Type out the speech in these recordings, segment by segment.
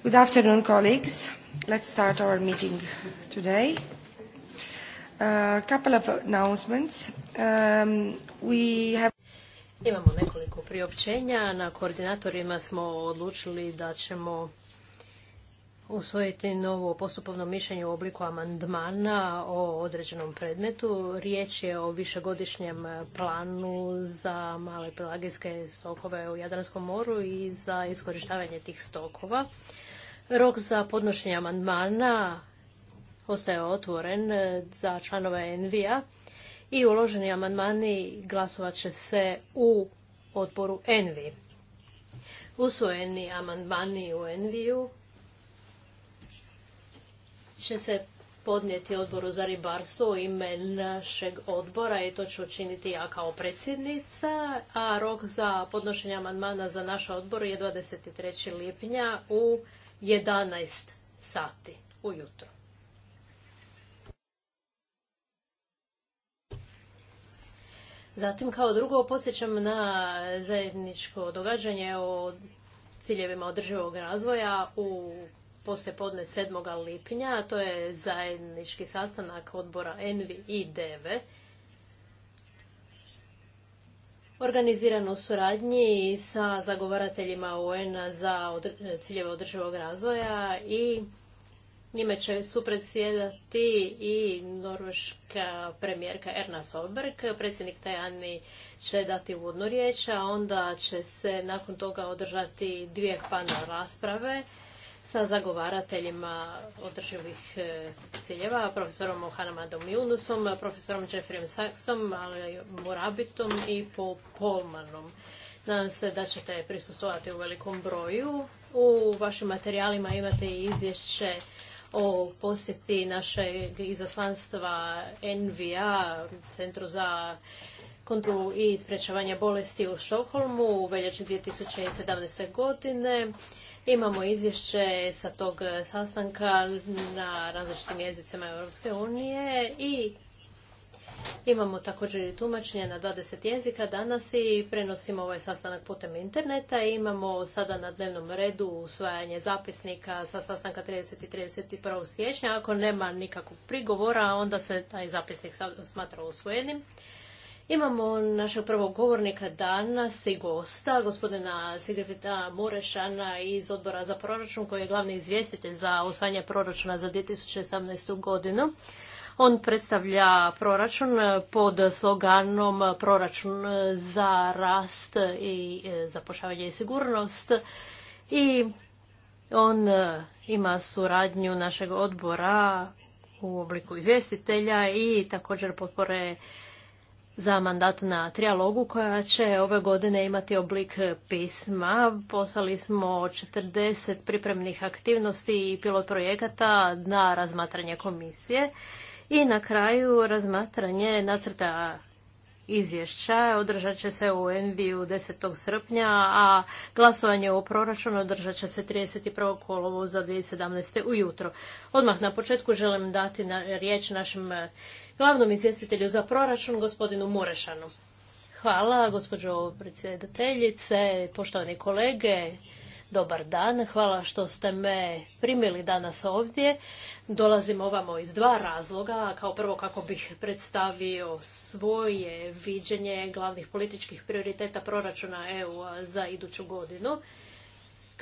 Good afternoon, colleagues. Let's start our meeting today. A couple of announcements. Um, we have... Imamo nekoliko priopćenja. Na koordinatorima smo odlučili da ćemo usvojiti novo postupovno mišljenje u obliku amandmana o određenom predmetu. Riječ je o višegodišnjem planu za male pelagijske stokove u Jadranskom moru i za iskorištavanje tih stokova. Rok za podnošenje amandmana ostaje otvoren e, za članove Envija i uloženi amandmani glasovat će se u odboru Envi. Usvojeni amandmani u Enviju će se podnijeti odboru za ribarstvo u ime našeg odbora i to ću učiniti ja kao predsjednica, a rok za podnošenje amandmana za naš odbor je 23. lipnja u 11 sati ujutro. Zatim kao drugo posjećam na zajedničko događanje o ciljevima održivog razvoja u podne 7. lipnja, a to je zajednički sastanak odbora ENVI i u suradnji sa zagovarateljima UN za ciljeve održivog razvoja i njime će supredsjedati i norveška premijerka Erna Solberg. Predsjednik Tajani će dati uvodnu riječ, a onda će se nakon toga održati dvije panel rasprave sa zagovarateljima održivih e, ciljeva, profesorom Hanamadom Yunusom, profesorom Jeffreyom Saxom, Morabitom i Paul Polmanom. Nadam se da ćete prisustovati u velikom broju. U vašim materijalima imate i izvješće o posjeti našeg izaslanstva NVA, Centru za kontrolu i sprečavanje bolesti u Šoholmu u veljači 2017. godine. Imamo izvješće sa tog e, sastanka na različitim jezicima Europske unije i Imamo također i tumačenje na 20 jezika danas i prenosimo ovaj sastanak putem interneta. Imamo sada na dnevnom redu usvajanje zapisnika sa sastanka 30. i 31. siječnja. Ako nema nikakvog prigovora, onda se taj zapisnik smatra usvojenim. Imamo našeg prvog govornika danas i gosta, gospodina Sigrifita Murešana iz odbora za proračun, koji je glavni izvjestitelj za osvajanje proračuna za 2018. godinu. On predstavlja proračun pod sloganom proračun za rast i e, zapošljavanje i sigurnost. I on e, ima suradnju našeg odbora u obliku izvjestitelja i također potpore za mandat na trialogu koja će ove godine imati oblik pisma. Poslali smo 40 pripremnih aktivnosti i pilot projekata na razmatranje komisije i na kraju razmatranje nacrta izvješća održat će se u Enviju 10. srpnja, a glasovanje o proračunu održat će se 31. kolovo za 2017. ujutro. Odmah na početku želim dati na riječ našim glavnom izvjestitelju za proračun, gospodinu Murešanu. Hvala, gospođo predsjedateljice, poštovani kolege, dobar dan. Hvala što ste me primili danas ovdje. Dolazim ovamo iz dva razloga. Kao prvo kako bih predstavio svoje viđenje glavnih političkih prioriteta proračuna EU za iduću godinu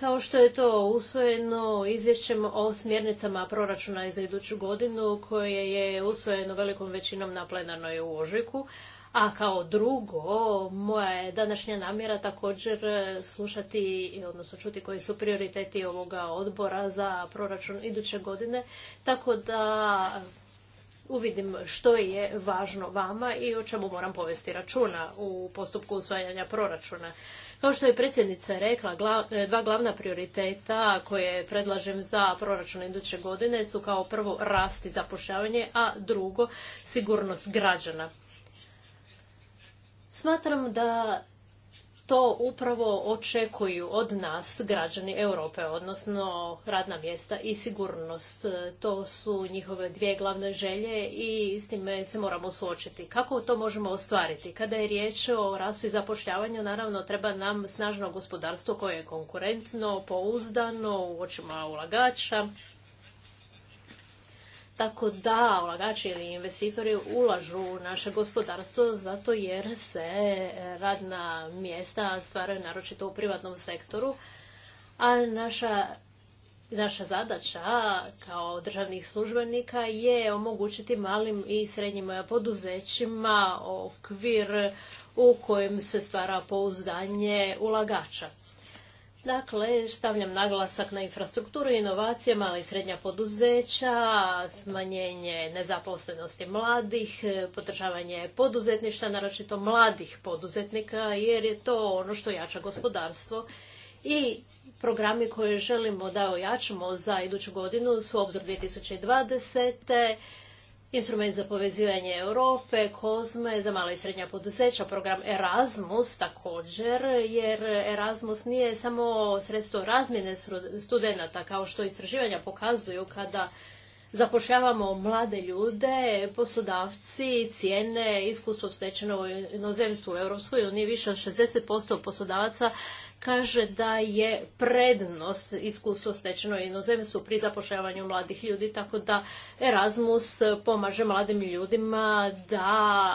kao što je to usvojeno izvješćem o smjernicama proračuna za iduću godinu koje je usvojeno velikom većinom na plenarnoj u ožujku. A kao drugo, moja je današnja namjera također e, slušati, odnosno čuti koji su prioriteti ovoga odbora za proračun iduće godine, tako da uvidim što je važno vama i o čemu moram povesti računa u postupku usvajanja proračuna. Kao što je predsjednica rekla, e, dva glavna prioriteta koje predlažem za proračun iduće godine su kao prvo rast i zapošljavanje, a drugo sigurnost građana. Smatram da to upravo očekuju od nas građani Europe, odnosno radna mjesta i sigurnost. E, to su njihove dvije glavne želje i s time se moramo suočiti. Kako to možemo ostvariti? Kada je riječ o rastu i zapošljavanju, naravno treba nam snažno gospodarstvo koje je konkurentno, pouzdano u očima ulagača, tako da ulagači ili investitori ulažu u naše gospodarstvo zato jer se e, radna mjesta stvaraju naročito u privatnom sektoru, a naša Naša zadaća kao državnih službenika je omogućiti malim i srednjim poduzećima okvir u kojem se stvara pouzdanje ulagača. Dakle, stavljam naglasak na infrastrukturu, i inovacije, mala i srednja poduzeća, smanjenje nezaposlenosti mladih, podržavanje poduzetništva, naročito mladih poduzetnika, jer je to ono što jača gospodarstvo. I programi koje želimo da ojačamo za iduću godinu su obzor 2020 instrument za povezivanje Europe, Kozme, za mala i srednja poduzeća, program Erasmus također, jer Erasmus nije samo sredstvo razmjene studenata, kao što istraživanja pokazuju kada zapošljavamo mlade ljude, poslodavci cijene iskustvo stečeno u inozemstvu u Europskoj uniji. Više od 60% poslodavaca kaže da je prednost iskustvo stečeno u inozemstvu pri zapošljavanju mladih ljudi, tako da Erasmus pomaže mladim ljudima da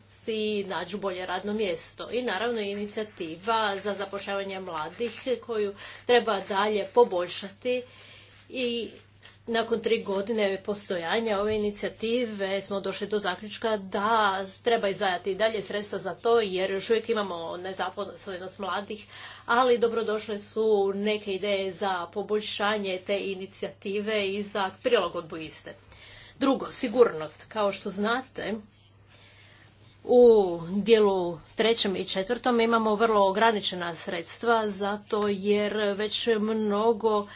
si nađu bolje radno mjesto. I naravno inicijativa za zapošljavanje mladih koju treba dalje poboljšati i nakon tri godine postojanja ove inicijative smo došli do zaključka da treba izdvajati i dalje sredstva za to jer još uvijek imamo nezaposlenost mladih, ali dobrodošle su neke ideje za poboljšanje te inicijative i za prilagodbu iste. Drugo, sigurnost. Kao što znate, u dijelu trećem i četvrtom imamo vrlo ograničena sredstva zato jer već mnogo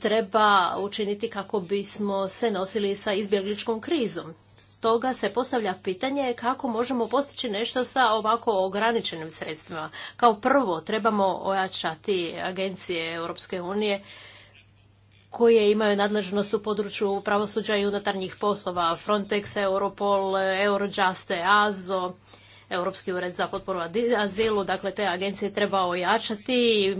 treba učiniti kako bismo se nosili sa izbjegličkom krizom. Stoga se postavlja pitanje kako možemo postići nešto sa ovako ograničenim sredstvima. Kao prvo trebamo ojačati agencije Europske unije koje imaju nadležnost u području pravosuđa i unutarnjih poslova Frontex, Europol, Eurojust, EASO, Europski ured za potporu azilu, dakle te agencije treba ojačati i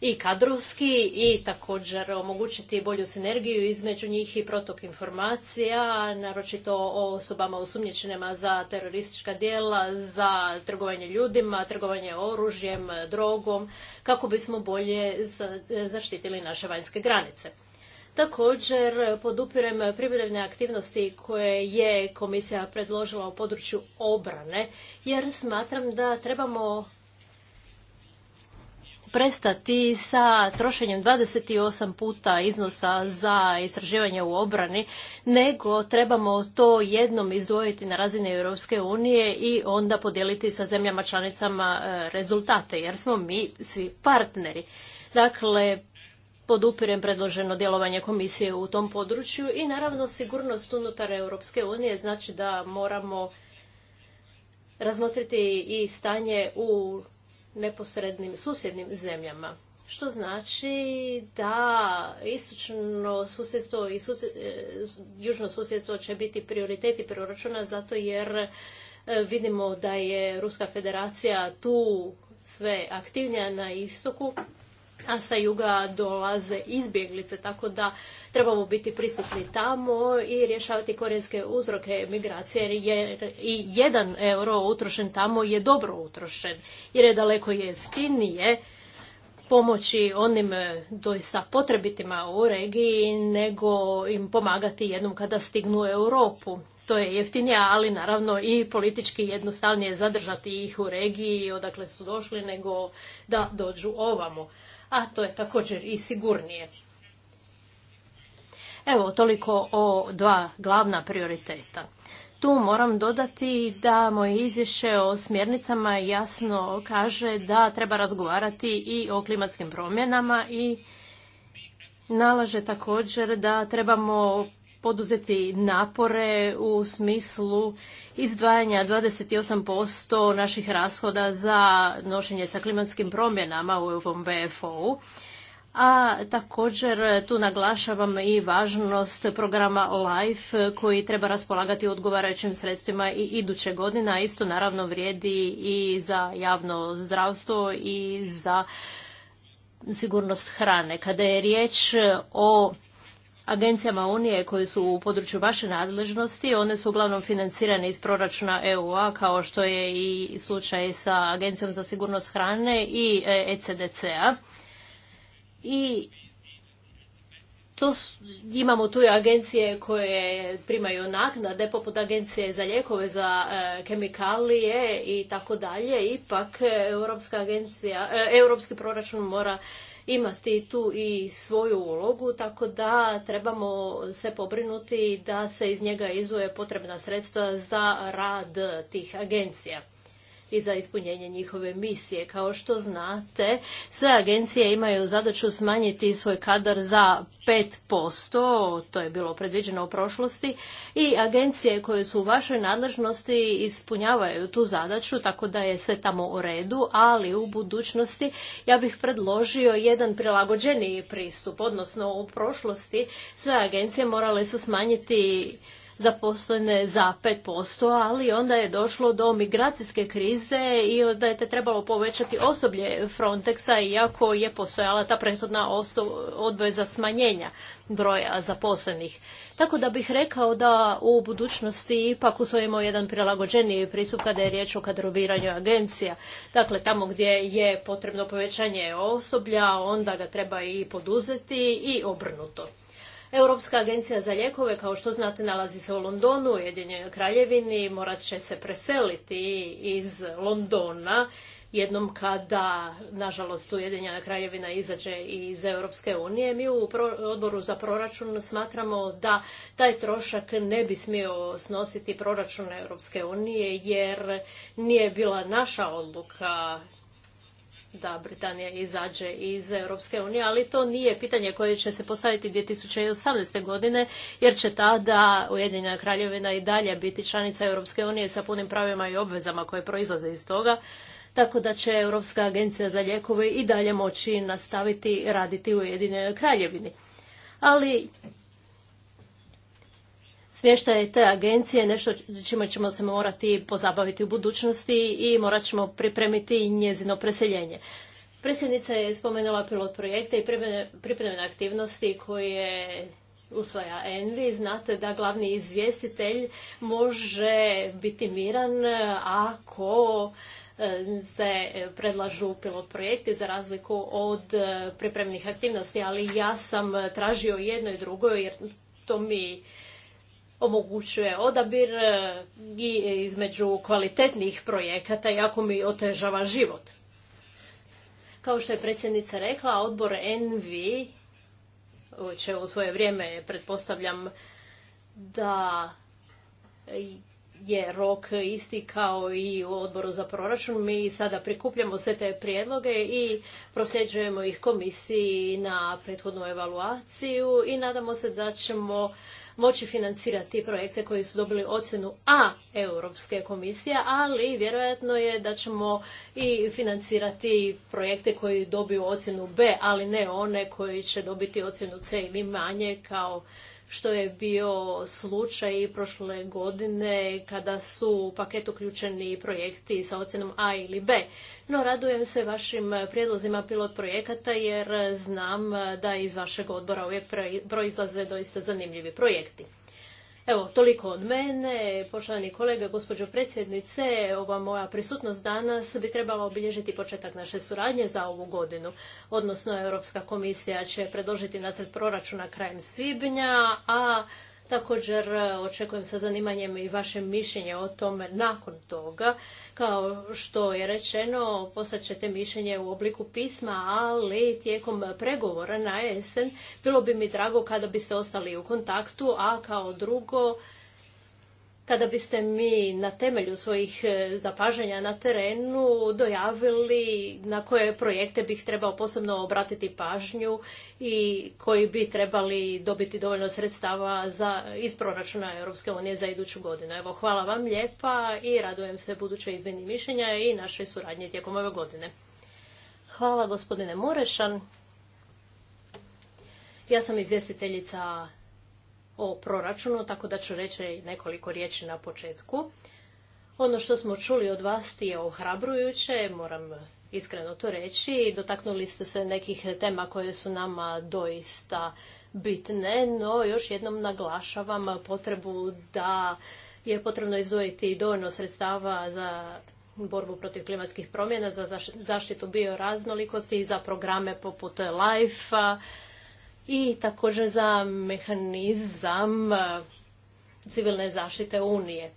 i kadrovski i također omogućiti bolju sinergiju između njih i protok informacija, naročito o osobama osumnjičenima za teroristička djela, za trgovanje ljudima, trgovanje oružjem, drogom, kako bismo bolje zaštitili naše vanjske granice. Također podupirem privredne aktivnosti koje je komisija predložila u području obrane, jer smatram da trebamo prestati sa trošenjem 28 puta iznosa za istraživanje u obrani, nego trebamo to jednom izdvojiti na razini Europske unije i onda podijeliti sa zemljama članicama e, rezultate, jer smo mi svi partneri. Dakle, podupirem predloženo djelovanje komisije u tom području i naravno sigurnost unutar Europske unije znači da moramo razmotriti i stanje u neposrednim susjednim zemljama. Što znači da istočno susjedstvo i susjed, e, južno susjedstvo će biti prioriteti proračuna zato jer e, vidimo da je Ruska federacija tu sve aktivnija na istoku a sa juga dolaze izbjeglice, tako da trebamo biti prisutni tamo i rješavati korijenske uzroke migracije, jer i jedan euro utrošen tamo je dobro utrošen, jer je daleko jeftinije pomoći onim e, doista potrebitima u regiji nego im pomagati jednom kada stignu Europu. To je jeftinije, ali naravno i politički jednostavnije zadržati ih u regiji odakle su došli nego da dođu ovamo a to je također i sigurnije. Evo, toliko o dva glavna prioriteta. Tu moram dodati da moje izvješće o smjernicama jasno kaže da treba razgovarati i o klimatskim promjenama i nalaže također da trebamo poduzeti napore u smislu izdvajanja 28% naših rashoda za nošenje sa klimatskim promjenama u ovom VFO-u. A također tu naglašavam i važnost programa LIFE koji treba raspolagati odgovarajućim sredstvima i iduće godine, a isto naravno vrijedi i za javno zdravstvo i za sigurnost hrane. Kada je riječ o agencijama Unije koje su u području vaše nadležnosti. One su uglavnom financirane iz proračuna EU-a kao što je i slučaj sa Agencijom za sigurnost hrane i ECDC-a. E I to imamo tu i agencije koje primaju naknade poput agencije za lijekove za e, kemikalije i tako dalje ipak e, europska agencija europski proračun mora imati tu i svoju ulogu, tako da trebamo se pobrinuti da se iz njega izuje potrebna sredstva za rad tih agencija i za ispunjenje njihove misije. Kao što znate, sve agencije imaju zadaću smanjiti svoj kadar za 5%, to je bilo predviđeno u prošlosti, i agencije koje su u vašoj nadležnosti ispunjavaju tu zadaću, tako da je sve tamo u redu, ali u budućnosti ja bih predložio jedan prilagođeniji pristup, odnosno u prošlosti sve agencije morale su smanjiti zaposlene za 5%, ali onda je došlo do migracijske krize i onda je te trebalo povećati osoblje Frontexa, iako je postojala ta prethodna odveza smanjenja broja zaposlenih. Tako da bih rekao da u budućnosti ipak usvojimo jedan prilagođeniji pristup kada je riječ o kadroviranju agencija. Dakle, tamo gdje je potrebno povećanje osoblja, onda ga treba i poduzeti i obrnuto. Europska agencija za lijekove, kao što znate, nalazi se u Londonu, u Jedinjenoj kraljevini, morat će se preseliti iz Londona jednom kada, nažalost, Ujedinjena kraljevina izađe iz Europske unije. Mi u odboru za proračun smatramo da taj trošak ne bi smio snositi proračun Europske unije jer nije bila naša odluka da Britanija izađe iz Europske unije, ali to nije pitanje koje će se postaviti 2018. godine, jer će tada Ujedinjena kraljevina i dalje biti članica Europske unije sa punim pravima i obvezama koje proizlaze iz toga, tako da će Europska agencija za lijekove i dalje moći nastaviti raditi u Ujedinjenoj kraljevini. Ali smještaj te agencije nešto čime ćemo se morati pozabaviti u budućnosti i morat ćemo pripremiti njezino preseljenje. Predsjednica je spomenula pilot projekte i pripremne aktivnosti koje usvaja Envi. Znate da glavni izvjestitelj može biti miran ako e, se predlažu pilot projekti za razliku od e, pripremnih aktivnosti, ali ja sam tražio jedno i drugo jer to mi omogućuje odabir e, između kvalitetnih projekata jako mi otežava život. Kao što je predsjednica rekla, odbor Envi će u svoje vrijeme, pretpostavljam, da je rok isti kao i u odboru za proračun. Mi sada prikupljamo sve te prijedloge i prosjeđujemo ih komisiji na prethodnu evaluaciju i nadamo se da ćemo moći financirati projekte koji su dobili ocjenu A Europske komisije, ali vjerojatno je da ćemo i financirati projekte koji dobiju ocjenu B, ali ne one koji će dobiti ocjenu C ili manje kao što je bio slučaj prošle godine kada su u paket uključeni projekti sa ocjenom A ili B. No, radujem se vašim prijedlozima pilot projekata jer znam da iz vašeg odbora uvijek proizlaze doista zanimljivi projekti. Evo, toliko od mene. Poštovani kolege, gospođo predsjednice, ova moja prisutnost danas bi trebala obilježiti početak naše suradnje za ovu godinu. Odnosno, Europska komisija će predložiti nacrt proračuna krajem svibnja, a Također e, očekujem sa zanimanjem i vaše mišljenje o tome nakon toga. Kao što je rečeno, poslat ćete mišljenje u obliku pisma, ali tijekom pregovora na jesen bilo bi mi drago kada biste ostali u kontaktu, a kao drugo kada biste mi na temelju svojih e, zapažanja na terenu dojavili na koje projekte bih trebao posebno obratiti pažnju i koji bi trebali dobiti dovoljno sredstava za, iz proračuna Europske unije za iduću godinu. Evo, hvala vam lijepa i radujem se budućoj izmjeni mišljenja i našoj suradnji tijekom ove godine. Hvala gospodine Morešan. Ja sam izvjestiteljica o proračunu, tako da ću reći nekoliko riječi na početku. Ono što smo čuli od vas je ohrabrujuće, moram iskreno to reći. Dotaknuli ste se nekih tema koje su nama doista bitne, no još jednom naglašavam potrebu da je potrebno izdvojiti dovoljno sredstava za borbu protiv klimatskih promjena, za zaštitu bioraznolikosti i za programe poput LIFE-a, i također za mehanizam e, civilne zaštite Unije.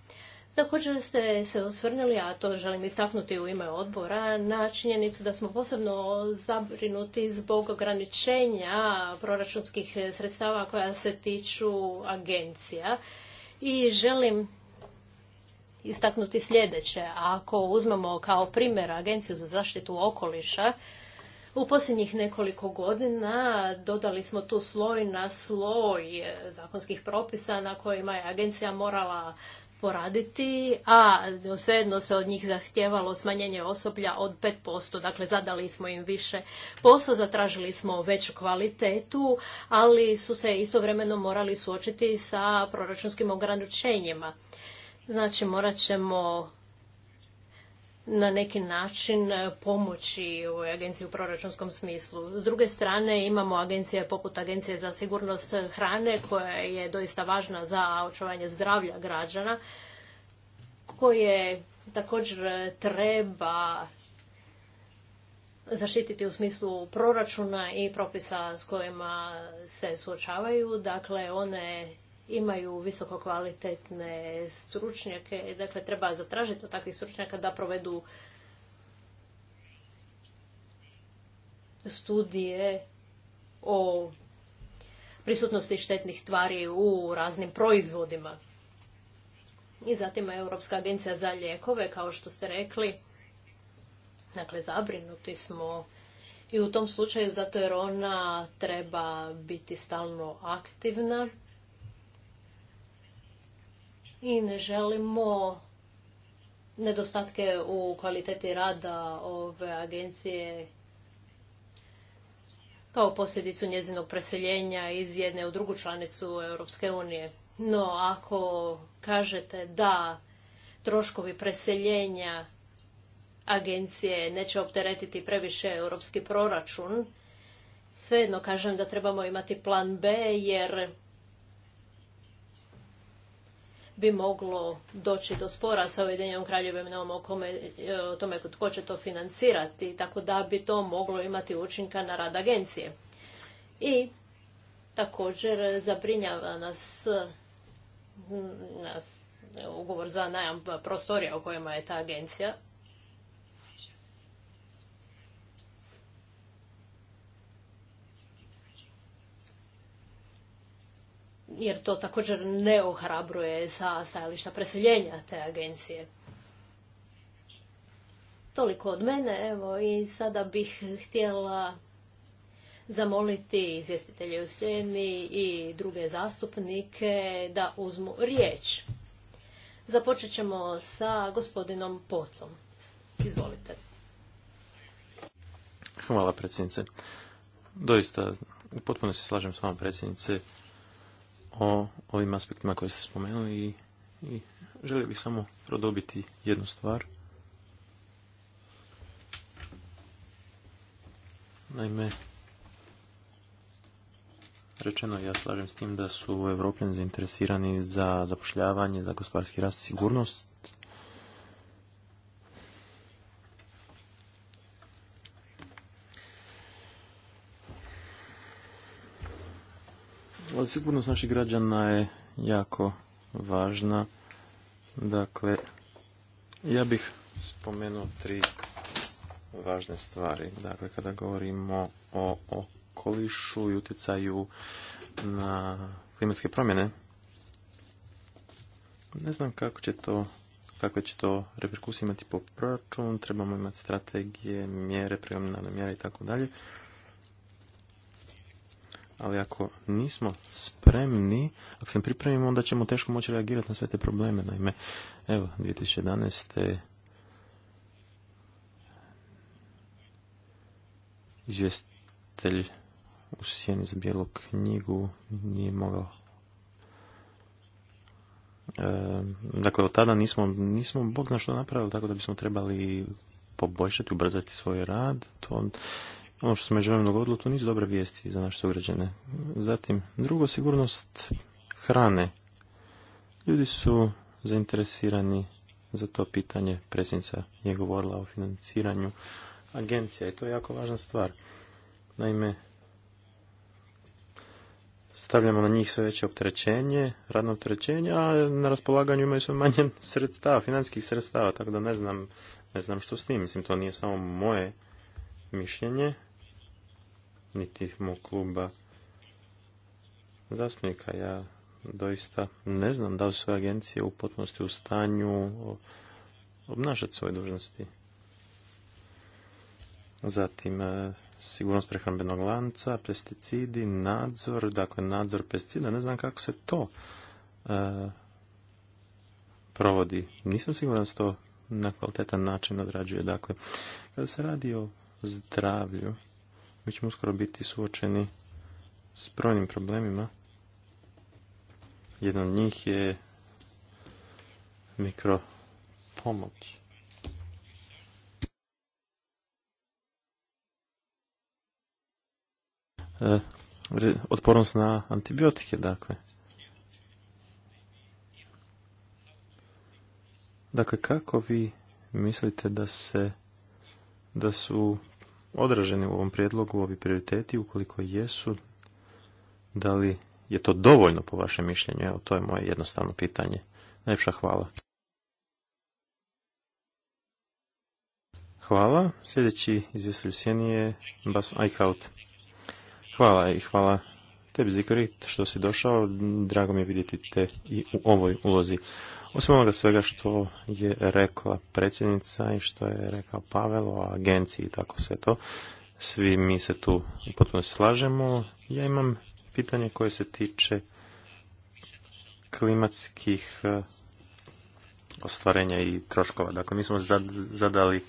Također ste se osvrnuli, a to želim istaknuti u ime odbora, na činjenicu da smo posebno zabrinuti zbog ograničenja proračunskih sredstava koja se tiču agencija. I želim istaknuti sljedeće. Ako uzmemo kao primjer Agenciju za zaštitu okoliša, u posljednjih nekoliko godina dodali smo tu sloj na sloj zakonskih propisa na kojima je agencija morala poraditi, a svejedno se od njih zahtjevalo smanjenje osoblja od 5%, dakle zadali smo im više posla, zatražili smo veću kvalitetu, ali su se istovremeno morali suočiti sa proračunskim ograničenjima. Znači morat ćemo na neki način e, pomoći u agenciji u proračunskom smislu. S druge strane imamo agencije poput Agencije za sigurnost hrane koja je doista važna za očuvanje zdravlja građana koje također treba zaštititi u smislu proračuna i propisa s kojima se suočavaju. Dakle, one imaju visoko kvalitetne stručnjake. Dakle, treba zatražiti od takvih stručnjaka da provedu studije o prisutnosti štetnih tvari u raznim proizvodima. I zatim Europska agencija za lijekove, kao što ste rekli, dakle zabrinuti smo i u tom slučaju zato jer ona treba biti stalno aktivna i ne želimo nedostatke u kvaliteti rada ove agencije kao posljedicu njezinog preseljenja iz jedne u drugu članicu Europske unije. No, ako kažete da troškovi preseljenja agencije neće opteretiti previše europski proračun, svejedno kažem da trebamo imati plan B jer bi moglo doći do spora sa Ujedinjenom kraljevinom e, o tome tko će to financirati, tako da bi to moglo imati učinka na rad agencije. I također zabrinjava nas, nas e, ugovor za najam prostorija u kojima je ta agencija jer to također ne ohrabruje sa stajališta preseljenja te agencije. Toliko od mene, evo, i sada bih htjela zamoliti izvjestitelje u i druge zastupnike da uzmu riječ. Započet ćemo sa gospodinom Pocom. Izvolite. Hvala predsjednice. Doista, potpuno se slažem s vama predsjednice o ovim aspektima koje ste spomenuli i, i želio bih samo prodobiti jednu stvar. Naime, rečeno ja slažem s tim da su Evropljani zainteresirani za zapošljavanje, za gospodarski rast, sigurnost, Ali sigurnost naših građana je jako važna. Dakle, ja bih spomenuo tri važne stvari. Dakle, kada govorimo o okolišu i utjecaju na klimatske promjene, ne znam kako će to kakve će to reperkusije imati po proračun, trebamo imati strategije, mjere, preliminarne mjere i tako dalje ali ako nismo spremni, ako se pripremimo, onda ćemo teško moći reagirati na sve te probleme. Naime, evo, 2011. izvjestelj u sjeni za bijelu knjigu nije mogao dakle, od tada nismo, nismo bog zna što napravili, tako da bismo trebali poboljšati, ubrzati svoj rad. To ono što se međuvremeno dogodilo, to nisu dobre vijesti za naše sugrađane. Zatim, drugo, sigurnost hrane. Ljudi su zainteresirani za to pitanje. Predsjednica je govorila o financiranju agencija i to je jako važna stvar. Naime, stavljamo na njih sve veće opterećenje, radno opterećenje, a na raspolaganju imaju sve manje sredstava, financijskih sredstava, tako da ne znam, ne znam što s tim. Mislim, to nije samo moje mišljenje, niti mog kluba zastupnika. Ja doista ne znam da li su agencije u potpunosti u stanju obnašati svoje dužnosti. Zatim, e, sigurnost prehrambenog lanca, pesticidi, nadzor, dakle nadzor pesticida, ne znam kako se to e, provodi. Nisam siguran da se to na kvalitetan način odrađuje. Dakle, kada se radi o zdravlju, mi ćemo uskoro biti suočeni s brojnim problemima. Jedan od njih je pomoć. E, otpornost na antibiotike, dakle. Dakle, kako vi mislite da se da su odraženi u ovom prijedlogu ovi prioriteti, ukoliko jesu, da li je to dovoljno po vašem mišljenju? Evo, to je moje jednostavno pitanje. Najljepša hvala. Hvala. Sljedeći izvjestelj sjeni je Bas Hvala i hvala tebi Zikorit što si došao. Drago mi je vidjeti te i u ovoj ulozi. Osim onoga svega što je rekla predsjednica i što je rekao Pavel o agenciji i tako sve to, svi mi se tu potpuno slažemo. Ja imam pitanje koje se tiče klimatskih eh, ostvarenja i troškova. Dakle, mi smo zadali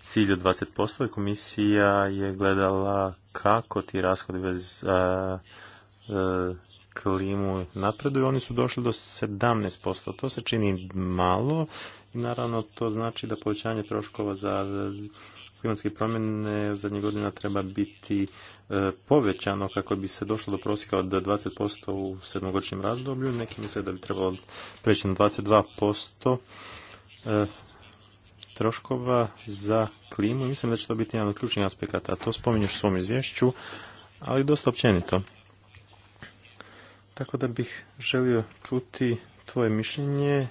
cilj od 20% i komisija je gledala kako ti rashodi bez eh, eh, klimu napreduju, oni su došli do 17%. To se čini malo i naravno to znači da povećanje troškova za klimatske promjene zadnjih godina treba biti e, povećano kako bi se došlo do prosjeka od 20% u sedmogodišnjem razdoblju. Neki misle da bi trebalo preći na 22% e, troškova za klimu. Mislim da će to biti jedan od ključnih aspekata. To spominješ u svom izvješću, ali dosta općenito. Tako da bih želio čuti tvoje mišljenje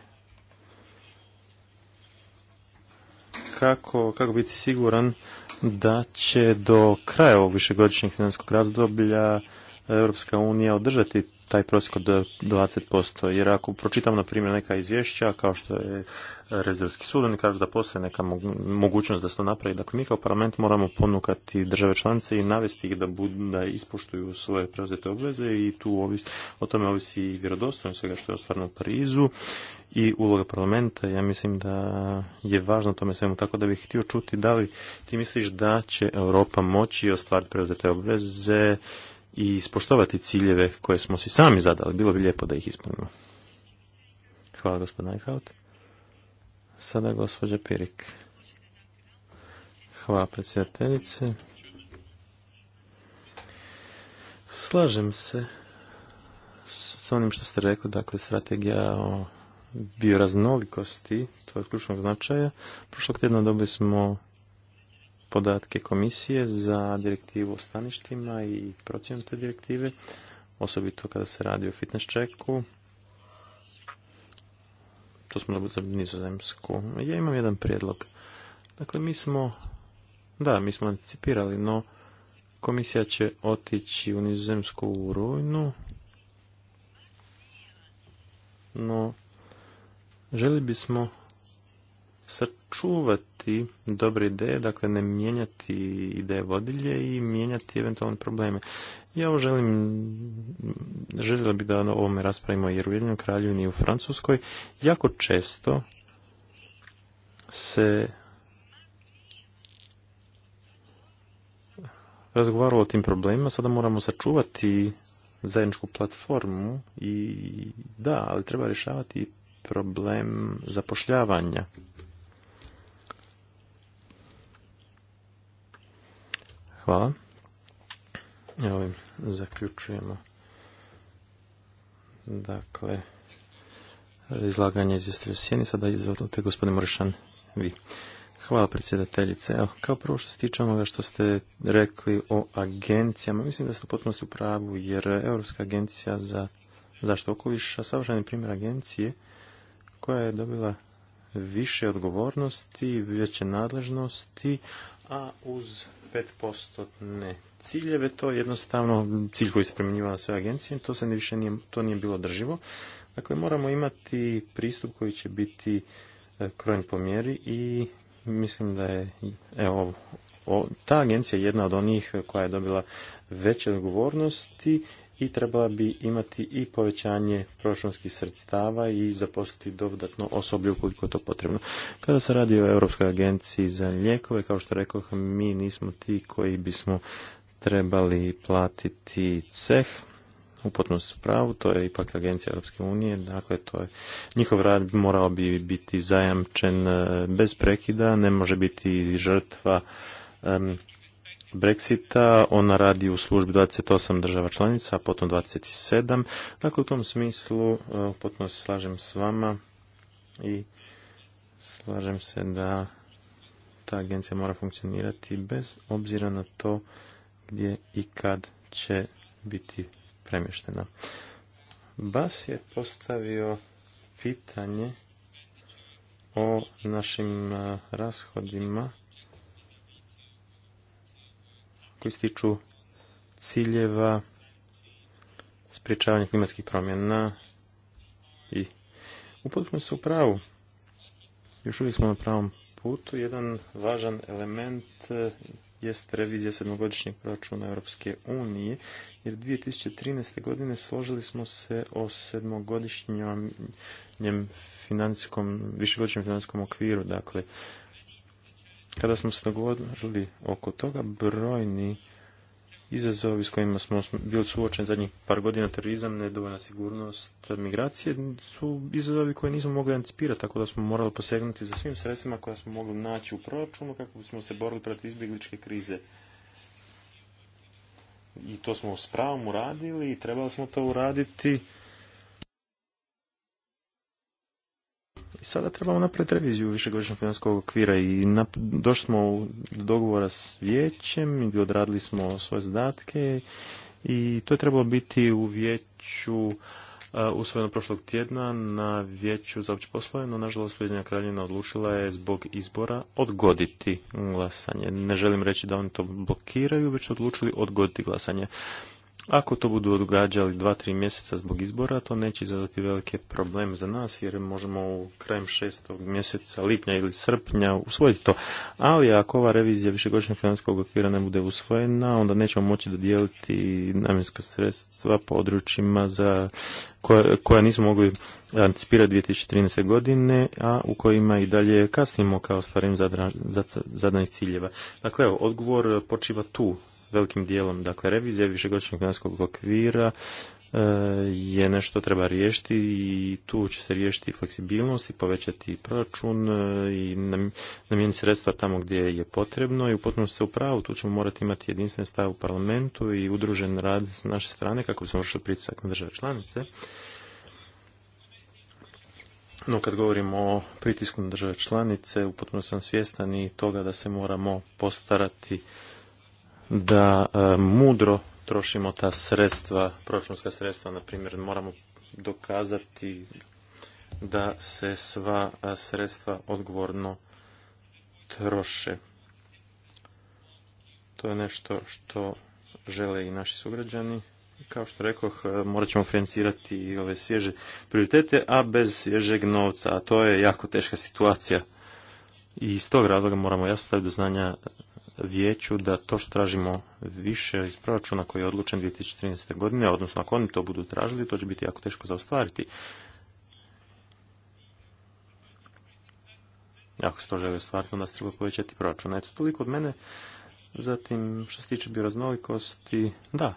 kako, kako biti siguran da će do kraja ovog višegodišnjeg financijskog razdoblja Europska unija održati taj prosjek od 20%. Jer ako pročitam, na primjer, neka izvješća, kao što je Revizorski sud, oni kažu da postoje neka mogućnost da se to napravi. Dakle, mi kao parlament moramo ponukati države članice i navesti ih da, budu, da ispoštuju svoje preuzete obveze i tu ovis, o tome ovisi i vjerodostojnost svega što je ostvarno u Parizu i uloga parlamenta. Ja mislim da je važno tome svemu. Tako da bih htio čuti da li ti misliš da će Europa moći ostvariti preuzete obveze i ispoštovati ciljeve koje smo si sami zadali. Bilo bi lijepo da ih ispunimo. Hvala gospod Najhaut. Sada gospođa Pirik. Hvala predsjedateljice. Slažem se s onim što ste rekli, dakle strategija o bioraznolikosti, to je od ključnog značaja. Prošlog tjedna dobili smo podatke komisije za direktivu o staništima i procjenu te direktive, osobito kada se radi o fitness checku. To smo dobili za nizozemsku. Ja imam jedan prijedlog. Dakle, mi smo, da, mi smo anticipirali, no komisija će otići u nizozemsku u rujnu, no želi bismo sačuvati dobre ideje, dakle ne mijenjati ideje vodilje i mijenjati eventualne probleme. Ja ovo želim, željela bi da o ovome raspravimo jer u Ujedinjenoj kraljevini i u Francuskoj jako često se razgovaralo o tim problemima, sada moramo sačuvati zajedničku platformu i da, ali treba rješavati problem zapošljavanja. Hvala. Ja ovim zaključujemo dakle izlaganje je sjeni. Sada izvodite gospodin Morišan vi. Hvala predsjedateljice. Evo, kao prvo što se tiče onoga što ste rekli o agencijama, mislim da ste potpuno u pravu jer Europska agencija za zaštitu okoliša savršen primjer agencije koja je dobila više odgovornosti, veće nadležnosti, a uz 5% ciljeve, to je jednostavno cilj koji se primjenjivao na sve agencije, to se ne više nije, to nije bilo drživo. Dakle, moramo imati pristup koji će biti e, krojen po mjeri i mislim da je evo, ta agencija jedna od onih koja je dobila veće odgovornosti i trebala bi imati i povećanje proračunskih sredstava i zaposliti dodatno osoblje ukoliko je to potrebno. Kada se radi o Europskoj agenciji za lijekove, kao što rekao, mi nismo ti koji bismo trebali platiti ceh, upotno su pravu, to je ipak agencija Europske unije, dakle to je, njihov rad morao bi biti zajamčen eh, bez prekida, ne može biti žrtva Brexita, ona radi u službi 28 država članica, a potom 27. Dakle, u tom smislu e, potpuno se slažem s vama i slažem se da ta agencija mora funkcionirati bez obzira na to gdje i kad će biti premještena. Bas je postavio pitanje o našim e, rashodima koji se tiču ciljeva sprječavanja klimatskih promjena i u se u pravu. Još uvijek smo na pravom putu. Jedan važan element e, jest revizija sedmogodišnjeg proračuna Europske unije, jer 2013. godine složili smo se o sedmogodišnjem financijskom, višegodišnjem financijskom okviru, dakle kada smo se dogovorili oko toga, brojni izazovi s kojima smo bili suočeni zadnjih par godina, terorizam, nedovoljna sigurnost, migracije, su izazovi koje nismo mogli anticipirati, tako da smo morali posegnuti za svim sredstvima koja smo mogli naći u proračunu kako bismo se borili protiv izbjegličke krize. I to smo s pravom uradili i trebali smo to uraditi I sada trebamo napraviti reviziju višegodišnjeg financijskog okvira i došli smo do dogovora s vijećem i odradili smo svoje zadatke i to je trebalo biti u vijeću eh, usvojeno prošlog tjedna na vijeću za opće poslove, no nažalost Ujedinja Kraljina odlučila je zbog izbora odgoditi glasanje. Ne želim reći da oni to blokiraju, već odlučili odgoditi glasanje. Ako to budu odgađali dva, tri mjeseca zbog izbora, to neće izazvati velike probleme za nas, jer možemo u krajem šestog mjeseca, lipnja ili srpnja usvojiti to. Ali ako ova revizija višegodišnjeg financijskog okvira ne bude usvojena, onda nećemo moći dodijeliti namjenska sredstva područjima za koja, nismo mogli anticipirati 2013. godine, a u kojima i dalje kasnimo kao stvarim zadanih ciljeva. Dakle, evo, odgovor počiva tu velikim dijelom. Dakle, revizija višegodišnjeg financijskog okvira e, je nešto treba riješiti i tu će se riješiti fleksibilnost i povećati proračun e, i namijeniti sredstva tamo gdje je potrebno i u se u pravu. Tu ćemo morati imati jedinstven stav u parlamentu i udružen rad s naše strane kako bismo vršili pritisak na države članice. No kad govorimo o pritisku na države članice, potpuno sam svjestan i toga da se moramo postarati da e, mudro trošimo ta sredstva, proračunska sredstva, na primjer, moramo dokazati da se sva e, sredstva odgovorno troše. To je nešto što žele i naši sugrađani. Kao što rekoh, e, morat ćemo financirati i ove svježe prioritete, a bez svježeg novca, a to je jako teška situacija. I iz tog razloga moramo jasno staviti do znanja vijeću da to što tražimo više iz proračuna koji je odlučen 2013. godine, odnosno ako oni to budu tražili, to će biti jako teško za ostvariti. Ako se to želi ostvariti, onda se treba povećati proračun. Eto, toliko od mene. Zatim, što se tiče bioraznolikosti, da,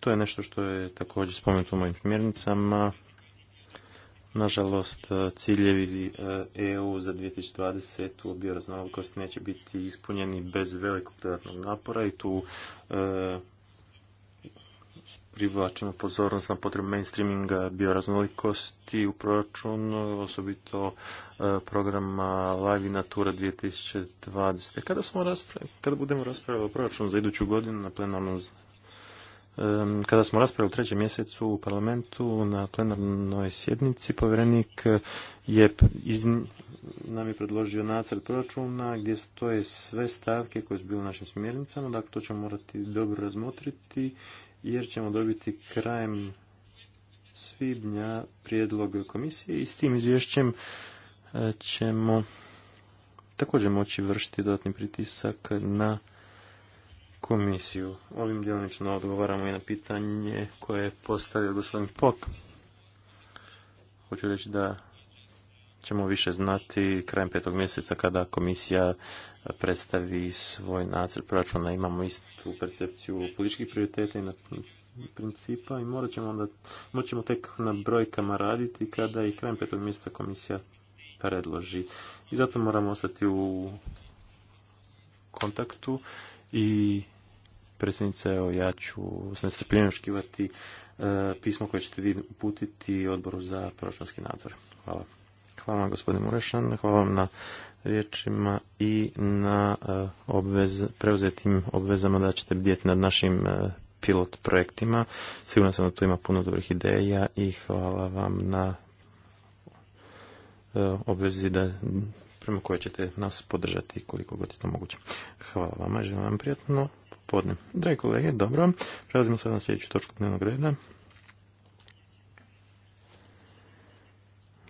to je nešto što je također spomenuto u mojim primjernicama. Nažalost, e, ciljevi EU e za 2020. u bioraznolikosti neće biti ispunjeni bez velikog dodatnog napora i tu e, privlačimo pozornost na potrebu mainstreaminga bioraznolikosti u proračunu, osobito programa Live i Natura 2020. Kada, smo kada budemo raspravili o proračunu za iduću godinu na plenarnom kada smo raspravili u trećem mjesecu u parlamentu na plenarnoj sjednici, povjerenik je iz, nam je predložio nacrt proračuna gdje stoje sve stavke koje su bile u našim smjernicama, dakle to ćemo morati dobro razmotriti jer ćemo dobiti krajem svibnja prijedlog komisije i s tim izvješćem e, ćemo također moći vršiti dodatni pritisak na komisiju. Ovim djelomično odgovaramo i na pitanje koje je postavio gospodin Pok. Hoću reći da ćemo više znati krajem petog mjeseca kada komisija predstavi svoj nacrt proračuna. Imamo istu percepciju političkih prioriteta i na principa i morat ćemo onda, morat tek na brojkama raditi kada i krajem petog mjeseca komisija predloži. I zato moramo ostati u kontaktu i predsjednice, evo ja ću s nestrpljenjem očekivati e, pismo koje ćete vi uputiti odboru za proračunski nadzor. Hvala. Hvala vam gospodin Murešan, hvala vam na riječima i na e, preuzetim obvezama da ćete bdjeti nad našim e, pilot projektima. Sigurno sam da tu ima puno dobrih ideja i hvala vam na obvezi da prema koje ćete nas podržati koliko god je to moguće. Hvala vama, želim vam prijatno podne. Dragi kolege, dobro. Prelazimo sad na sljedeću točku dnevnog reda.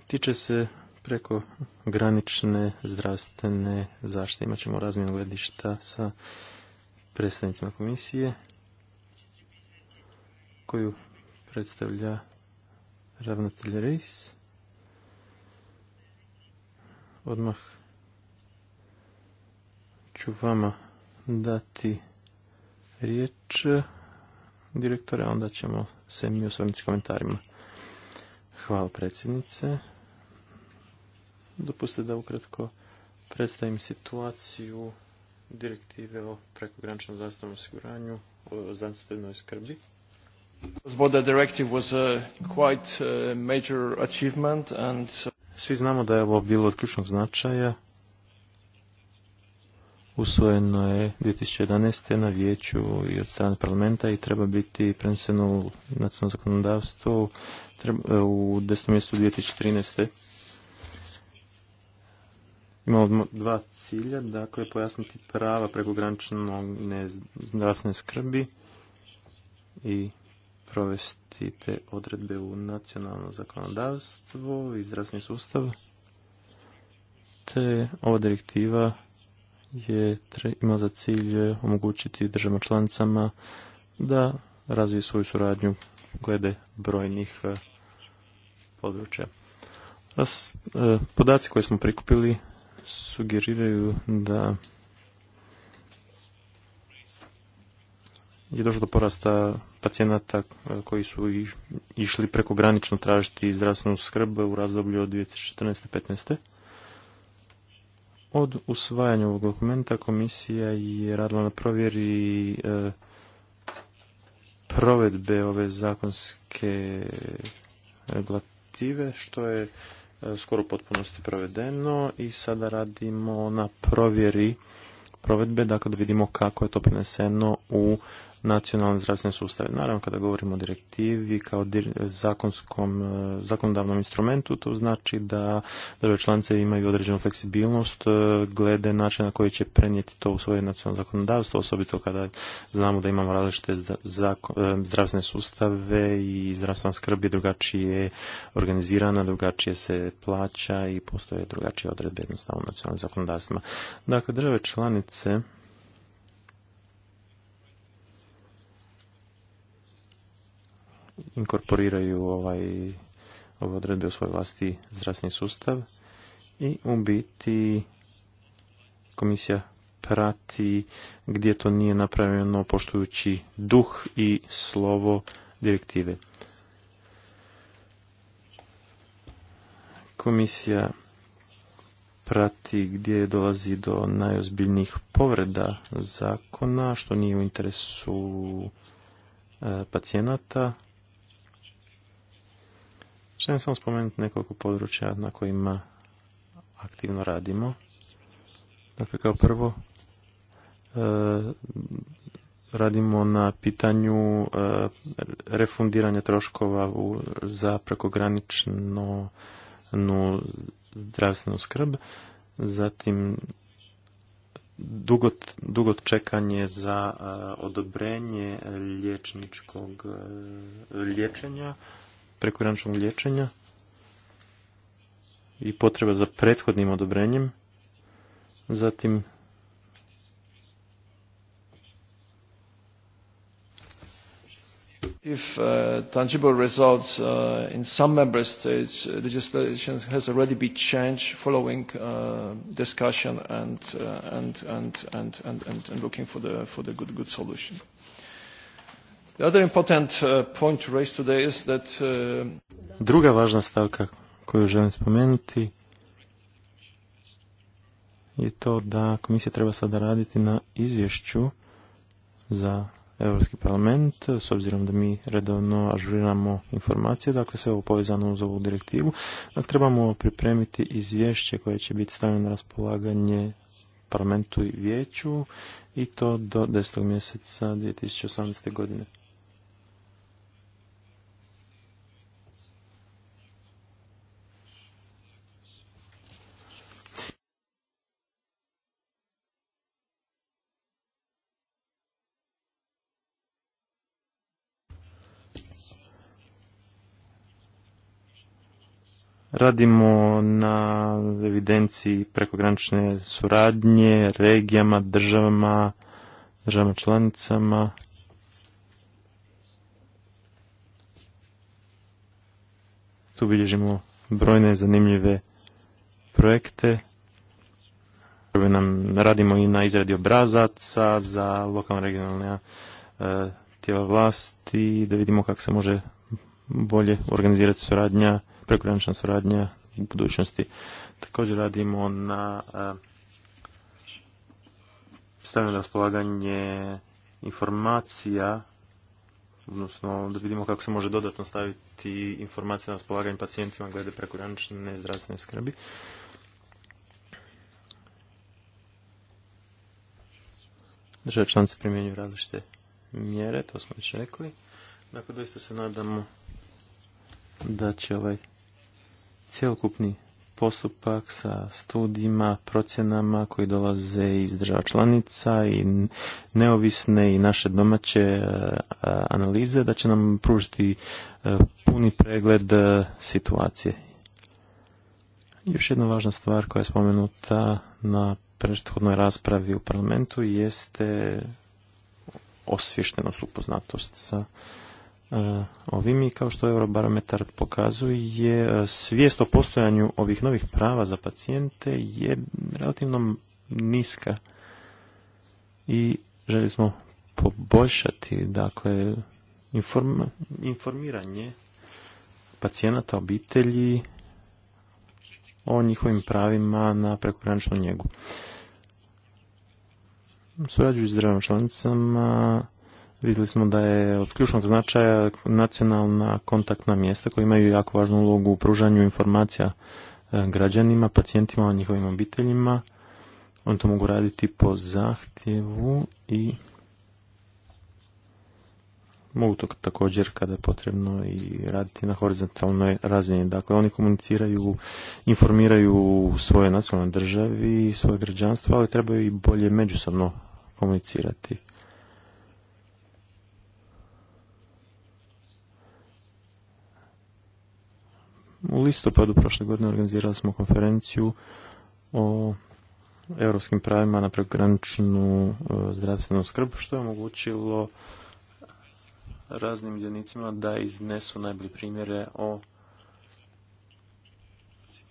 Tiče se preko granične zdravstvene zaštite. ćemo razmjenu gledišta sa predstavnicima komisije koju predstavlja ravnatelj Reis. Odmah ću vama dati riječ e, direktore, onda ćemo se mi osvrnuti s komentarima. Hvala predsjednice. Dopustite da ukratko predstavim situaciju direktive o prekograničnom zdravstvenom osiguranju, o zdravstvenoj skrbi. and... Svi znamo da je ovo bilo od ključnog značaja usvojeno je 2011. na vijeću i od strane parlamenta i treba biti preneseno u nacionalno zakonodavstvo e, u desnom mjesecu 2013. Imamo dva cilja, dakle pojasniti prava prekogranične zdravstvene skrbi i provesti te odredbe u nacionalno zakonodavstvo i zdravstveni sustav. Te ova direktiva je ima za cilj omogućiti državama članicama da razvije svoju suradnju glede brojnih e, područja. E, podaci koje smo prikupili sugeriraju da je došlo do porasta pacijenata e, koji su išli prekogranično tražiti zdravstvenu skrb u razdoblju od 2014. 15. Od usvajanja ovog dokumenta komisija je radila na provjeri e, provedbe ove zakonske regulative, što je e, skoro u potpunosti provedeno i sada radimo na provjeri provedbe, dakle da vidimo kako je to preneseno u nacionalne zdravstvene sustave. Naravno, kada govorimo o direktivi kao zakonskom, e, zakonodavnom instrumentu, to znači da države članice imaju određenu fleksibilnost e, glede načina na koji će prenijeti to u svoje nacionalno zakonodavstvo, osobito kada znamo da imamo različite e, zdravstvene sustave i zdravstvena skrb je drugačije organizirana, drugačije se plaća i postoje drugačije odredbe jednostavno nacionalnim zakonodavstvima. Dakle, države članice inkorporiraju ovaj, ove odredbe u svoj vlasti zdravstveni sustav i u biti komisija prati gdje to nije napravljeno poštujući duh i slovo direktive. Komisija prati gdje dolazi do najozbiljnijih povreda zakona, što nije u interesu e, pacijenata, Želim samo spomenuti nekoliko područja na kojima aktivno radimo. Dakle, kao prvo, e, radimo na pitanju e, refundiranja troškova za prekograničnu zdravstvenu skrb, zatim dugo čekanje za e, odobrenje liječničkog liječenja, prekograničnog liječenja i potreba za prethodnim odobrenjem, zatim if uh, tangible results uh, in some member states uh, legislation has already been changed following uh, discussion and, uh, and, and, and, and, and, and looking for the, for the good, good solution. Druga važna stavka koju želim spomenuti je to da komisija treba sada raditi na izvješću za Europski parlament, s obzirom da mi redovno ažuriramo informacije, dakle sve ovo povezano uz ovu direktivu, dakle, trebamo pripremiti izvješće koje će biti stavljeno na raspolaganje parlamentu i vijeću i to do 10. mjeseca 2018. godine. Radimo na evidenciji prekogranične suradnje, regijama, državama, državama članicama. Tu bilježimo brojne zanimljive projekte. Nam radimo i na izradi obrazaca za lokalno regionalne tijela vlasti, da vidimo kako se može bolje organizirati suradnja prekogranična suradnja u budućnosti. Također radimo na stavljanju na raspolaganje informacija odnosno da vidimo kako se može dodatno staviti informacije na raspolaganje pacijentima glede prekogranične zdravstvene skrbi. Države članice primjenjuju različite mjere, to smo već rekli. Dakle, doista se nadamo da će ovaj cjelokupni postupak sa studijima, procjenama koji dolaze iz država članica i neovisne i naše domaće e, analize da će nam pružiti e, puni pregled e, situacije. Još jedna važna stvar koja je spomenuta na prethodnoj raspravi u parlamentu jeste osvještenost, upoznatost sa E, ovim i kao što Eurobarometar pokazuje, e, svijest o postojanju ovih novih prava za pacijente je relativno niska i želi smo poboljšati dakle, informiranje pacijenata, obitelji o njihovim pravima na prekograničnu njegu. Surađuju s državama članicama Vidjeli smo da je od ključnog značaja nacionalna kontaktna mjesta koja imaju jako važnu ulogu u pružanju informacija e, građanima, pacijentima, njihovim obiteljima. Oni to mogu raditi po zahtjevu i mogu to također kada je potrebno i raditi na horizontalnoj razini. Dakle, oni komuniciraju, informiraju svoje nacionalne državi i svoje građanstvo, ali trebaju i bolje međusobno komunicirati. U listopadu prošle godine organizirali smo konferenciju o europskim pravima na prekograničnu e, zdravstvenu skrb, što je omogućilo raznim djenicima da iznesu najbolje primjere o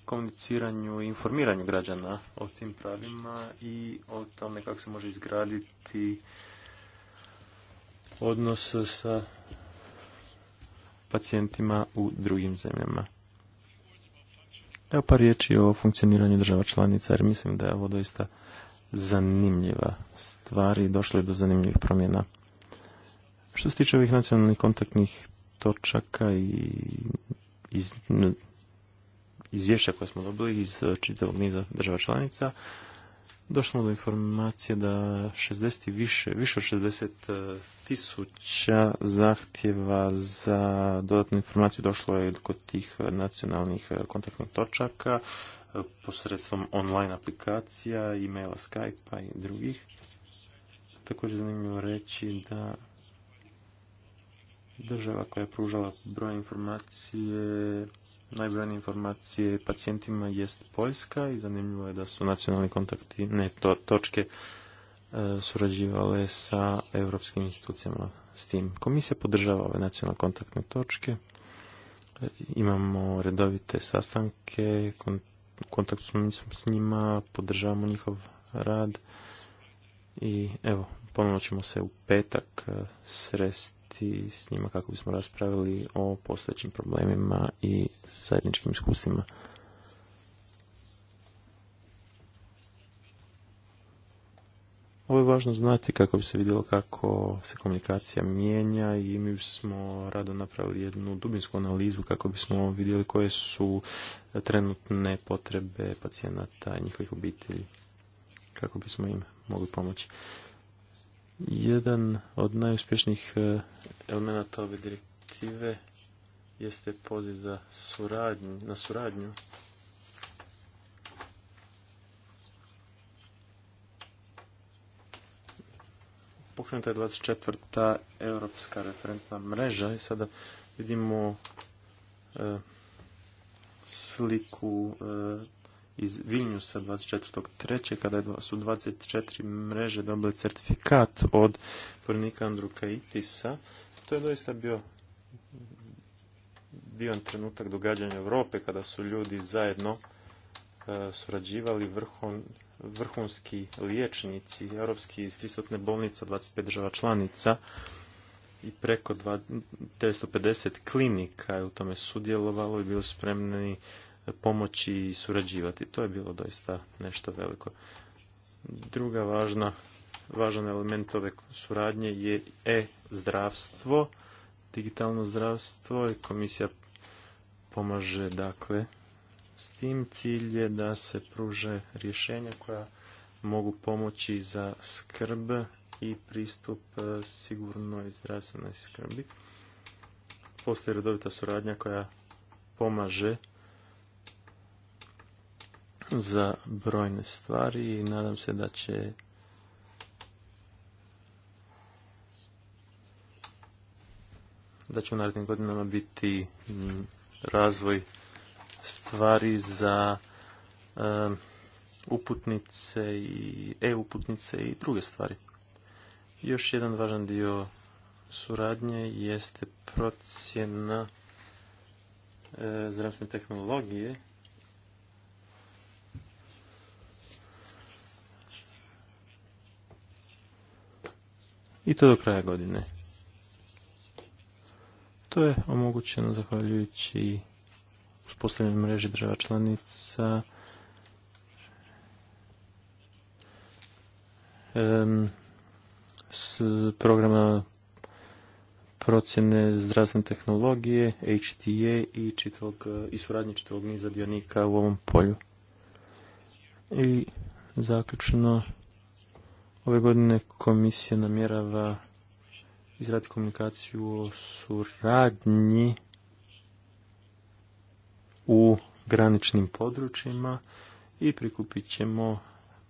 komuniciranju i informiranju građana o tim pravima i o tome kako se može izgraditi odnos sa pacijentima u drugim zemljama. Evo par riječi o funkcioniranju država članica, jer mislim da je ovo doista zanimljiva stvar i došlo je do zanimljivih promjena. Što se tiče ovih nacionalnih kontaktnih točaka i iz, izvješća koje smo dobili iz e, čitavog niza država članica, došlo do informacije da 60 više, više od 60 tisuća zahtjeva za dodatnu informaciju došlo je kod tih nacionalnih kontaktnih točaka e, posredstvom online aplikacija, e-maila, Skype-a i drugih. Također zanimljivo reći da država koja je pružala broj informacije najbrojne informacije pacijentima jest Poljska i zanimljivo je da su nacionalni kontakti to, točke E, surađivale sa europskim institucijama s tim. Komisija podržava ove nacionalne kontaktne točke. E, imamo redovite sastanke, kontakt s njima, podržavamo njihov rad i evo, ponovno ćemo se u petak e, sresti s njima kako bismo raspravili o postojećim problemima i zajedničkim iskustvima. Ovo je važno znati kako bi se vidjelo kako se komunikacija mijenja i mi smo rado napravili jednu dubinsku analizu kako bismo vidjeli koje su trenutne potrebe pacijenata i njihovih obitelji kako bismo im mogli pomoći. Jedan od najuspješnijih e, elemenata ove direktive jeste poziv za suradnju, na suradnju pokrenuta je 24. europska referentna mreža i sada vidimo e, sliku iz e, iz Vilniusa 24.3. kada su 24 mreže dobile certifikat od vrnika Andrukaitisa. To je doista bio divan trenutak događanja Europe kada su ljudi zajedno e, surađivali vrhom vrhunski liječnici, europski iz 300 bolnica, 25 država članica i preko 950 klinika je u tome sudjelovalo i bilo spremni pomoći i surađivati. To je bilo doista nešto veliko. Druga važna, važan element ove suradnje je e-zdravstvo, digitalno zdravstvo i komisija pomaže dakle s tim cilj je da se pruže rješenja koja mogu pomoći za skrb i pristup e, sigurnoj zdravstvenoj skrbi. Postoji redovita suradnja koja pomaže za brojne stvari i nadam se da će da će u narednim godinama biti razvoj stvari za uputnice i e-uputnice i druge stvari. Još jedan važan dio suradnje jeste procjena e, zdravstvene tehnologije i to do kraja godine. To je omogućeno zahvaljujući uspostavljanje mreži država članica s programa procjene zdravstvene tehnologije, HTA i, i suradnje čitavog niza dionika u ovom polju. I zaključno, ove godine komisija namjerava izraditi komunikaciju o suradnji u graničnim područjima i prikupit ćemo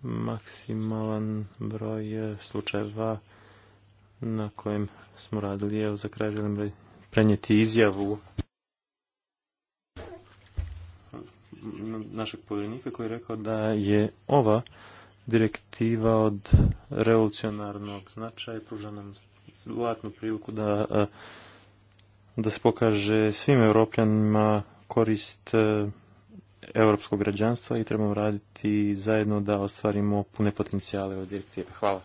maksimalan broj e, slučajeva na kojem smo radili. Evo za kraj želim prenijeti izjavu našeg povjerenika koji je rekao da je ova direktiva od revolucionarnog značaja pruža nam zlatnu priliku da, e, da se pokaže svim europljanima korist e, europskog građanstva i trebamo raditi zajedno da ostvarimo pune potencijale ove direktive. Hvala.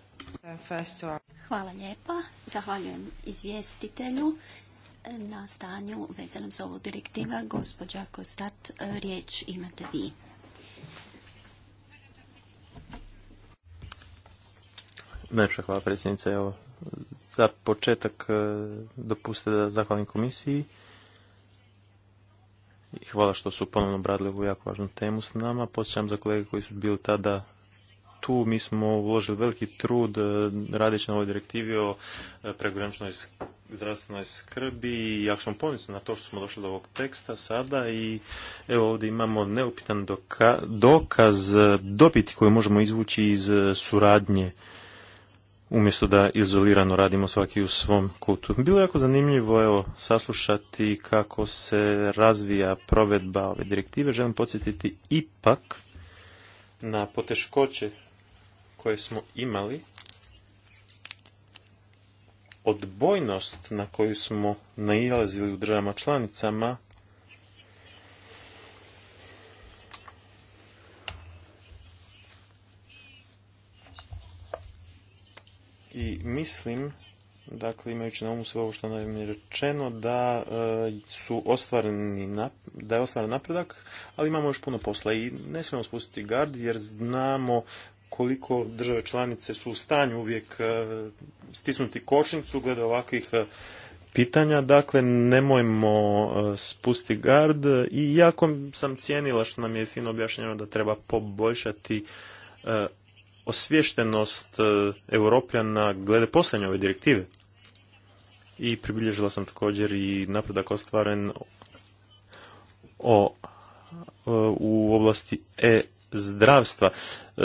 Hvala lijepa. Zahvaljujem izvjestitelju na stanju vezanom za ovu direktiva. Gospođa Kostat, e, riječ imate vi. Najpša hvala predsjednice. za početak e, dopustite da zahvalim komisiji i hvala što su ponovno obradili ovu jako važnu temu s nama. Posjećam za kolege koji su bili tada tu. Mi smo uložili veliki trud e, radeći na ovoj direktivi o e, pregrančnoj zdravstvenoj skrbi i jako smo na to što smo došli do ovog teksta sada i evo ovdje imamo neupitan dokaz e, dobiti koju možemo izvući iz suradnje umjesto da izolirano radimo svaki u svom kutu. Bilo je jako zanimljivo evo, saslušati kako se razvija provedba ove direktive. Želim podsjetiti ipak na poteškoće koje smo imali, odbojnost na koju smo nailazili u državama članicama i mislim dakle imajući na umu sve ovo što nam je rečeno da e, su ostvareni da je ostvaren napredak ali imamo još puno posla i ne smijemo spustiti gard jer znamo koliko države članice su u stanju uvijek e, stisnuti kočnicu glede ovakvih e, pitanja, dakle nemojmo spustiti gard i jako sam cijenila što nam je fino objašnjeno da treba poboljšati osviještenost e, europljana glede posljednje ove direktive. I pribilježila sam također i napredak ostvaren o, e, u oblasti e zdravstva.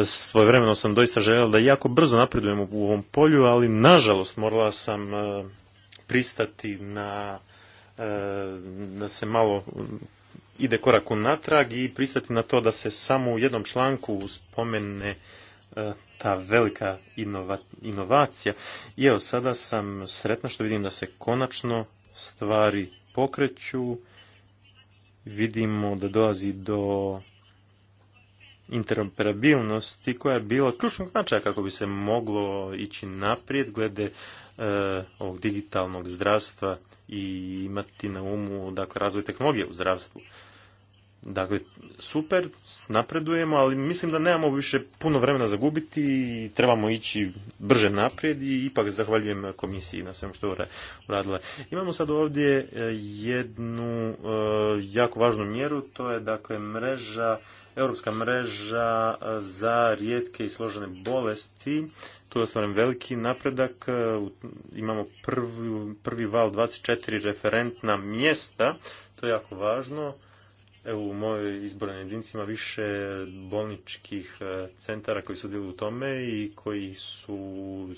Svojevremeno sam doista željela da jako brzo napredujemo u ovom polju, ali nažalost morala sam e, pristati na da se malo ide korak natrag i pristati na to da se samo u jednom članku spomene E, ta velika inovacija. I evo, sada sam sretna što vidim da se konačno stvari pokreću. Vidimo da dolazi do interoperabilnosti koja je bila ključnog značaja kako bi se moglo ići naprijed glede e, ovog digitalnog zdravstva i imati na umu dakle, razvoj tehnologije u zdravstvu. Dakle, super, napredujemo, ali mislim da nemamo više puno vremena zagubiti i trebamo ići brže naprijed i ipak zahvaljujem komisiji na svemu što je uradila. Imamo sad ovdje e, jednu e, jako važnu mjeru, to je dakle mreža, europska mreža e, za rijetke i složene bolesti. Tu je ostvaren veliki napredak, imamo prvi, prvi val 24 referentna mjesta, to je jako važno evo, u mojoj izbornoj jedinici ima više bolničkih e, centara koji su sudjeluju u tome i koji su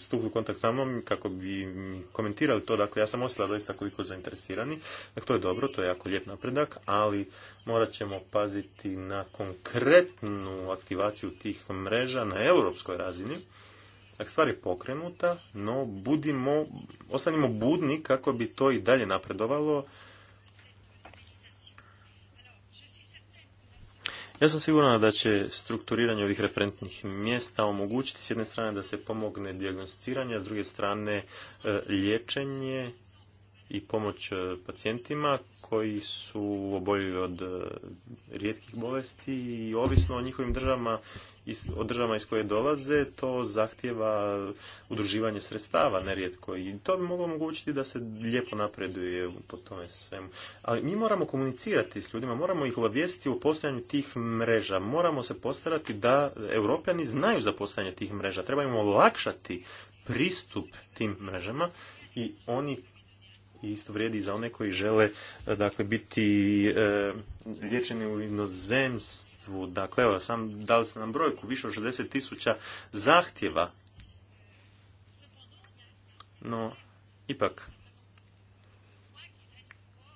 stupili u kontakt sa mnom kako bi mi komentirali to. Dakle, ja sam ostala doista koliko zainteresirani. Dakle, to je dobro, to je jako lijep napredak, ali morat ćemo paziti na konkretnu aktivaciju tih mreža na europskoj razini. Dakle, stvar je pokrenuta, no budimo, ostanimo budni kako bi to i dalje napredovalo Ja sam siguran da će strukturiranje ovih referentnih mjesta omogućiti s jedne strane da se pomogne dijagnosticiranje, a s druge strane e, liječenje i pomoć e, pacijentima koji su oboljeli od e, rijetkih bolesti i ovisno o njihovim državama, o državama iz koje dolaze, to zahtjeva udruživanje sredstava nerijetko i to bi moglo omogućiti da se lijepo napreduje po tome svemu. Ali mi moramo komunicirati s ljudima, moramo ih obavijestiti o postojanju tih mreža, moramo se postarati da europljani znaju za postojanje tih mreža, treba im olakšati pristup tim mrežama i oni i isto vrijedi i za one koji žele e, dakle, biti e, liječeni u inozemstvu. Dakle, evo, sam dali ste nam brojku, više od 60 tisuća zahtjeva. No, ipak,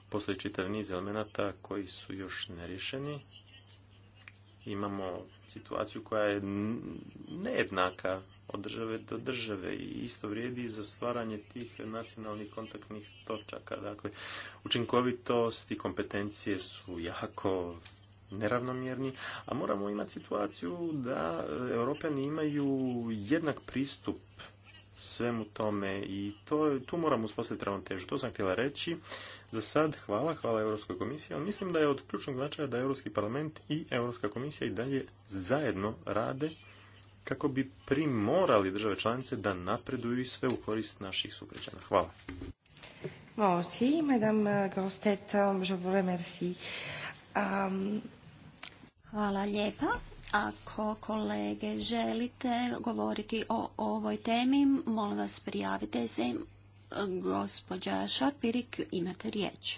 postoji čitav niz elemenata koji su još nerješeni. Imamo situaciju koja je nejednaka od države do države i isto vrijedi za stvaranje tih nacionalnih kontaktnih točaka. Dakle, učinkovitost i kompetencije su jako neravnomjerni, a moramo imati situaciju da Europjani imaju jednak pristup svemu tome i to, tu moramo uspostaviti ravnotežu. To sam htjela reći. Za sad hvala, hvala Europskoj komisiji, ali mislim da je od ključnog značaja da Europski parlament i Europska komisija i dalje zajedno rade kako bi primorali države članice da napreduju sve u korist naših sugrađana. Hvala. Merci, madame eh, Grostet, eh, um, Hvala lijepa. Ako kolege želite govoriti o ovoj temi, molim vas prijavite se. Gospođa Šarpirik, imate riječ.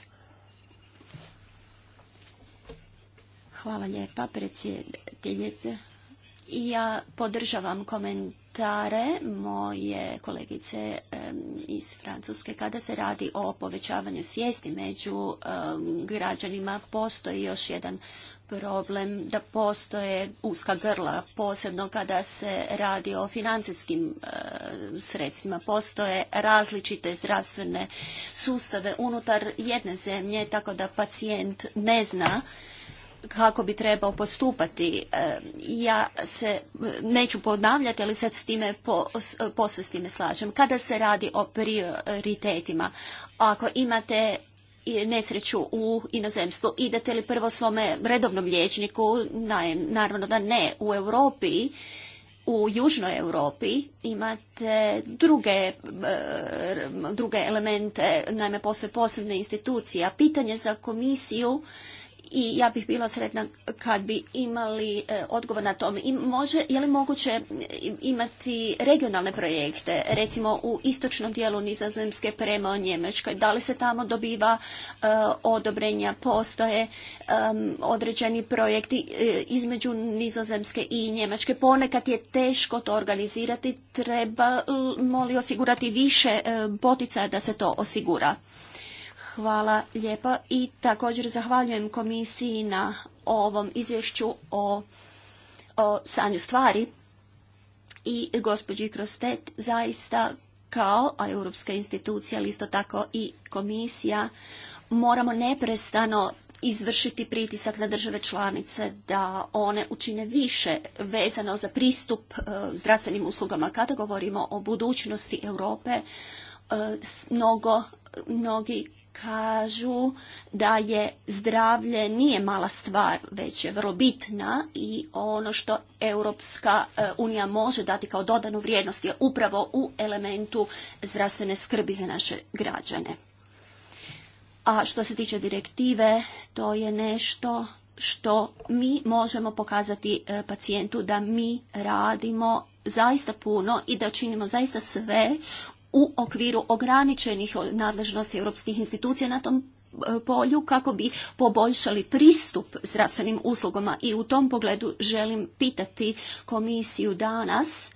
Hvala lijepa, predsjedateljice. Ja podržavam komentare moje kolegice iz Francuske. Kada se radi o povećavanju svijesti među građanima, postoji još jedan problem da postoje uska grla, posebno kada se radi o financijskim e, sredstvima. Postoje različite zdravstvene sustave unutar jedne zemlje, tako da pacijent ne zna kako bi trebao postupati. E, ja se neću ponavljati, ali sad s time posve s time slažem. Kada se radi o prioritetima, ako imate nesreću u inozemstvu? Idete li prvo svome redovnom liječniku? Naravno da ne. U Europi u južnoj Europi imate druge, e, druge elemente, naime postoje posebne institucije, a pitanje za komisiju i ja bih bila sretna kad bi imali e, odgovor na tome. I može, je li moguće imati regionalne projekte, recimo u istočnom dijelu Nizozemske prema Njemačkoj? Da li se tamo dobiva e, odobrenja? Postoje određeni projekti e, između Nizozemske i Njemačke. Ponekad je teško to organizirati. Treba li osigurati više poticaja da se to osigura? Hvala lijepa i također zahvaljujem komisiji na ovom izvješću o, o sanju stvari i gospođi Krostet zaista kao, a europska institucija, ali isto tako i komisija, moramo neprestano izvršiti pritisak na države članice da one učine više vezano za pristup e, zdravstvenim uslugama. Kada govorimo o budućnosti Europe, e, mnogo, mnogi kažu da je zdravlje nije mala stvar, već je vrlo bitna i ono što Europska e, unija može dati kao dodanu vrijednost je upravo u elementu zdravstvene skrbi za naše građane. A što se tiče direktive, to je nešto što mi možemo pokazati e, pacijentu da mi radimo zaista puno i da činimo zaista sve u okviru ograničenih nadležnosti europskih institucija na tom e, polju kako bi poboljšali pristup zdravstvenim uslugama i u tom pogledu želim pitati komisiju danas e,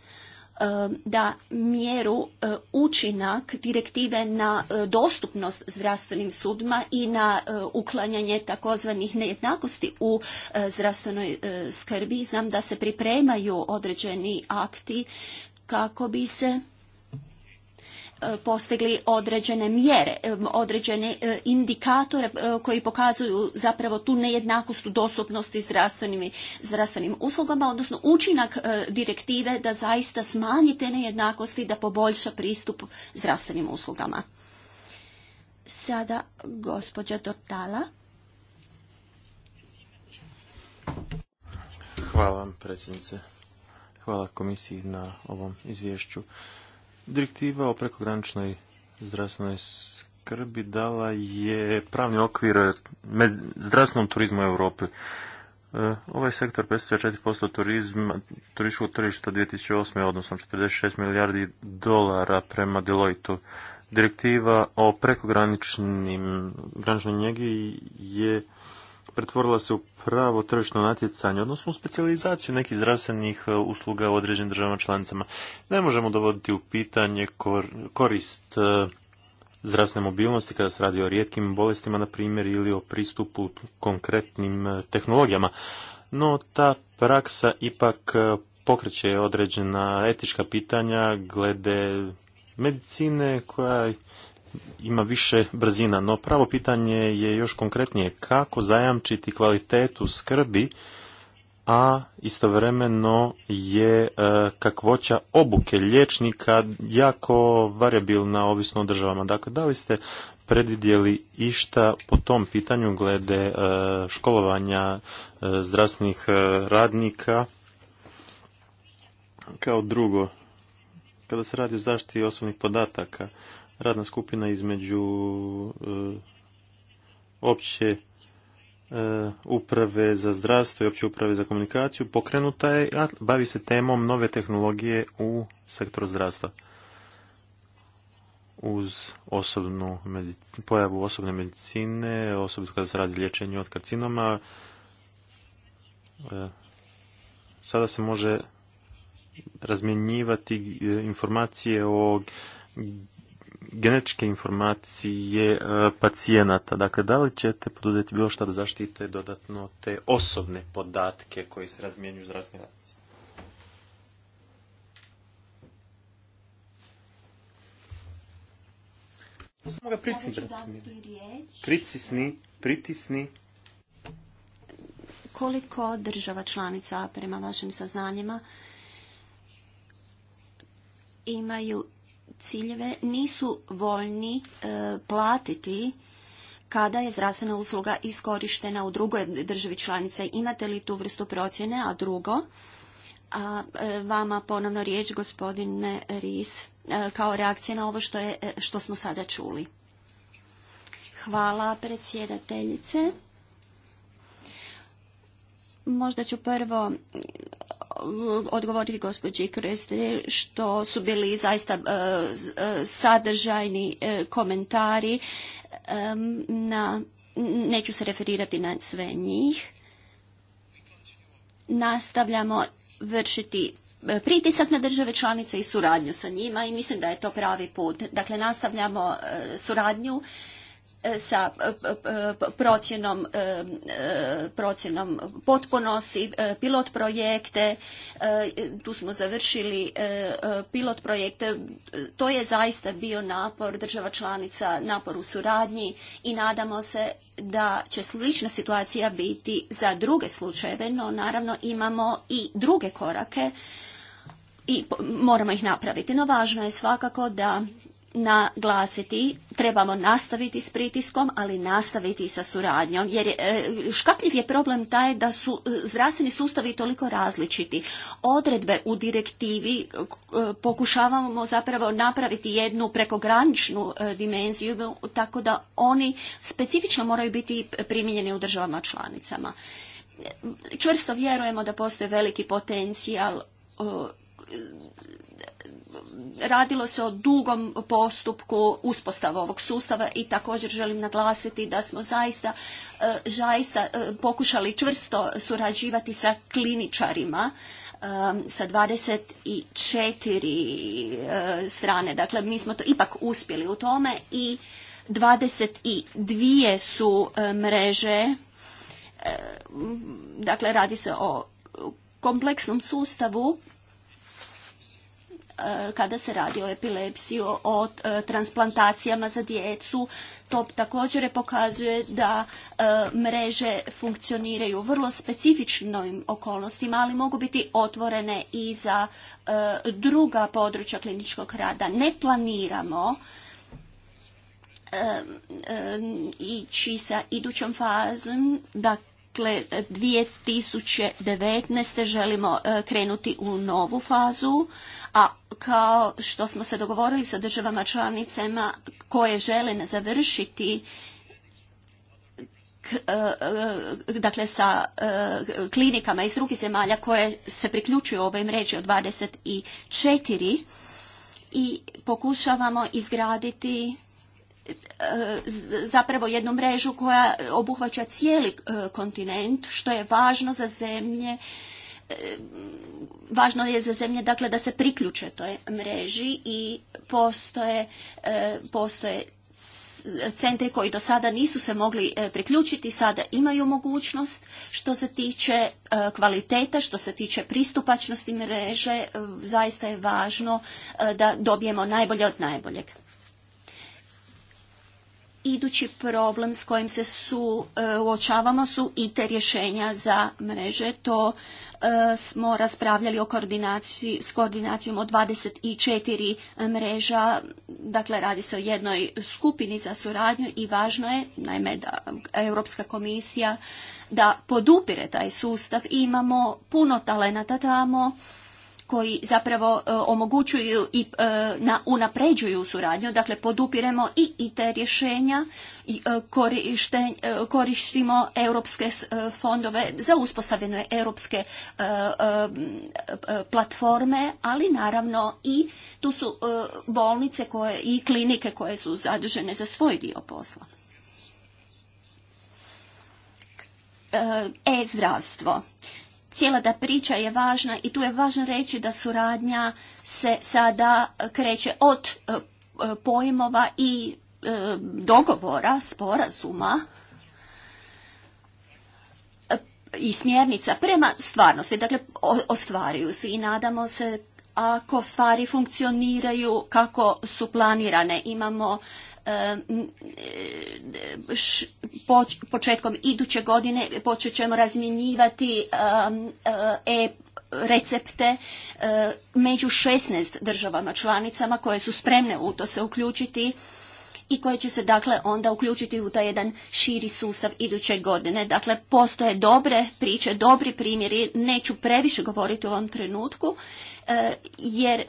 da mjeru e, učinak direktive na dostupnost zdravstvenim sudima i na uklanjanje takozvanih nejednakosti u zdravstvenoj skrbi. Znam da se pripremaju određeni akti kako bi se E, postigli određene mjere, e, određene e, indikatore koji pokazuju zapravo tu nejednakost u dostupnosti zdravstvenim, zdravstvenim uslugama, odnosno učinak direktive da zaista smanji te nejednakosti, da poboljša pristup zdravstvenim uslugama. Sada gospođa Dortala. Hvala predsjednice. Hvala komisiji na ovom izvješću. Direktiva o prekograničnoj zdravstvenoj skrbi dala je pravni okvir med zdravstvenom turizmu u Europi. E, ovaj sektor predstavlja 4% turizma, turističkog tržišta 2008. odnosno 46 milijardi dolara prema Deloitu. Direktiva o prekograničnim graničnoj njegi je pretvorila se u pravo tržišno natjecanje, odnosno u specijalizaciju nekih zdravstvenih e, usluga u određenim državama članicama. Ne možemo dovoditi u pitanje korist e, zdravstvene mobilnosti kada se radi o rijetkim bolestima, na primjer, ili o pristupu konkretnim e, tehnologijama. No, ta praksa ipak pokreće određena etička pitanja glede medicine koja ima više brzina, no pravo pitanje je još konkretnije kako zajamčiti kvalitetu skrbi, a istovremeno je e, kakvoća obuke liječnika jako variabilna ovisno o državama. Dakle, da li ste predvidjeli išta po tom pitanju glede e, školovanja e, zdravstvenih radnika? Kao drugo, kada se radi o zaštiti osobnih podataka, radna skupina između e, opće e, uprave za zdravstvo i opće uprave za komunikaciju pokrenuta je, a bavi se temom nove tehnologije u sektoru zdravstva uz osobnu medicinu, pojavu osobne medicine, osobito kada se radi liječenju od karcinoma. E, sada se može razmjenjivati informacije o genetičke informacije e, pacijenata. Dakle, da li ćete poduzeti bilo što da zaštite dodatno te osobne podatke koji se razmjenjuju zdravstveni radnici? ga pritisni. Pritisni, pritisni. Koliko država članica, prema vašim saznanjima, imaju ciljeve nisu voljni e, platiti kada je zdravstvena usluga iskorištena u drugoj državi članice. Imate li tu vrstu procjene? A drugo, a e, vama ponovno riječ gospodine Ris e, kao reakcija na ovo je, što smo sada čuli. Hvala predsjedateljice. Možda ću prvo odgovoriti gospođi Krestri što su bili zaista e, e, sadržajni e, komentari na, neću se referirati na sve njih. Nastavljamo vršiti pritisak na države članice i suradnju sa njima i mislim da je to pravi put. Dakle, nastavljamo suradnju sa e, procjenom, e, e, procjenom potpunosti, pilot projekte, tu smo završili pilot projekte. To je zaista bio napor država članica, napor u suradnji i nadamo se da će slična situacija biti za druge slučajeve, no naravno imamo i druge korake i moramo ih napraviti. No važno je svakako da naglasiti, trebamo nastaviti s pritiskom, ali nastaviti sa suradnjom, jer je, e, škakljiv je problem taj da su e, zdravstveni sustavi toliko različiti. Odredbe u direktivi e, pokušavamo zapravo napraviti jednu prekograničnu dimenziju, tako da oni specifično moraju biti primijenjeni u državama članicama. Čvrsto vjerujemo da postoji veliki potencijal radilo se o dugom postupku uspostava ovog sustava i također želim naglasiti da smo zaista, e, zaista e, pokušali čvrsto surađivati sa kliničarima e, sa 24 strane. Dakle, mi smo to ipak uspjeli u tome i 22 su mreže, dakle radi se o kompleksnom sustavu Eh, kada se radi o epilepsiji, o, eh, transplantacijama za djecu. To također pokazuje da eh, mreže funkcioniraju u vrlo specifičnim okolnostima, ali mogu biti otvorene i za druga područja kliničkog rada. Ne planiramo ići sa idućom fazom, da Dakle, 2019. želimo e, krenuti u novu fazu, a kao što smo se dogovorili sa državama članicama koje žele završiti e, e, dakle sa klinikama iz drugih zemalja koje se priključuju ovoj mreži od 24 i pokušavamo izgraditi zapravo jednu mrežu koja obuhvaća cijeli e, kontinent, što je važno za zemlje e, važno je za zemlje dakle da se priključe toj mreži i postoje, e, postoje centri koji do sada nisu se mogli priključiti, sada imaju mogućnost što se tiče kvaliteta, što se tiče pristupačnosti mreže, zaista je važno da dobijemo najbolje od najboljeg idući problem s kojim se su, e, uočavamo su i te rješenja za mreže. To e, smo raspravljali o koordinaciji, s koordinacijom od 24 mreža. Dakle, radi se o jednoj skupini za suradnju i važno je, naime, da Europska komisija da podupire taj sustav. Imamo puno talenata tamo koji zapravo e, omogućuju i e, unapređuju suradnju. Dakle, podupiremo i, te rješenja i e, koristimo europske fondove za uspostavljene europske platforme, ali naravno i tu su bolnice i klinike koje su zadržene za svoj dio posla. E-zdravstvo cijela ta priča je važna i tu je važno reći da suradnja se sada kreće od e, e, pojmova i e, dogovora, sporazuma i smjernica prema stvarnosti. Dakle, ostvaruju se i nadamo se ako stvari funkcioniraju kako su planirane. Imamo početkom iduće godine počet ćemo razmjenjivati um, e recepte e, među 16 državama članicama koje su spremne u to se uključiti i koje će se dakle onda uključiti u taj jedan širi sustav iduće godine. Dakle, postoje dobre priče, dobri primjeri, neću previše govoriti u ovom trenutku, e, jer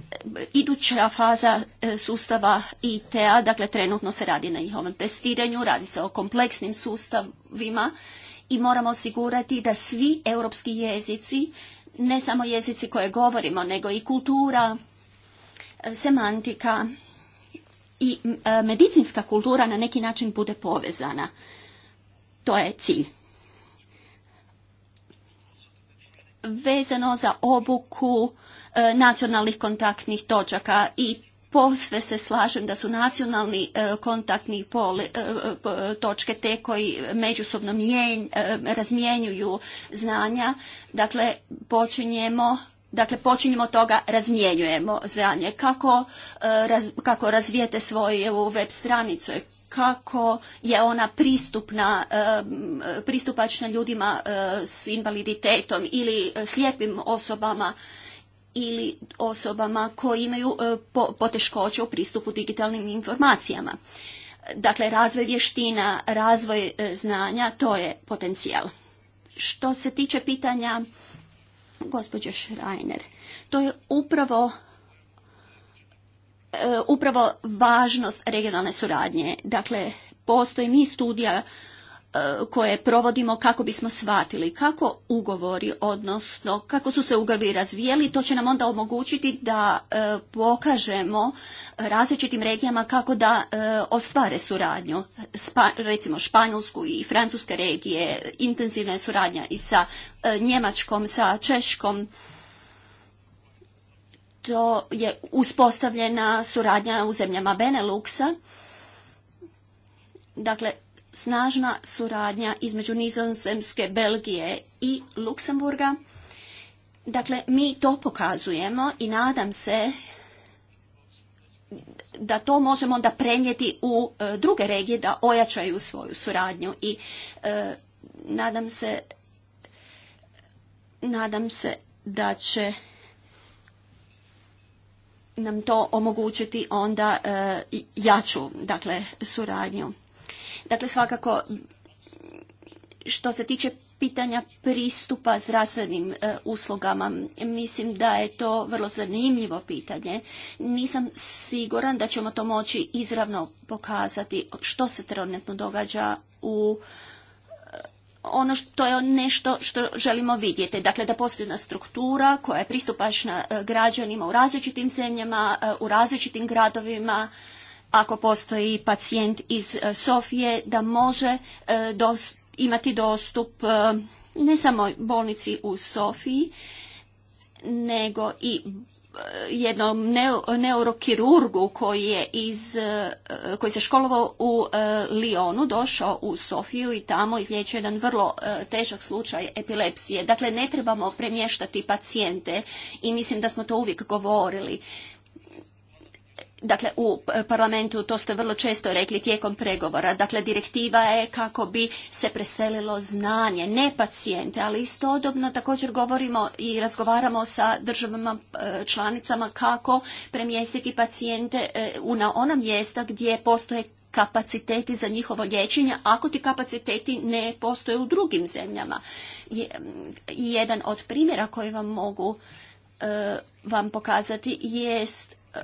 iduća faza e, sustava ITA, dakle trenutno se radi na njihovom testiranju, radi se o kompleksnim sustavima i moramo osigurati da svi europski jezici, ne samo jezici koje govorimo, nego i kultura, e, semantika, i e, medicinska kultura na neki način bude povezana. To je cilj. Vezano za obuku e, nacionalnih kontaktnih točaka i posve se slažem da su nacionalni e, kontaktni točke te koji međusobno razmijenjuju znanja. Dakle, počinjemo Dakle, počinjemo od toga, razmjenjujemo znanje. Kako, e, raz, kako razvijete svoju web stranicu, kako je ona pristupna, e, pristupačna ljudima e, s invaliditetom ili slijepim osobama ili osobama koji imaju poteškoće u pristupu digitalnim informacijama. Dakle, razvoj vještina, razvoj znanja, to je potencijal. Što se tiče pitanja gospođe Schreiner. To je upravo e, upravo važnost regionalne suradnje. Dakle, postoji niz studija E, koje provodimo kako bismo shvatili kako ugovori, odnosno kako su se ugovori razvijeli, to će nam onda omogućiti da e, pokažemo različitim regijama kako da e, ostvare suradnju. recimo Španjolsku i Francuske regije, intenzivna je suradnja i sa Njemačkom, sa Češkom. To je uspostavljena suradnja u zemljama Beneluxa. Dakle, snažna suradnja između Nizozemske, Belgije i Luksemburga. Dakle, mi to pokazujemo i nadam se da to možemo onda prenijeti u e, druge regije da ojačaju svoju suradnju i e, nadam se nadam se da će nam to omogućiti onda e, jaču dakle suradnju Dakle, svakako što se tiče pitanja pristupa zdravstvenim e, uslugama. Mislim da je to vrlo zanimljivo pitanje. Nisam siguran da ćemo to moći izravno pokazati što se trenutno događa u e, ono što je nešto što želimo vidjeti. Dakle, da postoji jedna struktura koja je pristupačna e, građanima u različitim zemljama, u različitim gradovima, ako postoji pacijent iz e, Sofije da može e, imati dostup e, ne samo bolnici u Sofiji, nego i jednom neurokirurgu koji je iz, koji se školovao u Lionu, došao u Sofiju i tamo izliječio jedan vrlo težak slučaj epilepsije. Dakle, ne trebamo premještati pacijente i mislim da smo to uvijek govorili. Dakle, u parlamentu to ste vrlo često rekli tijekom pregovora. Dakle, direktiva je kako bi se preselilo znanje, ne pacijente, ali istodobno također govorimo i razgovaramo sa državama članicama kako premjestiti pacijente e, na ona mjesta gdje postoje kapaciteti za njihovo liječenje ako ti kapaciteti ne postoje u drugim zemljama. Jedan od primjera koji vam mogu Eh, vam pokazati jest eh,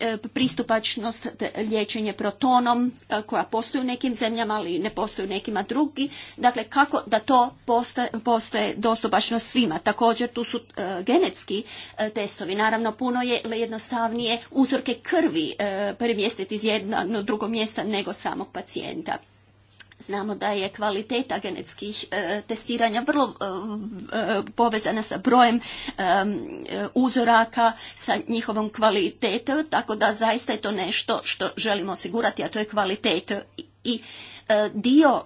eh, pristupačnost liječenje protonom koja postoji u nekim zemljama ali ne postoji u nekima drugi. Dakle, kako da to postaje, postoje dostupačno svima. Također tu su genetski testovi. Naravno, puno je jednostavnije uzorke krvi premjestiti iz jednog na drugo mjesta nego samog pacijenta. Znamo da je kvaliteta genetskih e, testiranja vrlo e, e, povezana sa brojem uzoraka, sa njihovom kvalitetom, tako da zaista je to nešto što želimo osigurati, a to je kvalitet. i dio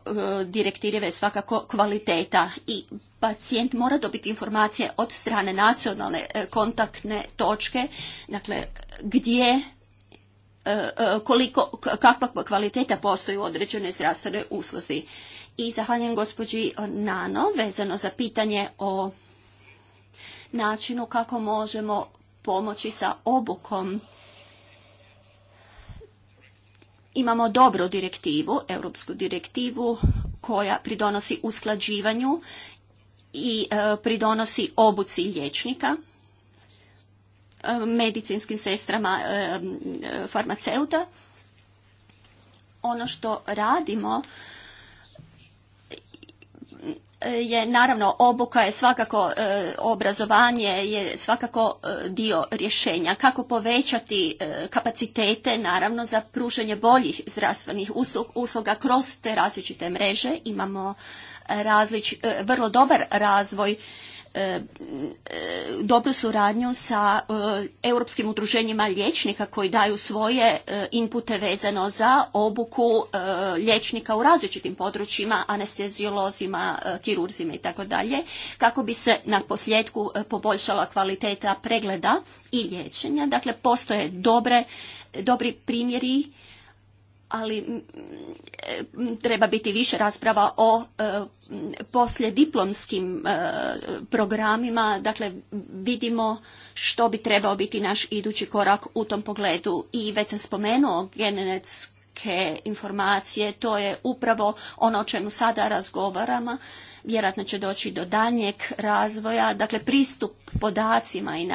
direktive je svakako kvaliteta i pacijent mora dobiti informacije od strane nacionalne kontaktne točke, dakle gdje E, e, koliko, kakva kvaliteta postoji u određenoj zdravstvenoj usluzi. I zahvaljujem gospođi Nano vezano za pitanje o načinu kako možemo pomoći sa obukom. Imamo dobru direktivu, europsku direktivu koja pridonosi usklađivanju i e, pridonosi obuci liječnika medicinskim sestrama e, e, farmaceuta. Ono što radimo e, je naravno obuka je svakako obrazovanje je svakako dio rješenja kako povećati kapacitete naravno za pružanje boljih zdravstvenih usluga kroz te različite mreže imamo različ, vrlo dobar razvoj E, dobru suradnju sa e, europskim udruženjima liječnika koji daju svoje e, inpute vezano za obuku liječnika u različitim područjima, anestezijolozima, kirurzima i tako dalje, kako bi se na posljedku poboljšala kvaliteta pregleda i liječenja. Dakle, postoje dobre, dobri primjeri ali treba biti više rasprava o e, poslje diplomskim e, programima. Dakle, vidimo što bi trebao biti naš idući korak u tom pogledu. I već sam spomenuo genetske informacije, to je upravo ono o čemu sada razgovaramo. Vjerojatno će doći do daljnjeg razvoja, dakle pristup podacima i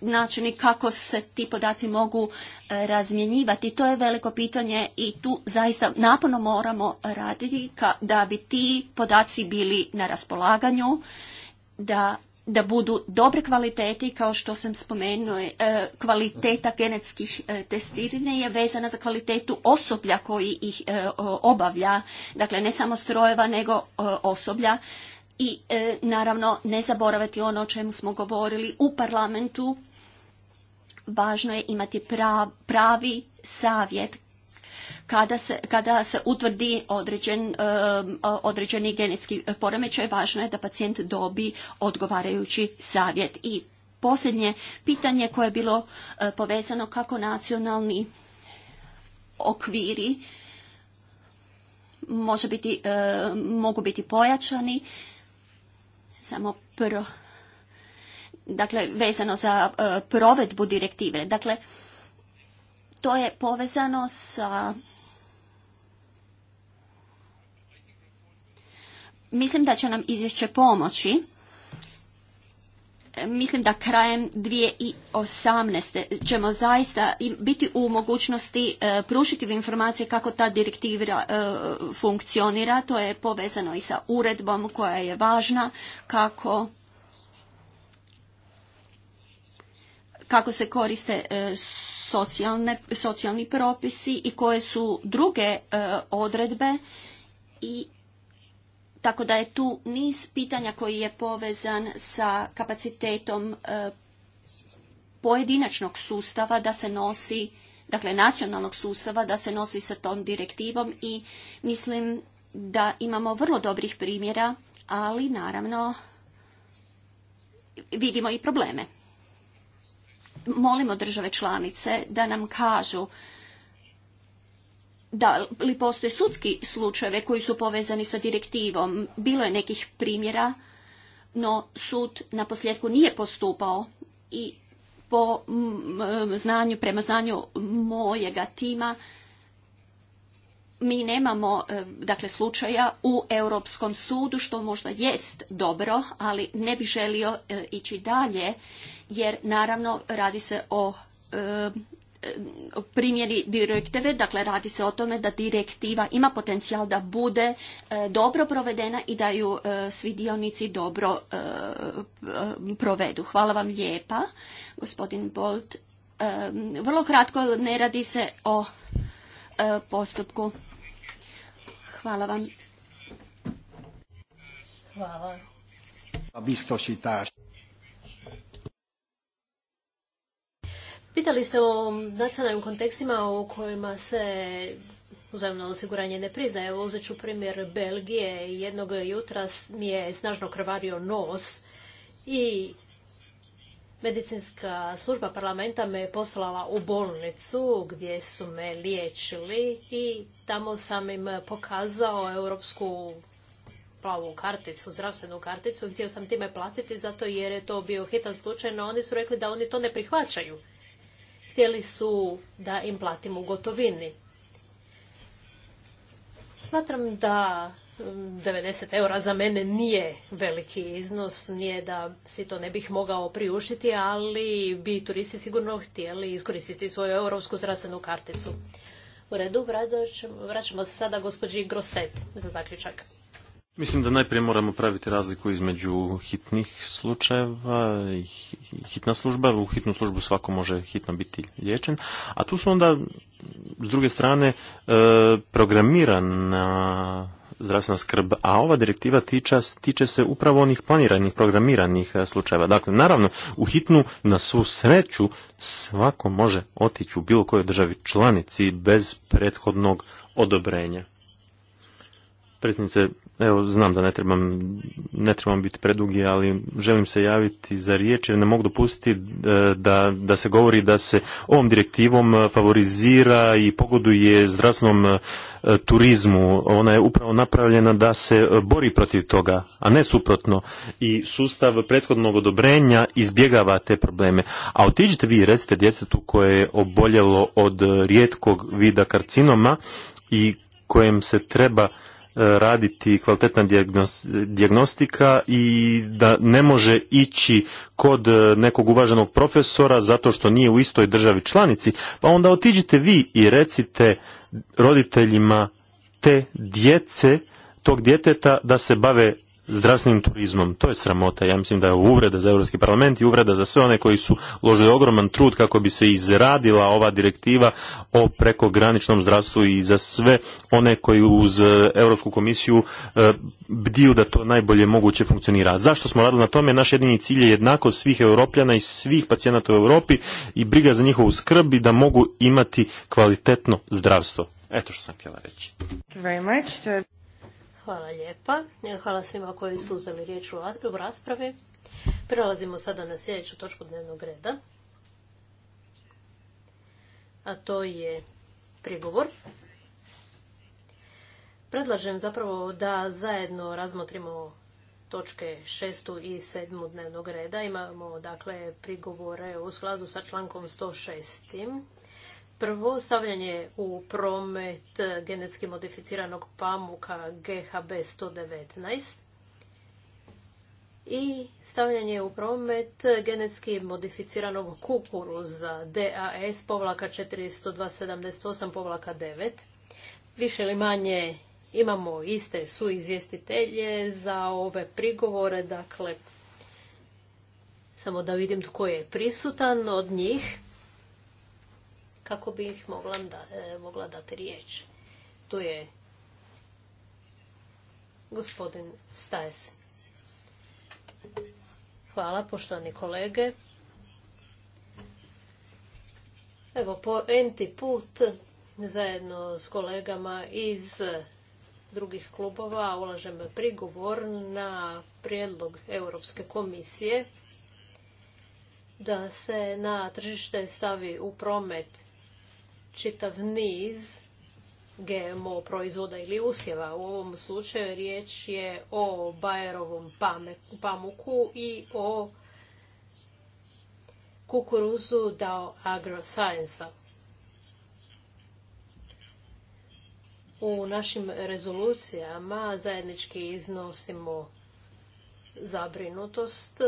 načini kako se ti podaci mogu e, razmjenjivati. To je veliko pitanje i tu zaista naporno moramo raditi da bi ti podaci bili na raspolaganju, da da budu dobre kvalitete kao što sam spomenuo, e, kvaliteta genetskih e, testiranja je vezana za kvalitetu osoblja koji ih e, obavlja, dakle ne samo strojeva nego osoblja i naravno ne zaboraviti ono o čemu smo govorili u parlamentu, važno je imati pravi savjet kada se, kada se utvrdi određen, e, određeni genetski poremećaj, važno je da pacijent dobi odgovarajući savjet. I posljednje pitanje koje je bilo e, povezano kako nacionalni okviri može biti, e, mogu biti pojačani. Samo prvo. Dakle, vezano za provedbu direktive. Dakle, to je povezano sa Mislim da će nam izvješće pomoći. E, mislim da krajem 2018. ćemo zaista biti u mogućnosti e, pružiti informacije kako ta direktiva e, funkcionira. To je povezano i sa uredbom koja je važna, kako kako se koriste socijalni propisi i koje su druge odredbe i tako da je tu niz pitanja koji je povezan sa kapacitetom e, pojedinačnog sustava da se nosi, dakle nacionalnog sustava da se nosi sa tom direktivom i mislim da imamo vrlo dobrih primjera, ali naravno vidimo i probleme. Molimo države članice da nam kažu da li postoje sudski slučajeve koji su povezani sa direktivom. Bilo je nekih primjera, no sud na posljedku nije postupao i po znanju, prema znanju mojega tima, mi nemamo e, dakle slučaja u Europskom sudu što možda jest dobro, ali ne bi želio e, ići dalje jer naravno radi se o e, primjeri direktive, dakle radi se o tome da direktiva ima potencijal da bude e, dobro provedena i da ju e, svi dionici dobro e, provedu. Hvala vam lijepa, gospodin Bolt. Vrlo kratko, ne radi se o postupku. Hvala vam. Hvala. Pitali ste o nacionalnim kontekstima u kojima se uzajemno osiguranje ne priznaje. Evo uzet ću primjer Belgije. Jednog jutra mi je snažno krvario nos i medicinska služba parlamenta me poslala u bolnicu gdje su me liječili i tamo sam im pokazao europsku plavu karticu, zdravstvenu karticu. Htio sam time platiti zato jer je to bio hitan slučaj, no oni su rekli da oni to ne prihvaćaju htjeli su da im platimo u gotovini. Smatram da 90 mm, eura za mene nije veliki iznos, nije da si to ne bih mogao priuštiti, ali bi turisti sigurno htjeli iskoristiti svoju europsku zdravstvenu karticu. U redu, vraćamo se sada gospođi Grostet za zaključak. Mislim da najprije moramo praviti razliku između hitnih slučajeva i hitna služba. U hitnu službu svako može hitno biti liječen. A tu su onda, s druge strane, e, programirana zdravstvena skrb, a ova direktiva tiče, tiče se upravo onih planiranih, programiranih e, slučajeva. Dakle, naravno, u hitnu na svu sreću svako može otići u bilo kojoj državi članici bez prethodnog odobrenja. Predsjednice, evo, znam da ne trebam, ne trebam biti predugi, ali želim se javiti za riječ jer ne mogu dopustiti e, da, da se govori da se ovom direktivom e, favorizira i pogoduje zdravstvenom e, turizmu. Ona je upravo napravljena da se bori protiv toga, a ne suprotno. I sustav prethodnog odobrenja izbjegava te probleme. A otiđite vi i recite djetetu koje je oboljelo od rijetkog vida karcinoma i kojem se treba E, raditi kvalitetna dijagnostika i da ne može ići kod e, nekog uvaženog profesora zato što nije u istoj državi članici, pa onda otiđite vi i recite roditeljima te djece, tog djeteta da se bave zdravstvenim turizmom. To je sramota. Ja mislim da je uvreda za Europski parlament i uvreda za sve one koji su ložili ogroman trud kako bi se izradila ova direktiva o prekograničnom zdravstvu i za sve one koji uz e, Europsku komisiju e, bdiju da to najbolje moguće funkcionira. Zašto smo radili na tome? Naš jedini cilj je jednako svih europljana i svih pacijenata u Europi i briga za njihovu skrb i da mogu imati kvalitetno zdravstvo. Eto što sam htjela reći. Hvala lijepa. Hvala svima koji su uzeli riječ u raspravi. Prelazimo sada na sljedeću točku dnevnog reda. A to je prigovor. Predlažem zapravo da zajedno razmotrimo točke 6. i 7. dnevnog reda. Imamo dakle prigovore u skladu sa člankom 106. Prvo, stavljanje u promet genetski modificiranog pamuka GHB 119 i stavljanje u promet genetski modificiranog kukuruza DAS povlaka 4278 povlaka 9. Više ili manje imamo iste su izvjestitelje za ove prigovore, dakle samo da vidim tko je prisutan od njih kako bi ih mogla, e, dati riječ. Tu je gospodin Stajs. Hvala, poštovani kolege. Evo, po enti put zajedno s kolegama iz drugih klubova ulažem prigovor na prijedlog Europske komisije da se na tržište stavi u promet čitav niz GMO proizvoda ili usjeva. U ovom slučaju riječ je o bajerovom pamuku i o kukuruzu dao agroscience U našim rezolucijama zajednički iznosimo zabrinutost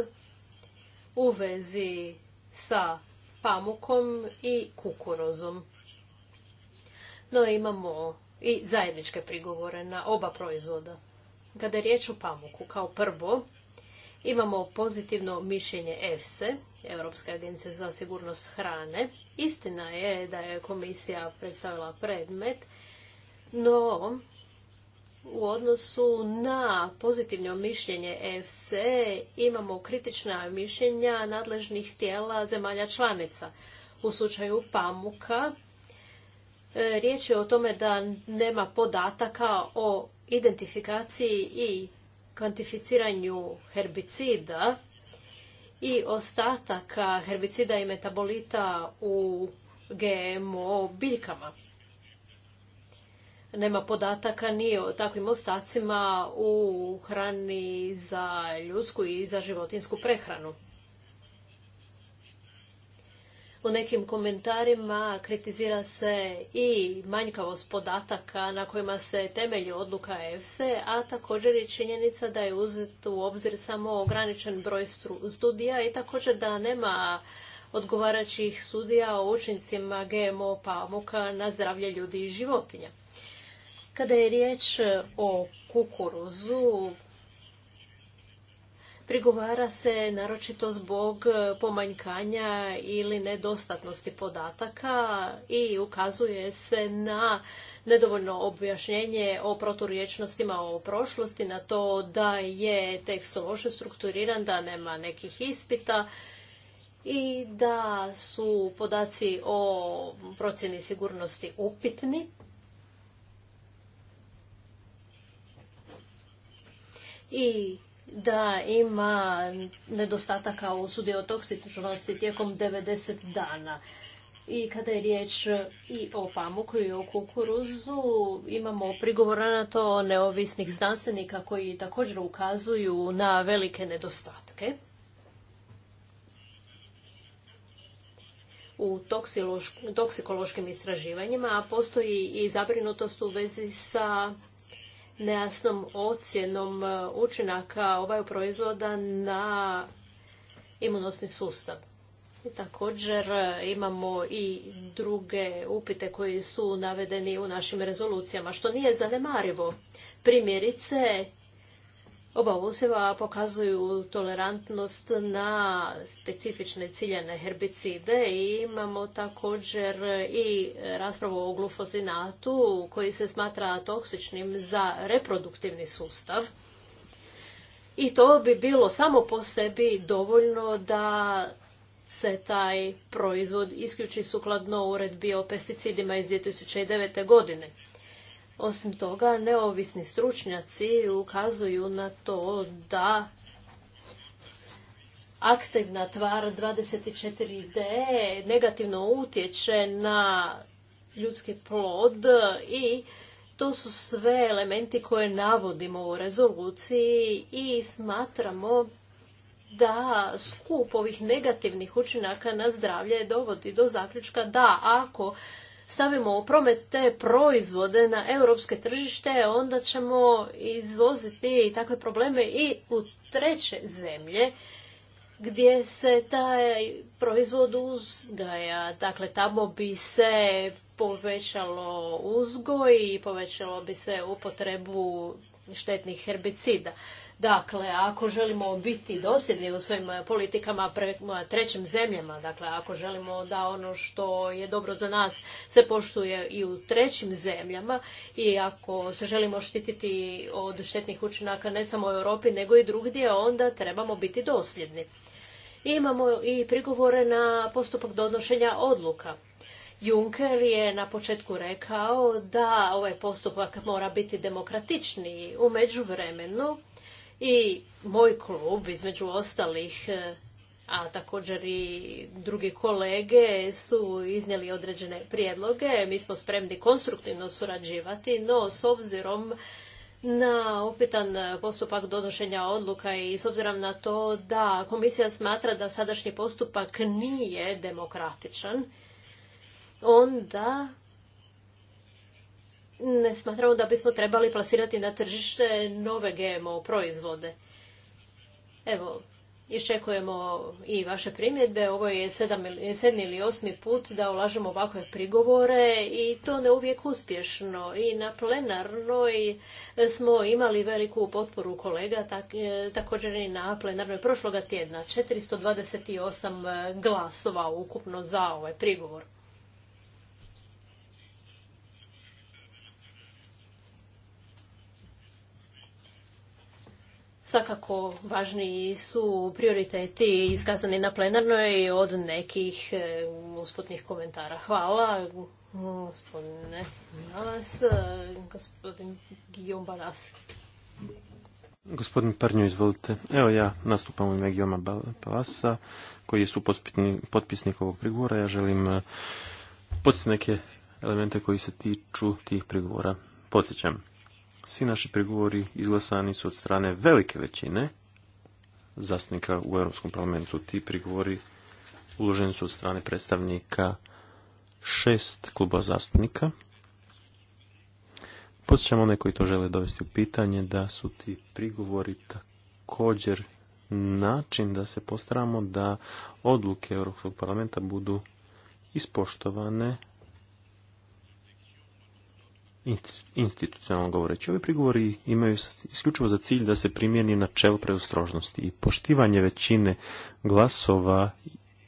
u vezi sa pamukom i kukuruzom. No imamo i zajedničke prigovore na oba proizvoda. Kada je riječ o pamuku, kao prvo, imamo pozitivno mišljenje EFSE, Europske agencije za sigurnost hrane. Istina je da je komisija predstavila predmet, no u odnosu na pozitivno mišljenje EFSE imamo kritična mišljenja nadležnih tijela zemalja članica. U slučaju pamuka E, riječ je o tome da nema podataka o identifikaciji i kvantificiranju herbicida i ostataka herbicida i metabolita u GMO biljkama. Nema podataka ni o takvim ostacima u hrani za ljudsku i za životinsku prehranu. U nekim komentarima kritizira se i manjkavost podataka na kojima se temelji odluka EFSE, a također i činjenica da je uzet u obzir samo ograničen broj studija i također da nema odgovarajućih studija o učincima GMO pamuka na zdravlje ljudi i životinja. Kada je riječ o kukuruzu, prigovara se naročito zbog pomanjkanja ili nedostatnosti podataka i ukazuje se na nedovoljno objašnjenje o proturiječnostima o prošlosti, na to da je tekst loše strukturiran, da nema nekih ispita i da su podaci o procjeni sigurnosti upitni. I da ima nedostataka u toksičnosti tijekom 90 dana. I kada je riječ i o pamuku i o kukuruzu, imamo prigovora na to neovisnih znanstvenika koji također ukazuju na velike nedostatke. u toksikološkim istraživanjima, a postoji i zabrinutost u vezi sa nejasnom ocjenom e, učinaka ovaj proizvoda na imunosni sustav. I također e, imamo i druge upite koji su navedeni u našim rezolucijama, što nije zanemarivo. Primjerice, Oba usjeva pokazuju tolerantnost na specifične ciljene herbicide i imamo također i raspravu o glufozinatu koji se smatra toksičnim za reproduktivni sustav. I to bi bilo samo po sebi dovoljno da se taj proizvod isključi sukladno uredbi o pesticidima iz 2009. godine. Osim toga, neovisni stručnjaci ukazuju na to da aktivna tvar 24D negativno utječe na ljudski plod i to su sve elementi koje navodimo u rezoluciji i smatramo da skup ovih negativnih učinaka na zdravlje dovodi do zaključka da ako stavimo u promet te proizvode na europske tržište, onda ćemo izvoziti takve probleme i u treće zemlje gdje se taj proizvod uzgaja. Dakle, tamo bi se povećalo uzgoj i povećalo bi se upotrebu štetnih herbicida. Dakle, ako želimo biti dosljedni u svojim eh, politikama prema eh, trećim zemljama, dakle ako želimo da ono što je dobro za nas se poštuje i u trećim zemljama i ako se želimo štititi od štetnih učinaka ne samo u Europi nego i drugdje, onda trebamo biti dosljedni. imamo i prigovore na postupak donošenja odluka. Juncker je na početku rekao da ovaj postupak mora biti demokratičniji. U međuvremenu i moj klub, između ostalih, e, a također i drugi kolege su iznijeli određene prijedloge. Mi smo spremni konstruktivno surađivati, no s obzirom na upitan postupak donošenja odluka i s obzirom na to da komisija smatra da sadašnji postupak nije demokratičan, onda ne smatramo da bismo trebali plasirati na tržište nove GMO proizvode. Evo, iščekujemo i vaše primjedbe. Ovo je sedmi ili osmi put da ulažemo ovakve prigovore i to ne uvijek uspješno. I na plenarnoj smo imali veliku potporu kolega, e, također i na plenarnoj prošloga tjedna. 428 glasova ukupno za ovaj prigovor. Svakako važniji su prioriteti iskazani na plenarnoj od nekih e, usputnih komentara. Hvala gospodine e, gospodin Guillaume Balas. Gospodin Parnju, izvolite. Evo ja nastupam u ime Balasa, koji je potpisnik ovog prigovora. Ja želim e, podsjetiti neke elemente koji se tiču tih prigovora. Podsjećam svi naši prigovori izglasani su od strane velike većine zastupnika u Europskom parlamentu. Ti prigovori uloženi su od strane predstavnika šest kluba zastupnika. Podsjećam one koji to žele dovesti u pitanje da su ti prigovori također način da se postaramo da odluke Europskog parlamenta budu ispoštovane institucionalno govoreći. Ovi prigovori imaju isključivo za cilj da se primjeni načelo preustrožnosti i poštivanje većine glasova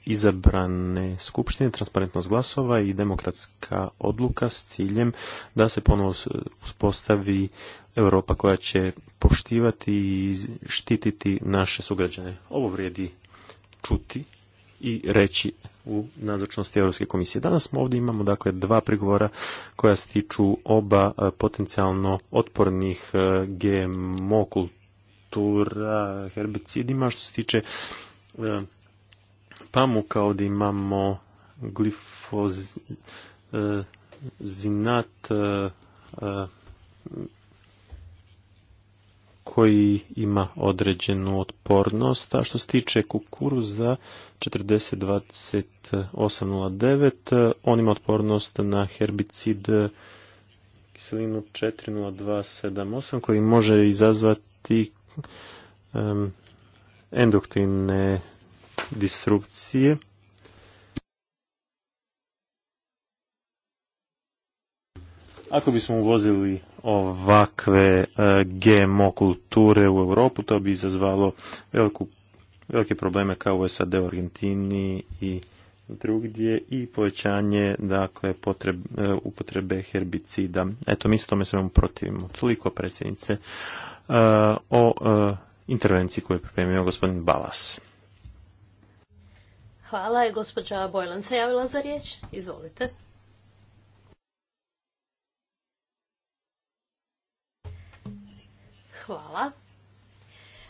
izabrane skupštine, transparentnost glasova i demokratska odluka s ciljem da se ponovo uspostavi Europa koja će poštivati i štititi naše sugrađane. Ovo vrijedi čuti i reći u nazočnosti Europske komisije. Danas smo ovdje imamo dakle dva prigovora koja tiču oba e, potencijalno otpornih e, GMO kultura herbicidima što se tiče e, pamuka ovdje imamo glifozinat koji ima određenu otpornost, a što se tiče kukuruza 402809. On ima otpornost na herbicid kiselinu 40278 koji može izazvati endoktine endoktrine disrupcije. Ako bismo uvozili ovakve eh, GMO kulture u Europu, to bi izazvalo veliku velike probleme kao u SAD, u Argentini i drugdje i povećanje dakle potreb, e, upotrebe herbicida. Eto, mi se tome svemu protivimo. Toliko predsjednice e, o e, intervenciji koju je pripremio gospodin Balas. Hvala je gospođa Bojlan se javila za riječ. Izvolite. Hvala.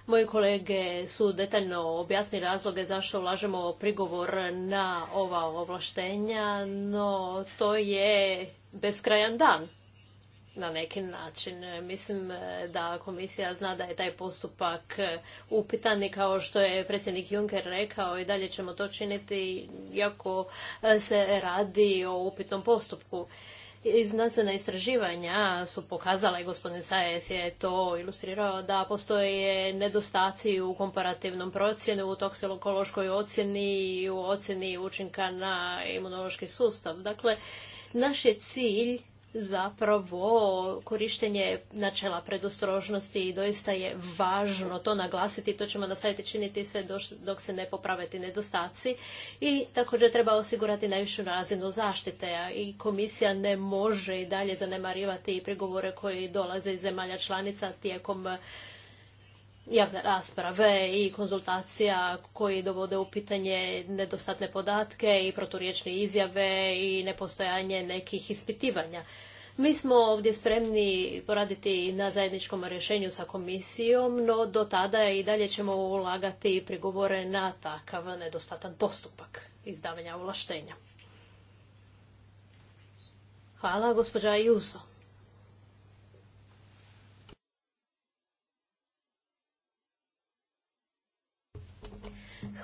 Moji kolege su detaljno objasnili razloge zašto ulažemo prigovor na ova ovlaštenja, no to je beskrajan dan na neki način. Mislim da komisija zna da je taj postupak upitan i kao što je predsjednik Juncker rekao i dalje ćemo to činiti iako se radi o upitnom postupku znanstvena istraživanja su pokazala i gospodin Sajes je to ilustrirao da postoje nedostaci u komparativnom procjenu, u toksilokološkoj ocjeni i u ocjeni učinka na imunološki sustav. Dakle, naš je cilj zapravo korištenje načela predostrožnosti i doista je važno to naglasiti. To ćemo nastaviti činiti sve dok se ne poprave nedostaci. I također treba osigurati najvišu razinu zaštite. I komisija ne može i dalje zanemarivati prigovore koji dolaze iz zemalja članica tijekom javne rasprave i konzultacija koji dovode u pitanje nedostatne podatke i proturječne izjave i nepostojanje nekih ispitivanja. Mi smo ovdje spremni poraditi na zajedničkom rješenju sa komisijom, no do tada i dalje ćemo ulagati prigovore na takav nedostatan postupak izdavanja ovlaštenja. Hvala, gospođa Juso.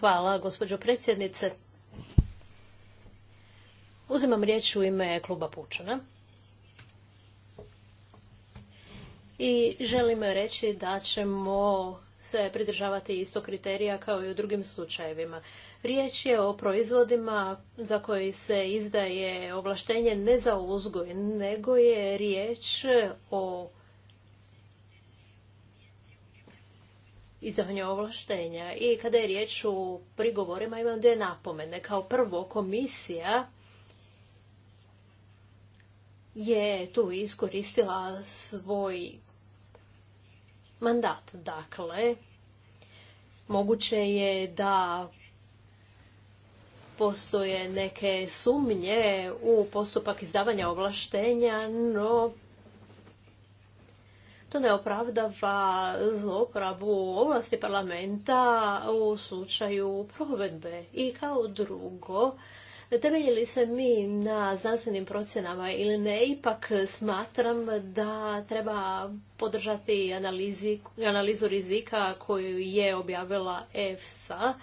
Hvala, gospođo predsjednice. Uzimam riječ u ime kluba Pučana. I želim reći da ćemo se pridržavati isto kriterija kao i u drugim slučajevima. Riječ je o proizvodima za koji se izdaje ovlaštenje ne za uzgoj, nego je riječ o izdavanja ovlaštenja. I kada je riječ o prigovorima, imam dvije napomene. Kao prvo, komisija je tu iskoristila svoj mandat. Dakle, moguće je da postoje neke sumnje u postupak izdavanja ovlaštenja, no to ne opravdava zlopravu ovlasti parlamenta u slučaju provedbe. I kao drugo, li se mi na znanstvenim procjenama ili ne, ipak smatram da treba podržati analizu rizika koju je objavila EFSA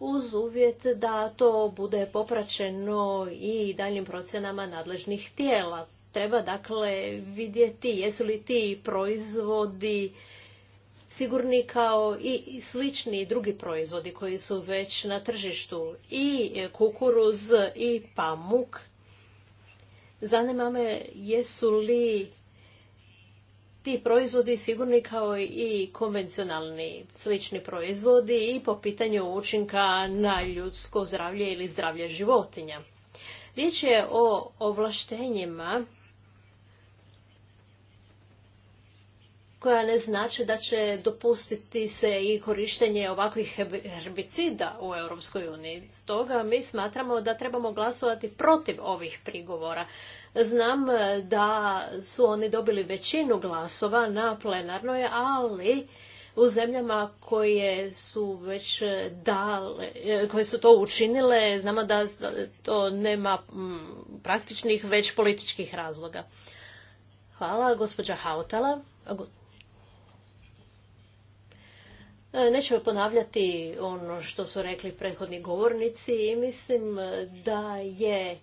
uz uvjet da to bude popraćeno i daljim procjenama nadležnih tijela. Treba dakle vidjeti jesu li ti proizvodi sigurni kao i slični drugi proizvodi koji su već na tržištu i kukuruz i pamuk. Zanima me jesu li ti proizvodi sigurni kao i konvencionalni slični proizvodi i po pitanju učinka na ljudsko zdravlje ili zdravlje životinja. Riječ je o ovlaštenjima koja ne znači da će dopustiti se i korištenje ovakvih herbicida u Europskoj uniji. Stoga mi smatramo da trebamo glasovati protiv ovih prigovora. Znam e, da su oni dobili većinu glasova na plenarnoj, ali u zemljama koje su već dale, e, koje su to učinile, znamo da to nema praktičnih, već političkih razloga. Hvala, gospođa Hautala. E, neću ponavljati ono što su rekli prethodni govornici i mislim e, da je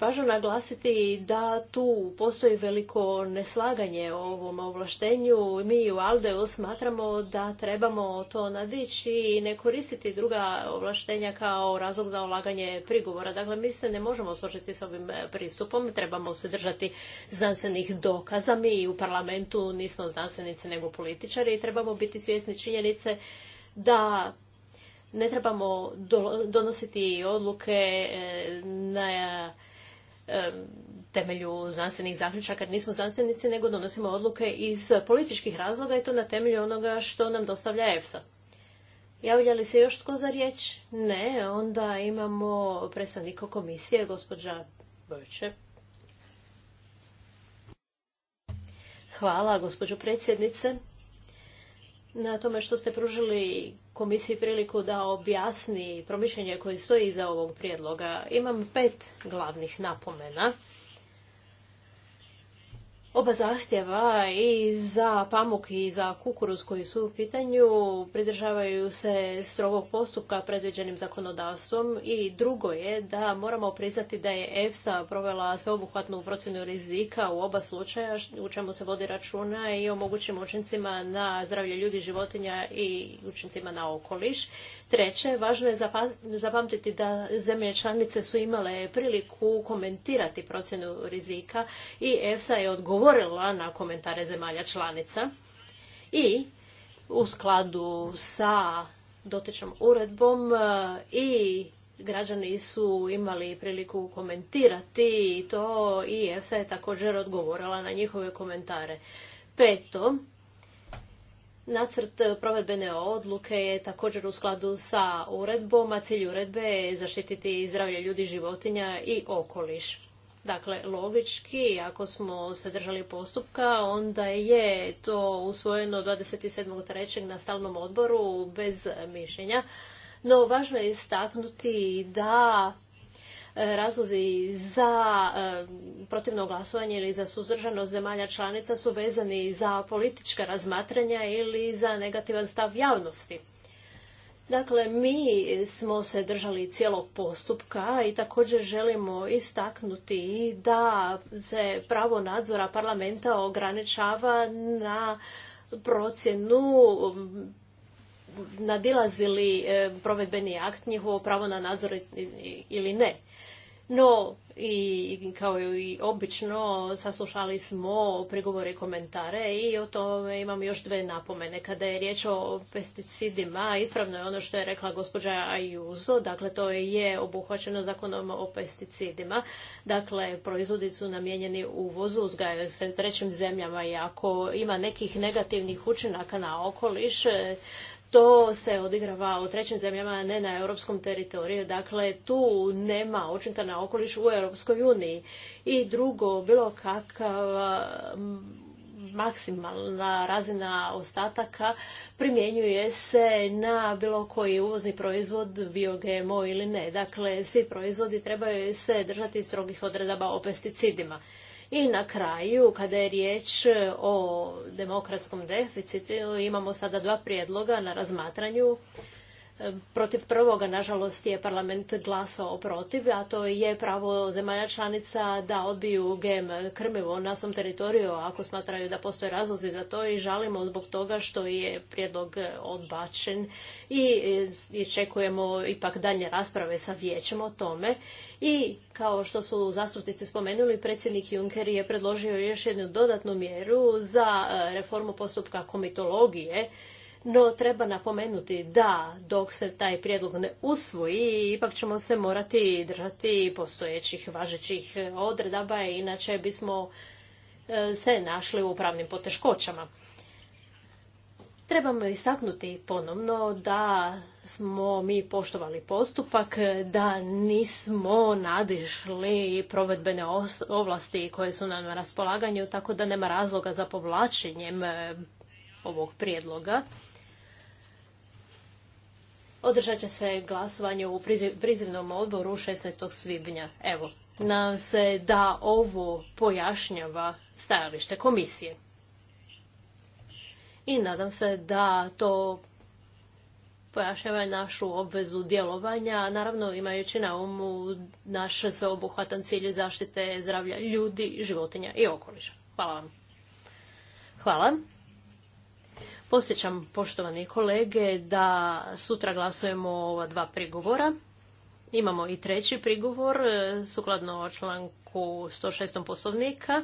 Važno naglasiti da tu postoji veliko neslaganje o ovom ovlaštenju. Mi u Aldeu smatramo da trebamo to nadići i ne koristiti druga ovlaštenja kao razlog za olaganje prigovora. Dakle, mi se ne možemo složiti s ovim pristupom, trebamo se držati znanstvenih dokaza. Mi u parlamentu nismo znanstvenici nego političari i trebamo biti svjesni činjenice da ne trebamo donositi odluke e, na e, temelju znanstvenih zaključaka, kad nismo znanstvenici, nego donosimo odluke iz političkih razloga i to na temelju onoga što nam dostavlja EFSA. Javlja li se još tko za riječ? Ne, onda imamo predstavnika komisije, gospođa Bojče. Hvala, gospođo predsjednice, na tome što ste pružili komisiji priliku da objasni promišljenje koje stoji iza ovog prijedloga. Imam pet glavnih napomena oba zahtjeva i za pamuk i za kukuruz koji su u pitanju pridržavaju se strogog postupka predviđenim zakonodavstvom i drugo je da moramo priznati da je EFSA provela sveobuhvatnu procjenu rizika u oba slučaja u čemu se vodi računa i o mogućim učincima na zdravlje ljudi, životinja i učincima na okoliš. Treće, važno je zapamtiti da zemlje članice su imale priliku komentirati procjenu rizika i EFSA je odgovorila na komentare zemalja članica i u skladu sa dotičnom uredbom e, i građani su imali priliku komentirati to i EFSA je također odgovorila na njihove komentare. Peto, Nacrt eh, provedbene odluke je također u skladu sa uredbom, a cilj uredbe je zaštititi zdravlje ljudi, životinja i okoliš. Dakle, logički, ako smo se držali postupka, onda je to usvojeno 27.3. na stalnom odboru bez mišljenja. No, važno je istaknuti da razlozi za protivno glasovanje ili za suzdržanost zemalja članica su vezani za politička razmatranja ili za negativan stav javnosti. Dakle, mi smo se držali cijelog postupka i također želimo istaknuti da se pravo nadzora parlamenta ograničava na procjenu nadilazili provedbeni akt njihovo pravo na nadzor ili ne. No, i kao i obično, saslušali smo prigovore i komentare i o tome imam još dve napomene. Kada je riječ o pesticidima, ispravno je ono što je rekla gospođa Ajuzo, dakle to je obuhvaćeno zakonom o pesticidima. Dakle, proizvodi su namijenjeni uvozu, uzgajaju se u trećim zemljama i ako ima nekih negativnih učinaka na okoliš, to se odigrava u trećim zemljama, ne na europskom teritoriju. Dakle, tu nema učinka na okoliš u Europskoj uniji. I drugo, bilo kakav maksimalna razina ostataka primjenjuje se na bilo koji uvozni proizvod, bio GMO ili ne. Dakle, svi proizvodi trebaju se držati strogih odredaba o pesticidima. I na kraju, kada je riječ e, o demokratskom deficitu, imamo sada dva prijedloga na razmatranju Protiv prvoga, nažalost, je parlament glasao protiv, a to je pravo zemalja članica da odbiju GM krmivo na svom teritoriju ako smatraju da postoje razlozi za to i žalimo zbog toga što je prijedlog odbačen i, i čekujemo ipak dalje rasprave sa vijećem o tome. I kao što su zastupnici spomenuli, predsjednik Juncker je predložio još jednu dodatnu mjeru za e, reformu postupka komitologije no, treba napomenuti da dok se taj prijedlog ne usvoji, ipak ćemo se morati držati postojećih važećih odredaba, inače bismo e, se našli u pravnim poteškoćama. Trebamo istaknuti ponovno da smo mi poštovali postupak, da nismo nadišli provedbene ovlasti koje su nam na raspolaganju, tako da nema razloga za povlačenjem e, ovog prijedloga. Održat će se glasovanje u prizivnom odboru 16. svibnja. Evo, nam se da ovo pojašnjava stajalište komisije. I nadam se da to pojašnjava našu obvezu djelovanja, naravno imajući na umu naš sveobuhvatan cilj zaštite zdravlja ljudi, životinja i okoliša. Hvala vam. Hvala. Posjećam, poštovani kolege, da sutra glasujemo ova dva prigovora. Imamo i treći prigovor, e, sukladno članku 106. poslovnika.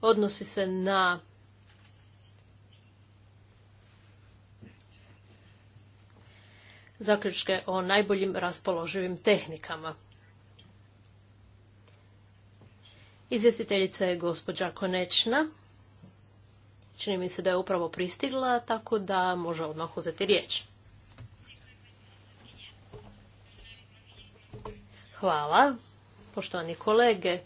Odnosi se na zaključke o najboljim raspoloživim tehnikama. Izvjestiteljica je gospođa Konečna. Čini mi se da je upravo pristigla, tako da može odmah uzeti riječ. Hvala, poštovani kolege.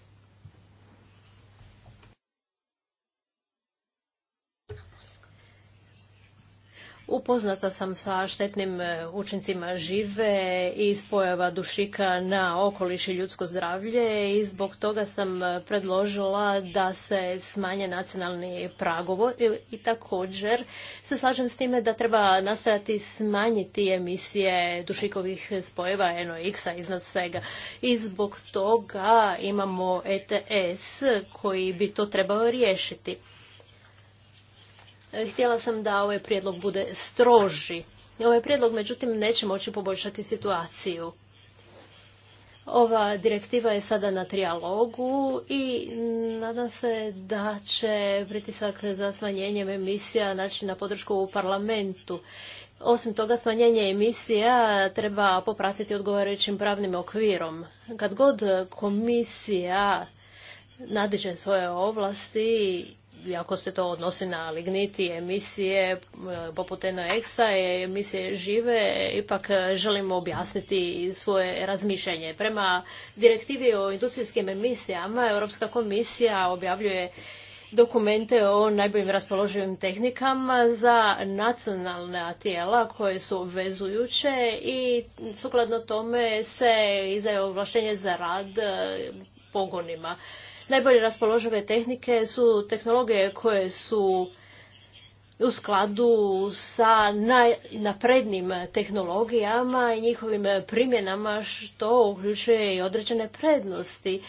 Upoznata sam sa štetnim e, učincima žive i spojeva dušika na okoliš i ljudsko zdravlje i zbog toga sam e, predložila da se smanje nacionalni pragovo i također se slažem s time da treba nastojati smanjiti emisije dušikovih spojeva NOx-a iznad svega. I zbog toga imamo ETS koji bi to trebao riješiti. E, htjela sam da ovaj prijedlog bude stroži. Ovaj prijedlog, međutim, neće moći poboljšati situaciju. Ova direktiva je sada na trialogu i nadam se da će pritisak za smanjenjem emisija naći na podršku u parlamentu. Osim toga, smanjenje emisija treba popratiti odgovarajućim pravnim okvirom. Kad god komisija nadiđe svoje ovlasti ako se to odnosi na ligniti emisije e, poput NOX-a emisije žive, ipak želimo objasniti svoje razmišljanje. Prema direktivi o industrijskim emisijama, Europska komisija objavljuje dokumente o najboljim raspoloživim tehnikama za nacionalna tijela koje su obvezujuće i sukladno tome se izdaje ovlaštenje za rad e, pogonima. Najbolje raspoložive tehnike su tehnologije koje su u skladu sa najnaprednim tehnologijama i njihovim primjenama što uključuje i određene prednosti.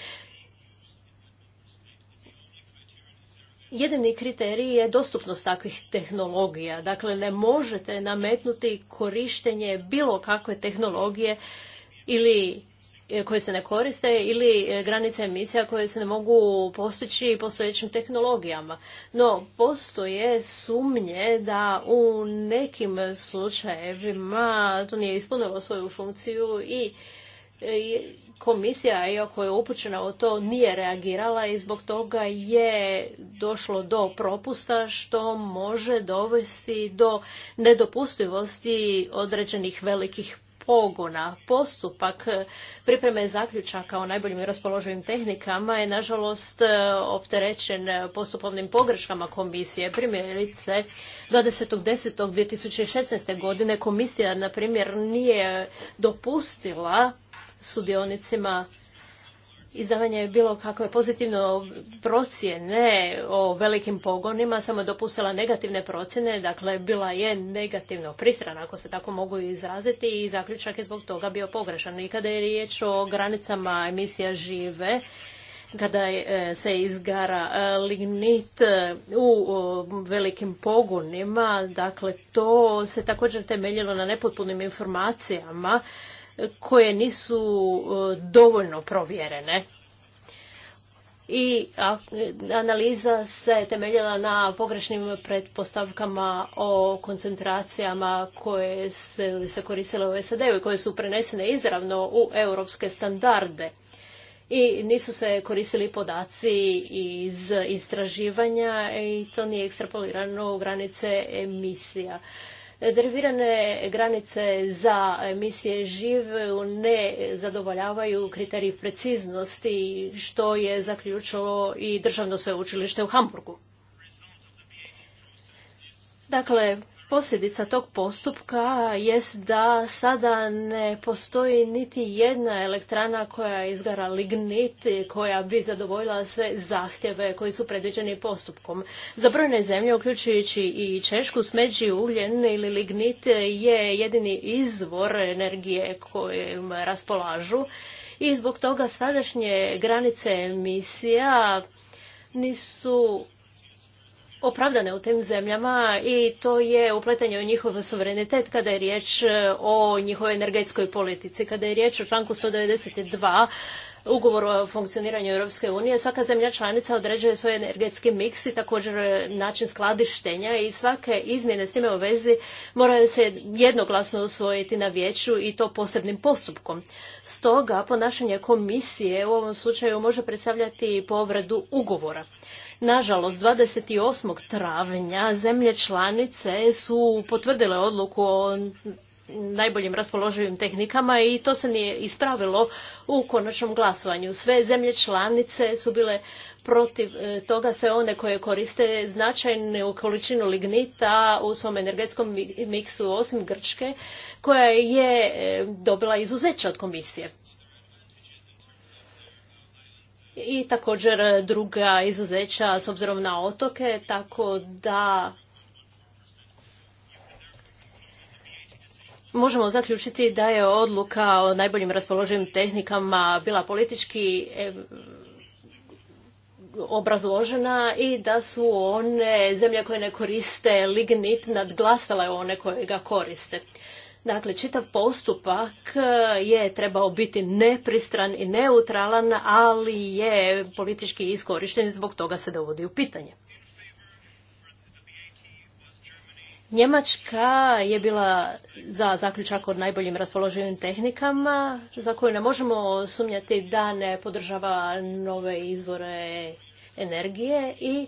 Jedini kriterij je dostupnost takvih tehnologija. Dakle, ne možete nametnuti korištenje bilo kakve tehnologije ili E, koje se ne koriste ili e, granice emisija koje se ne mogu postići postojećim tehnologijama. No, postoje sumnje da u nekim slučajevima to nije ispunilo svoju funkciju i e, komisija, iako je upućena o to, nije reagirala i zbog toga je došlo do propusta što može dovesti do nedopustivosti određenih velikih pogona, postupak pripreme zaključaka o najboljim i raspoloživim tehnikama je nažalost e, opterećen postupovnim pogreškama komisije. Primjerice, 20.10.2016. godine komisija, na primjer, nije dopustila sudionicima izdavanje bilo kakve pozitivno procjene o velikim pogonima, samo je dopustila negativne procjene, dakle bila je negativno prisrana, ako se tako mogu izraziti i zaključak je zbog toga bio pogrešan. I kada je riječ o granicama emisija žive, kada e, se izgara e, lignit e, u velikim pogonima, dakle to se također temeljilo na nepotpunim informacijama koje nisu e, dovoljno provjerene. I analiza se temeljila na pogrešnim pretpostavkama o koncentracijama koje se, se koristile u SAD-u i koje su prenesene izravno u europske standarde. I nisu se koristili podaci iz istraživanja i to nije ekstrapolirano u granice emisija. Derivirane granice za emisije živ ne zadovoljavaju kriterij preciznosti što je zaključilo i državno sveučilište u Hamburgu. Dakle, Posljedica tog postupka jest da sada ne postoji niti jedna elektrana koja izgara lignit, koja bi zadovoljila sve zahtjeve koji su predviđeni postupkom. Za brojne zemlje, uključujući i Češku, smeđi ugljen ili lignit je jedini izvor energije kojim raspolažu i zbog toga sadašnje granice emisija nisu opravdane u tim zemljama i to je upletanje u njihov suverenitet kada je riječ e, o njihovoj energetskoj politici. Kada je riječ o članku 192 ugovoru o funkcioniranju Europske unije, svaka zemlja članica određuje svoj energetski miks i također e, način skladištenja i svake izmjene s time u vezi moraju se jednoglasno usvojiti na vijeću i to posebnim postupkom. Stoga ponašanje komisije u ovom slučaju može predstavljati povredu ugovora. Nažalost, 28. travnja zemlje članice su potvrdile odluku o najboljim raspoloživim tehnikama i to se nije ispravilo u konačnom glasovanju. Sve zemlje članice su bile protiv e, toga se one koje koriste značajnu količinu lignita u svom energetskom miksu osim Grčke koja je e, dobila izuzeće od komisije i također e, druga izuzeća s obzirom na otoke, tako da možemo zaključiti da je odluka o najboljim raspoloživim tehnikama bila politički obrazložena i da su one zemlje koje ne koriste lignit nadglasale one koje ga koriste. Dakle, čitav postupak eh, je trebao biti nepristran i neutralan, ali je politički iskorišten zbog toga se dovodi u pitanje. Njemačka je bila za zaključak od najboljim raspoloženim tehnikama za koje ne možemo sumnjati da ne podržava nove izvore energije i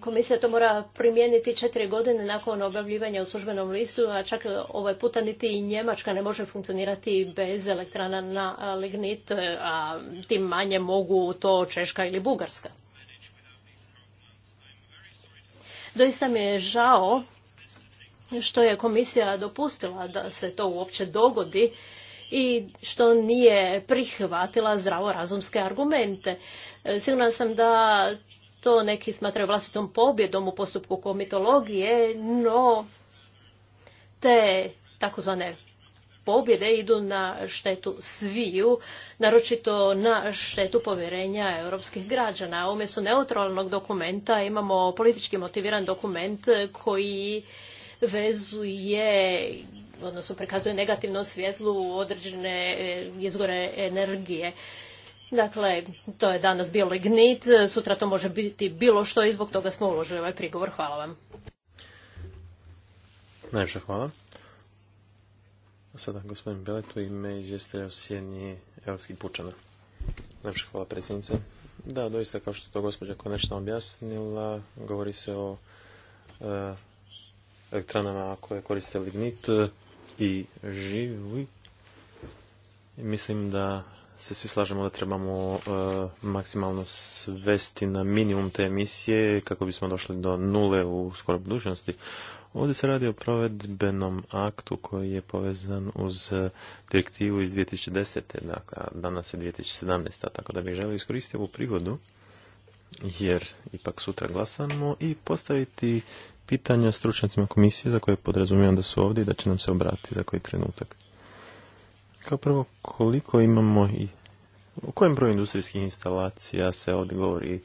komisija to mora primijeniti četiri godine nakon objavljivanja u službenom listu, a čak ovaj puta niti Njemačka ne može funkcionirati bez elektrana na lignit, a tim manje mogu to Češka ili Bugarska. Doista mi je žao što je komisija dopustila da se to uopće dogodi i što nije prihvatila zdravorazumske argumente. E, Sigurna sam da to neki smatraju vlastitom pobjedom u postupku komitologije, no te takozvane pobjede idu na štetu sviju, naročito na štetu povjerenja europskih građana. Umjesto neutralnog dokumenta imamo politički motiviran dokument koji vezuje odnosno prikazuje negativno svjetlu određene e, izgore energije. Dakle, to je danas bio lignit, sutra to može biti bilo što i zbog toga smo uložili ovaj prigovor. Hvala vam. Najviše hvala. Sada gospodin Belet u ime izvjestelja u sjeni europskih pučana. Najviše hvala predsjednice. Da, doista kao što to gospođa konečno objasnila, govori se o e, elektranama koje koriste lignit i živi. Mislim da se svi slažemo da trebamo e, maksimalno svesti na minimum te emisije kako bismo došli do nule u skoro budućnosti. Ovdje se radi o provedbenom aktu koji je povezan uz e, direktivu iz 2010. Dakle, danas je 2017. Tako da bih želio iskoristiti ovu prigodu jer ipak sutra glasamo i postaviti pitanja stručnjacima komisije za koje podrazumijem da su ovdje i da će nam se obratiti za koji trenutak. Kao prvo, koliko imamo i u kojem broju industrijskih instalacija se ovdje govori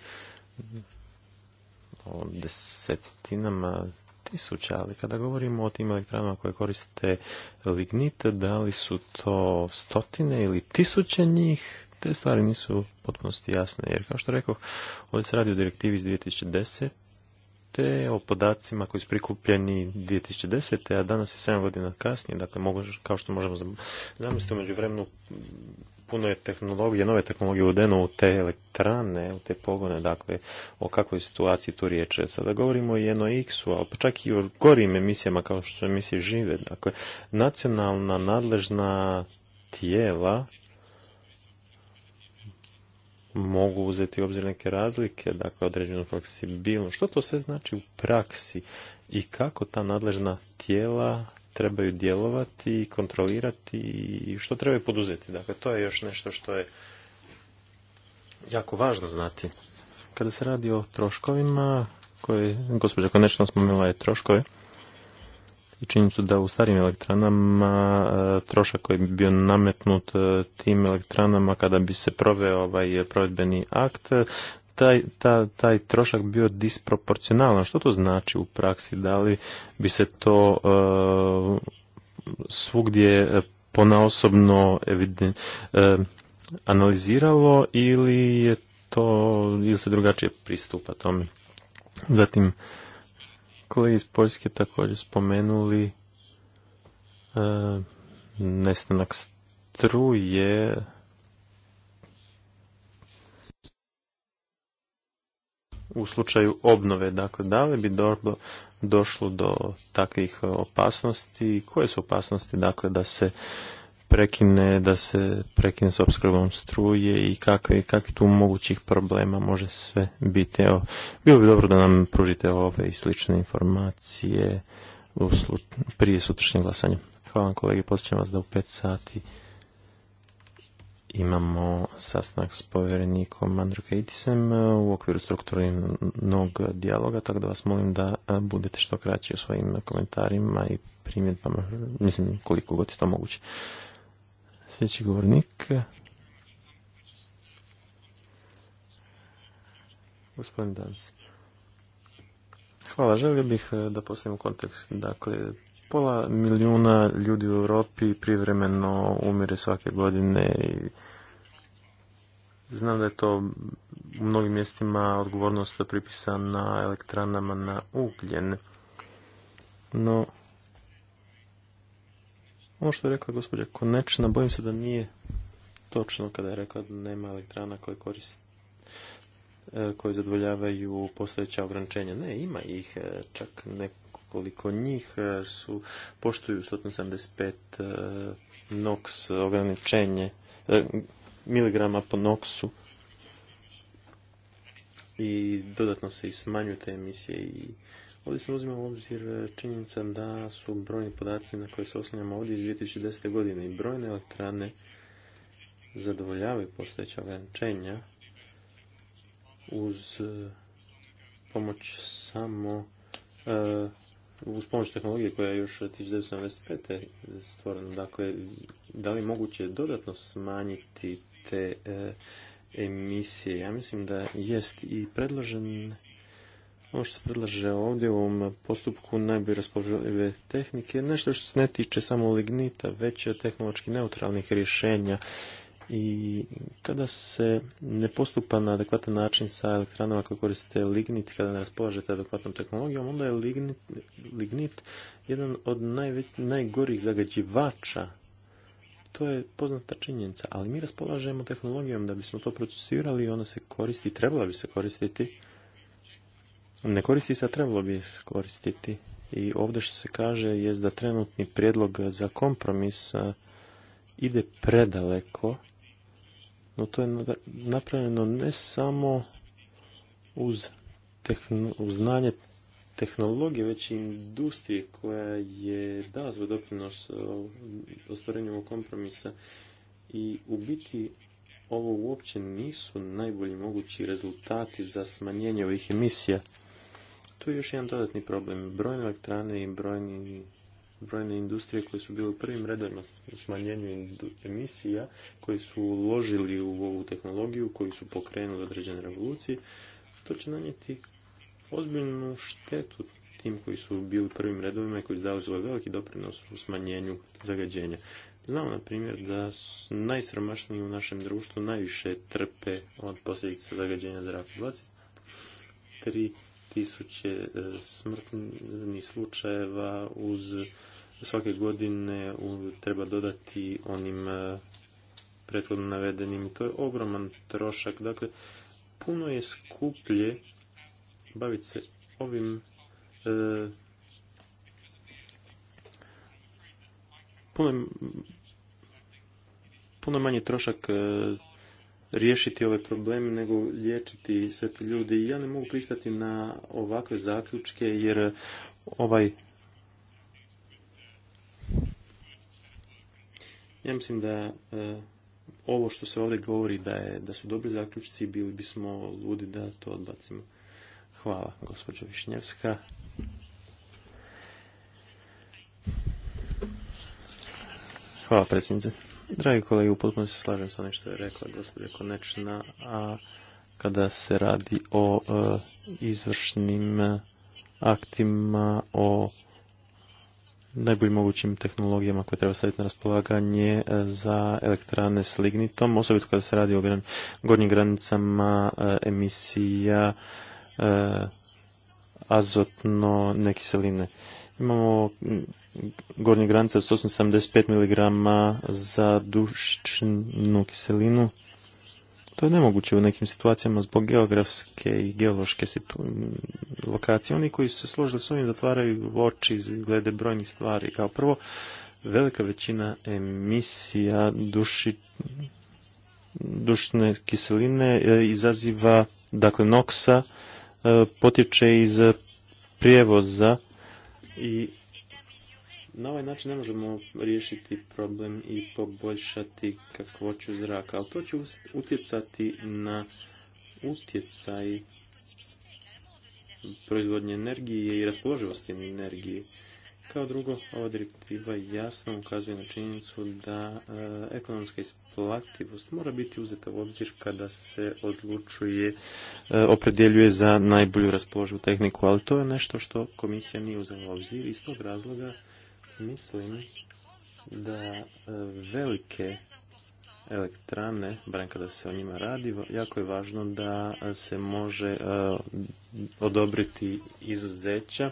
o desetinama tisuća, ali kada govorimo o tim elektranama koje koriste lignite, da li su to stotine ili tisuće njih, te stvari nisu potpunosti jasne, jer kao što rekao, ovdje se radi o direktivi iz 2010 te o podacima koji su prikupljeni 2010. a danas je 7 godina kasnije, dakle mogu, kao što možemo zamisliti u vremenu puno je tehnologije, nove tehnologije uvedeno u te elektrane, u te pogone, dakle o kakvoj situaciji tu riječ je. Sada govorimo i o x u a pa čak i o gorim emisijama kao što su emisije žive, dakle nacionalna nadležna tijela mogu uzeti u obzir neke razlike, dakle određenu fleksibilnost. Što to sve znači u praksi i kako ta nadležna tijela trebaju djelovati, i kontrolirati i što trebaju poduzeti. Dakle, to je još nešto što je jako važno znati. Kada se radi o troškovima, koje, gospođa konečno spomenula je troškove, činjenicu da u starim elektranama e, trošak koji bi bio nametnut e, tim elektranama kada bi se proveo ovaj provedbeni akt, e, taj, ta, taj trošak bio disproporcionalan. Što to znači u praksi? Da li bi se to svugdje ponaosobno analiziralo ili je to ili se drugačije pristupa tome? Zatim, kolege iz Poljske također spomenuli e, nestanak struje u slučaju obnove. Dakle, da li bi do, došlo do takvih opasnosti? Koje su opasnosti dakle, da se prekine, da se prekine s opskrbom struje i kakvi, kakvi tu mogućih problema može sve biti. Evo, bilo bi dobro da nam pružite ove i slične informacije u prije sutrašnjeg glasanja. Hvala vam kolegi, posjećam vas da u pet sati imamo sastanak s povjerenikom Andrew Keitisem e, u okviru strukturnog dijaloga, tako da vas molim da e, budete što kraći u svojim komentarima i primjedbama, mislim koliko god je to moguće. Sljedeći govornik. Gospodin Dans. Hvala, želio bih eh, da postavim kontekst. Dakle, pola milijuna ljudi u Europi privremeno umire svake godine i znam da je to u mnogim mjestima odgovornost pripisana elektranama na ugljen. No, ono što je rekla gospođa Konečna, bojim se da nije točno kada je rekla da nema elektrana koje koriste koje zadovoljavaju postojeća ograničenja. Ne, ima ih, e, čak nekoliko njih e, su, poštuju 175 e, NOx ograničenje, miligrama po NOX-u. i dodatno se i smanjuju te emisije i Ovdje se uzima obzir e, činjenica da su brojni podaci na koje se oslanjamo ovdje iz 2010. godine i brojne elektrane zadovoljavaju postojeća ograničenja uz e, pomoć samo e, uz pomoć tehnologije koja je još 1975. stvorena. Dakle, da li je moguće dodatno smanjiti te emisije? Ja mislim da jest i predložen ono što se predlaže ovdje u ovom postupku najbolje raspoložive tehnike je nešto što se ne tiče samo lignita, već tehnološki neutralnih rješenja i kada se ne postupa na adekvatan način sa elektranama koje koriste lignit, kada ne raspolažete adekvatnom tehnologijom, onda je lignit, jedan od najgorih zagađivača. To je poznata činjenica, ali mi raspolažemo tehnologijom da bismo to procesirali i ona se koristi, trebala bi se koristiti ne koristi se, a trebalo bi koristiti. I ovdje što se kaže je da trenutni prijedlog za kompromis ide predaleko, no to je napravljeno ne samo uz, znanje tehnologije, već i industrije koja je dala svoj doprinos ostvarenju ovog kompromisa i u biti ovo uopće nisu najbolji mogući rezultati za smanjenje ovih emisija. Tu je još jedan dodatni problem. Brojne elektrane i brojni brojne industrije koje su bile u prvim redovima smanjenju emisija, koji su uložili u ovu tehnologiju, koji su pokrenuli određene revolucije, to će nanijeti ozbiljnu štetu tim koji su bili u prvim redovima i koji su dali svoj veliki doprinos u smanjenju zagađenja. Znamo, na primjer, da najsromašniji u našem društvu najviše trpe od posljedica zagađenja zraka. 23 tisuće e, smrtnih slučajeva uz svake godine treba dodati onim e, prethodno navedenim. To je ogroman trošak. Dakle, puno je skuplje baviti se ovim e, puno, manje trošak riješiti ove probleme, nego liječiti sve te ljude. I ja ne mogu pristati na ovakve zaključke, jer ovaj... Ja mislim da e, ovo što se ovdje govori da, je, da su dobri zaključci, bili bismo ludi da to odbacimo. Hvala, gospođo Višnjevska. Hvala, predsjednice. Dragi kolegi, u potpuno se slažem sa nešto je rekla gospođa Konečna, a kada se radi o e, izvršnim e, aktima, o najboljim mogućim tehnologijama koje treba staviti na raspolaganje e, za elektrane s lignitom, osobito kada se radi o gornjim granicama emisija azotno nekiseline. Imamo gornje granice od 175 mg za dušnu kiselinu. To je nemoguće u nekim situacijama zbog geografske i geološke lokacije. Oni koji su se složili s ovim zatvaraju oči glede brojnih stvari. Kao prvo, velika većina emisija duši, dušne kiseline e, izaziva, dakle, noksa, e, potječe iz prijevoza i na ovaj način ne možemo riješiti problem i poboljšati kakvoću zraka, ali to će utjecati na utjecaj proizvodnje energije i raspoloživosti energije. Kao drugo, ova direktiva jasno ukazuje na činjenicu da e, ekonomska isplativost mora biti uzeta u obzir kada se odlučuje, e, opredjeljuje za najbolju raspoloživu tehniku, ali to je nešto što komisija nije uzela u obzir. Iz tog razloga mislim da e, velike elektrane, barem kada se o njima radi, jako je važno da se može odobriti izuzeća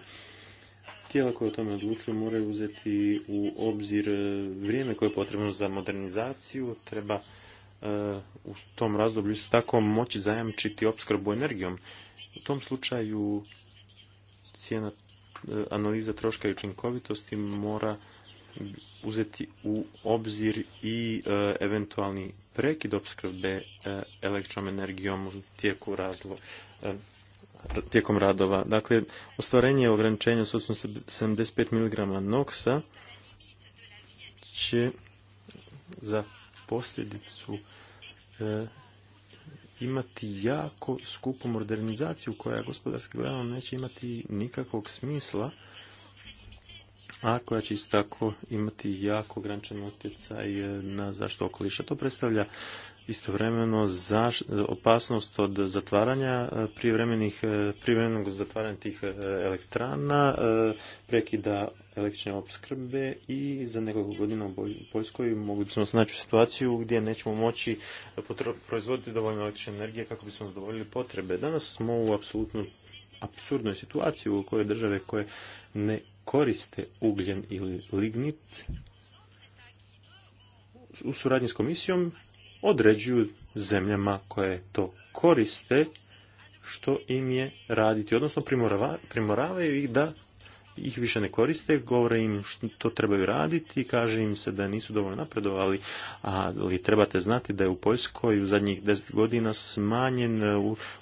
tijela koje o tome odlučuju moraju uzeti u obzir e, vrijeme koje je potrebno za modernizaciju, treba e, u tom razdoblju isto tako moći zajamčiti opskrbu energijom. U tom slučaju cijena e, analiza troška i učinkovitosti mora uzeti u obzir i eventualni prekid opskrbe električnom energijom u tijeku razlo, tijekom radova. Dakle, ostvarenje ograničenja s 75 mg noksa će za posljedicu e, imati jako skupu modernizaciju koja gospodarski gledano neće imati nikakvog smisla, a koja će isto tako imati jako ograničen utjecaj e, na zaštitu okoliša. To predstavlja istovremeno za opasnost od zatvaranja e, privremenog e, zatvaranja tih e, elektrana, prekida električne opskrbe i za nekoliko godina u Poljskoj mogli bismo se naći u situaciju gdje nećemo moći proizvoditi dovoljno električne energije kako bismo zadovoljili potrebe. Danas smo u apsolutno apsurdnoj situaciji u kojoj države koje ne koriste ugljen ili lignit u suradnji s komisijom određuju zemljama koje to koriste, što im je raditi, odnosno primoravaju ih da ih više ne koriste, govore im što trebaju raditi, kaže im se da nisu dovoljno napredovali, ali trebate znati da je u Poljskoj u zadnjih deset godina smanjen e,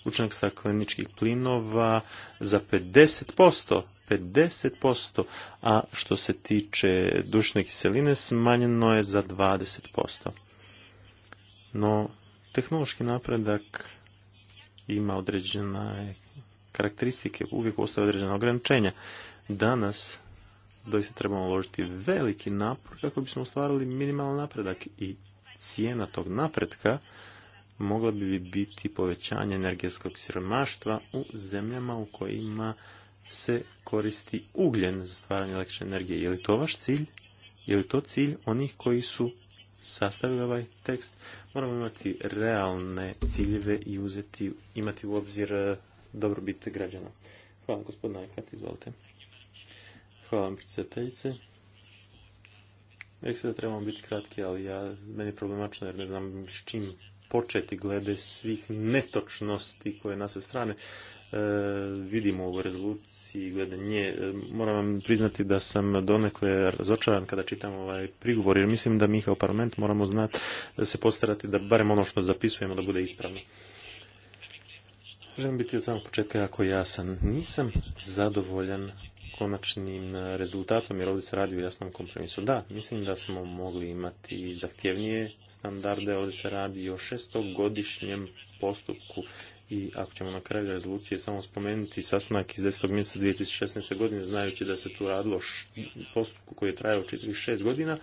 učinak stakleničkih plinova za 50%. 50%, a što se tiče dušne kiseline smanjeno je za 20%. No, tehnološki napredak ima određene karakteristike, uvijek postoje određena ograničenja. Danas doista trebamo uložiti veliki napor kako bismo ostvarili minimalan napredak i cijena tog napretka mogla bi biti povećanje energetskog siromaštva u zemljama u kojima se koristi ugljen za stvaranje električne energije. Je li to vaš cilj? Je li to cilj onih koji su sastavili ovaj tekst, moramo imati realne ciljeve i uzeti, imati u obzir e, dobrobit građana. Hvala gospodine Ajkat, izvolite. Hvala vam predsjedateljice. Rekli se da trebamo biti kratki, ali ja, meni je problematično jer ne znam s čim početi glede svih netočnosti koje na sve strane. E, vidimo u rezoluciji glede nje. E, moram vam priznati da sam donekle razočaran kada čitam ovaj prigovor, jer mislim da mi kao parlament moramo znati e, se postarati da barem ono što zapisujemo da bude ispravno. Želim biti od samog početka jako jasan. Nisam zadovoljan konačnim rezultatom, jer ovdje se radi o jasnom kompromisu. Da, mislim da smo mogli imati zahtjevnije standarde, ovdje se radi o šestogodišnjem postupku i ako ćemo na kraju rezolucije samo spomenuti sastanak iz 10. mjeseca 2016. godine, znajući da se tu radilo postupku koji je trajao 4-6 godina,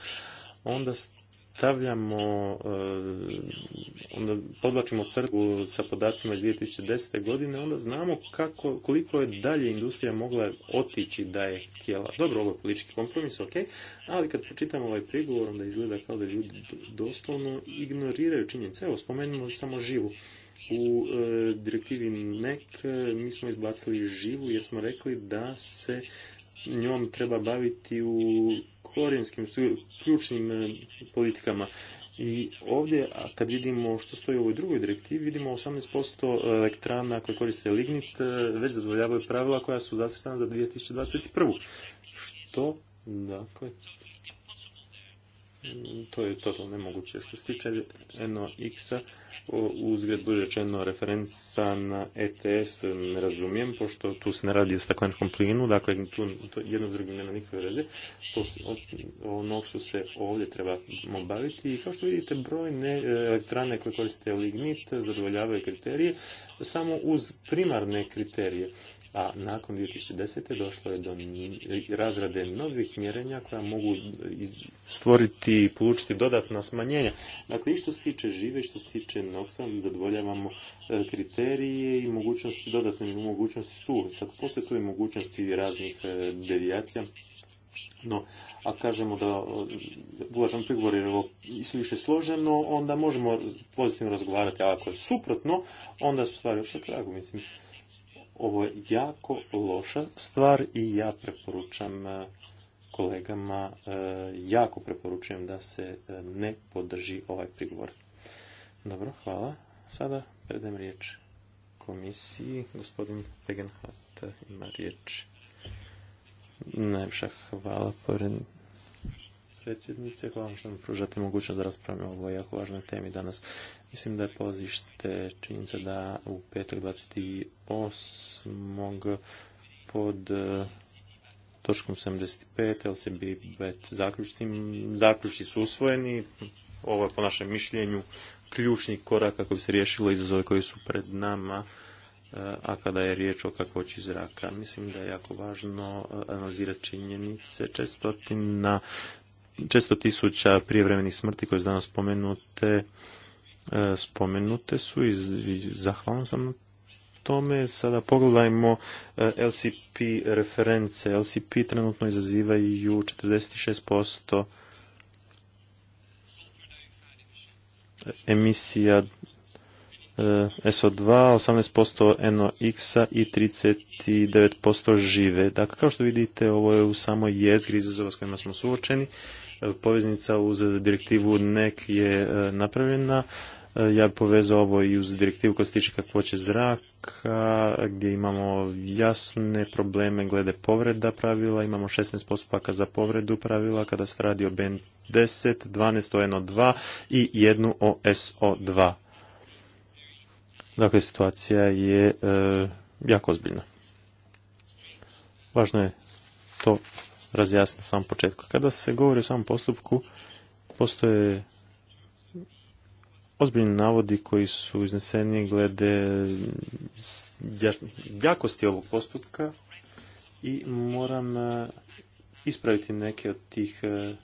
onda stavljamo, eh, onda podlačimo crku sa podacima iz 2010. godine, onda znamo kako, koliko je dalje industrija mogla otići da je htjela. Dobro, ovo je politički kompromis, ok, ali kad počitamo ovaj prigovor, onda izgleda kao da ljudi doslovno ignoriraju činjenice. Evo, spomenimo samo živu u e, direktivi NEC e, mi smo izbacili živu jer smo rekli da se njom treba baviti u korijenskim, ključnim e, politikama. I ovdje, a kad vidimo što stoji u ovoj drugoj direktivi, vidimo 18% elektrana koje koriste lignit već zadovoljavaju pravila koja su zacrtana za 2021. Što, dakle, to je totalno nemoguće. Što se tiče NOX-a, uzgled bude rečeno referenca na ETS ne razumijem, pošto tu se ne radi o stakleničkom plinu, dakle tu to jedno s drugim nema nikakve veze. O NOX-u se ovdje treba baviti i kao što vidite broj e, elektrane koje koriste lignit zadovoljavaju kriterije samo uz primarne kriterije a nakon 2010. došlo je do razrade novih mjerenja koja mogu stvoriti i polučiti dodatna smanjenja. Dakle, i što se tiče žive, što se tiče noksa, zadovoljavamo e, kriterije i mogućnosti, dodatne mogućnosti tu. Sad, postoje tu i mogućnosti raznih e, devijacija, no, a kažemo da e, ulažemo prigovor jer ovo su više složeno, onda možemo pozitivno razgovarati, a ako je suprotno, onda su stvari još tragu, mislim. Ovo je jako loša stvar i ja preporučam e, kolegama, e, jako preporučujem da se e, ne podrži ovaj prigovor. Dobro, hvala. Sada predem riječ komisiji. Gospodin Wegenhardt ima riječ. Najviša hvala predsjednice. Hvala vam što mi pružate mogućnost da raspravljamo o ovoj jako važnoj temi danas. Mislim da je polazište činjenica da u petak 28. pod e, točkom 75 LCB bet zaključci, zaključci su usvojeni. Ovo je po našem mišljenju ključni korak kako bi se riješilo izazove koji su pred nama e, a kada je riječ o kakvoći zraka. Mislim da je jako važno e, analizirati činjenice. na Često tisuća prijevremenih smrti koje su danas spomenute, e, spomenute su i zahvalan sam na tome. Sada pogledajmo e, LCP reference. LCP trenutno izazivaju 46% emisija SO2, 18% NOx-a i 39% žive. Dakle, kao što vidite, ovo je u samoj jezgri izazova s kojima smo suočeni poveznica uz direktivu NEC je e, napravljena. E, ja bih povezao ovo i uz direktivu koja se tiče kakvoće zraka, gdje imamo jasne probleme glede povreda pravila, imamo 16 postupaka za povredu pravila kada se radi o BN10, 12 o NO2 i jednu o SO2. Dakle, situacija je e, jako ozbiljna. Važno je to razjasniti sam početku. Kada se govori o samom postupku, postoje ozbiljni navodi koji su izneseni glede jakosti ovog postupka i moram e, ispraviti neke od tih e,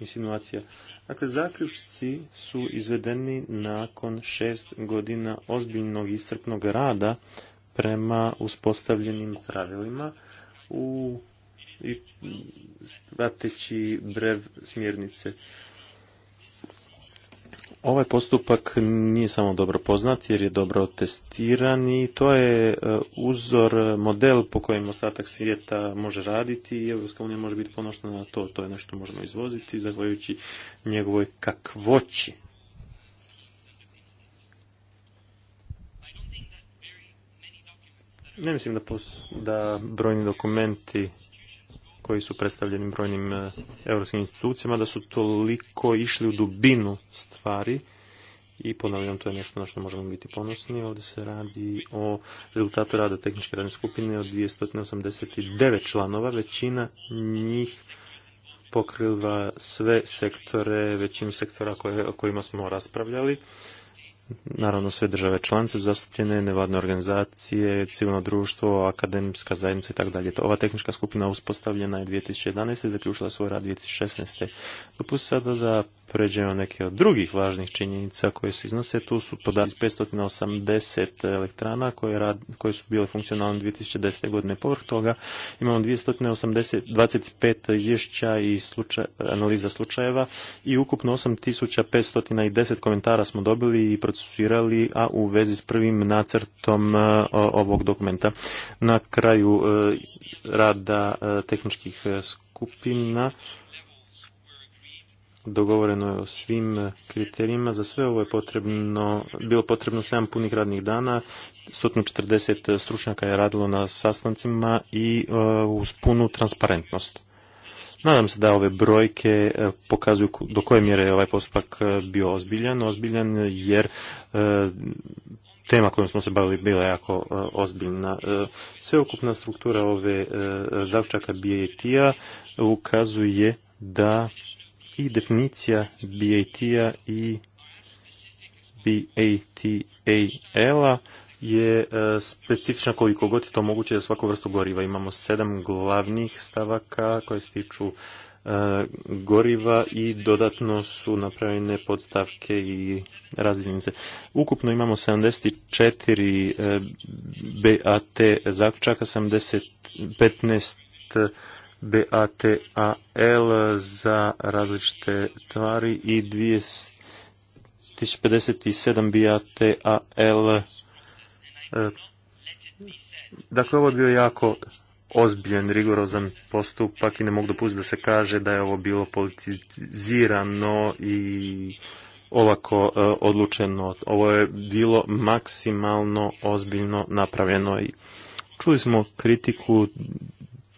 insinuacija. Dakle, zaključci su izvedeni nakon šest godina ozbiljnog iscrpnog rada prema uspostavljenim pravilima u i prateći brev smjernice. Ovaj postupak nije samo dobro poznat jer je dobro testiran i to je e, uzor, model po kojem ostatak svijeta može raditi i EU može biti ponosna na to. To je nešto možemo izvoziti zahvaljujući njegovoj kakvoći. Ne mislim da, da brojni dokumenti koji su predstavljeni brojnim e, europskim institucijama, da su toliko išli u dubinu stvari i ponavljam, to je nešto na što možemo biti ponosni. Ovdje se radi o rezultatu rada tehničke radne skupine od 289 članova. Većina njih pokriva sve sektore, većinu sektora o kojima smo raspravljali naravno sve države članice zastupljene, nevladne organizacije, civilno društvo, akademska zajednica i tako dalje. Ova tehnička skupina uspostavljena je 2011. i zaključila svoj rad 2016. Dopustite sada da pređemo neke od drugih važnih činjenica koje se iznose. Tu su podaci 580 elektrana koje, su bile funkcionalne 2010. godine. Povrh toga imamo 25 izvješća i analiza slučajeva i ukupno 8510 komentara smo dobili i procesuirali, a u vezi s prvim nacrtom e, ovog dokumenta. Na kraju e, rada e, tehničkih skupina dogovoreno je o svim kriterijima. Za sve ovo je potrebno, bilo potrebno 7 punih radnih dana, 140 stručnjaka je radilo na sastancima i uz punu transparentnost. Nadam se da ove brojke e, pokazuju do koje mjere je ovaj postupak e, bio ozbiljan. Ozbiljan jer e, tema kojom smo se bavili bila jako ozbiljna. Sveukupna struktura ove zavčaka BAT-a ukazuje da i definicija BAT-a i BATAL-a je e, specifična koliko god je to moguće za svaku vrstu goriva. Imamo sedam glavnih stavaka koje se tiču e, goriva i dodatno su napravljene podstavke i razdjeljnice. Ukupno imamo 74 e, BAT zaključaka, 15 BAT AL za različite tvari i 257 BATAL E, dakle, ovo je bio jako ozbiljen, rigorozan postupak i ne mogu dopustiti da se kaže da je ovo bilo politizirano i ovako e, odlučeno. Ovo je bilo maksimalno ozbiljno napravljeno i čuli smo kritiku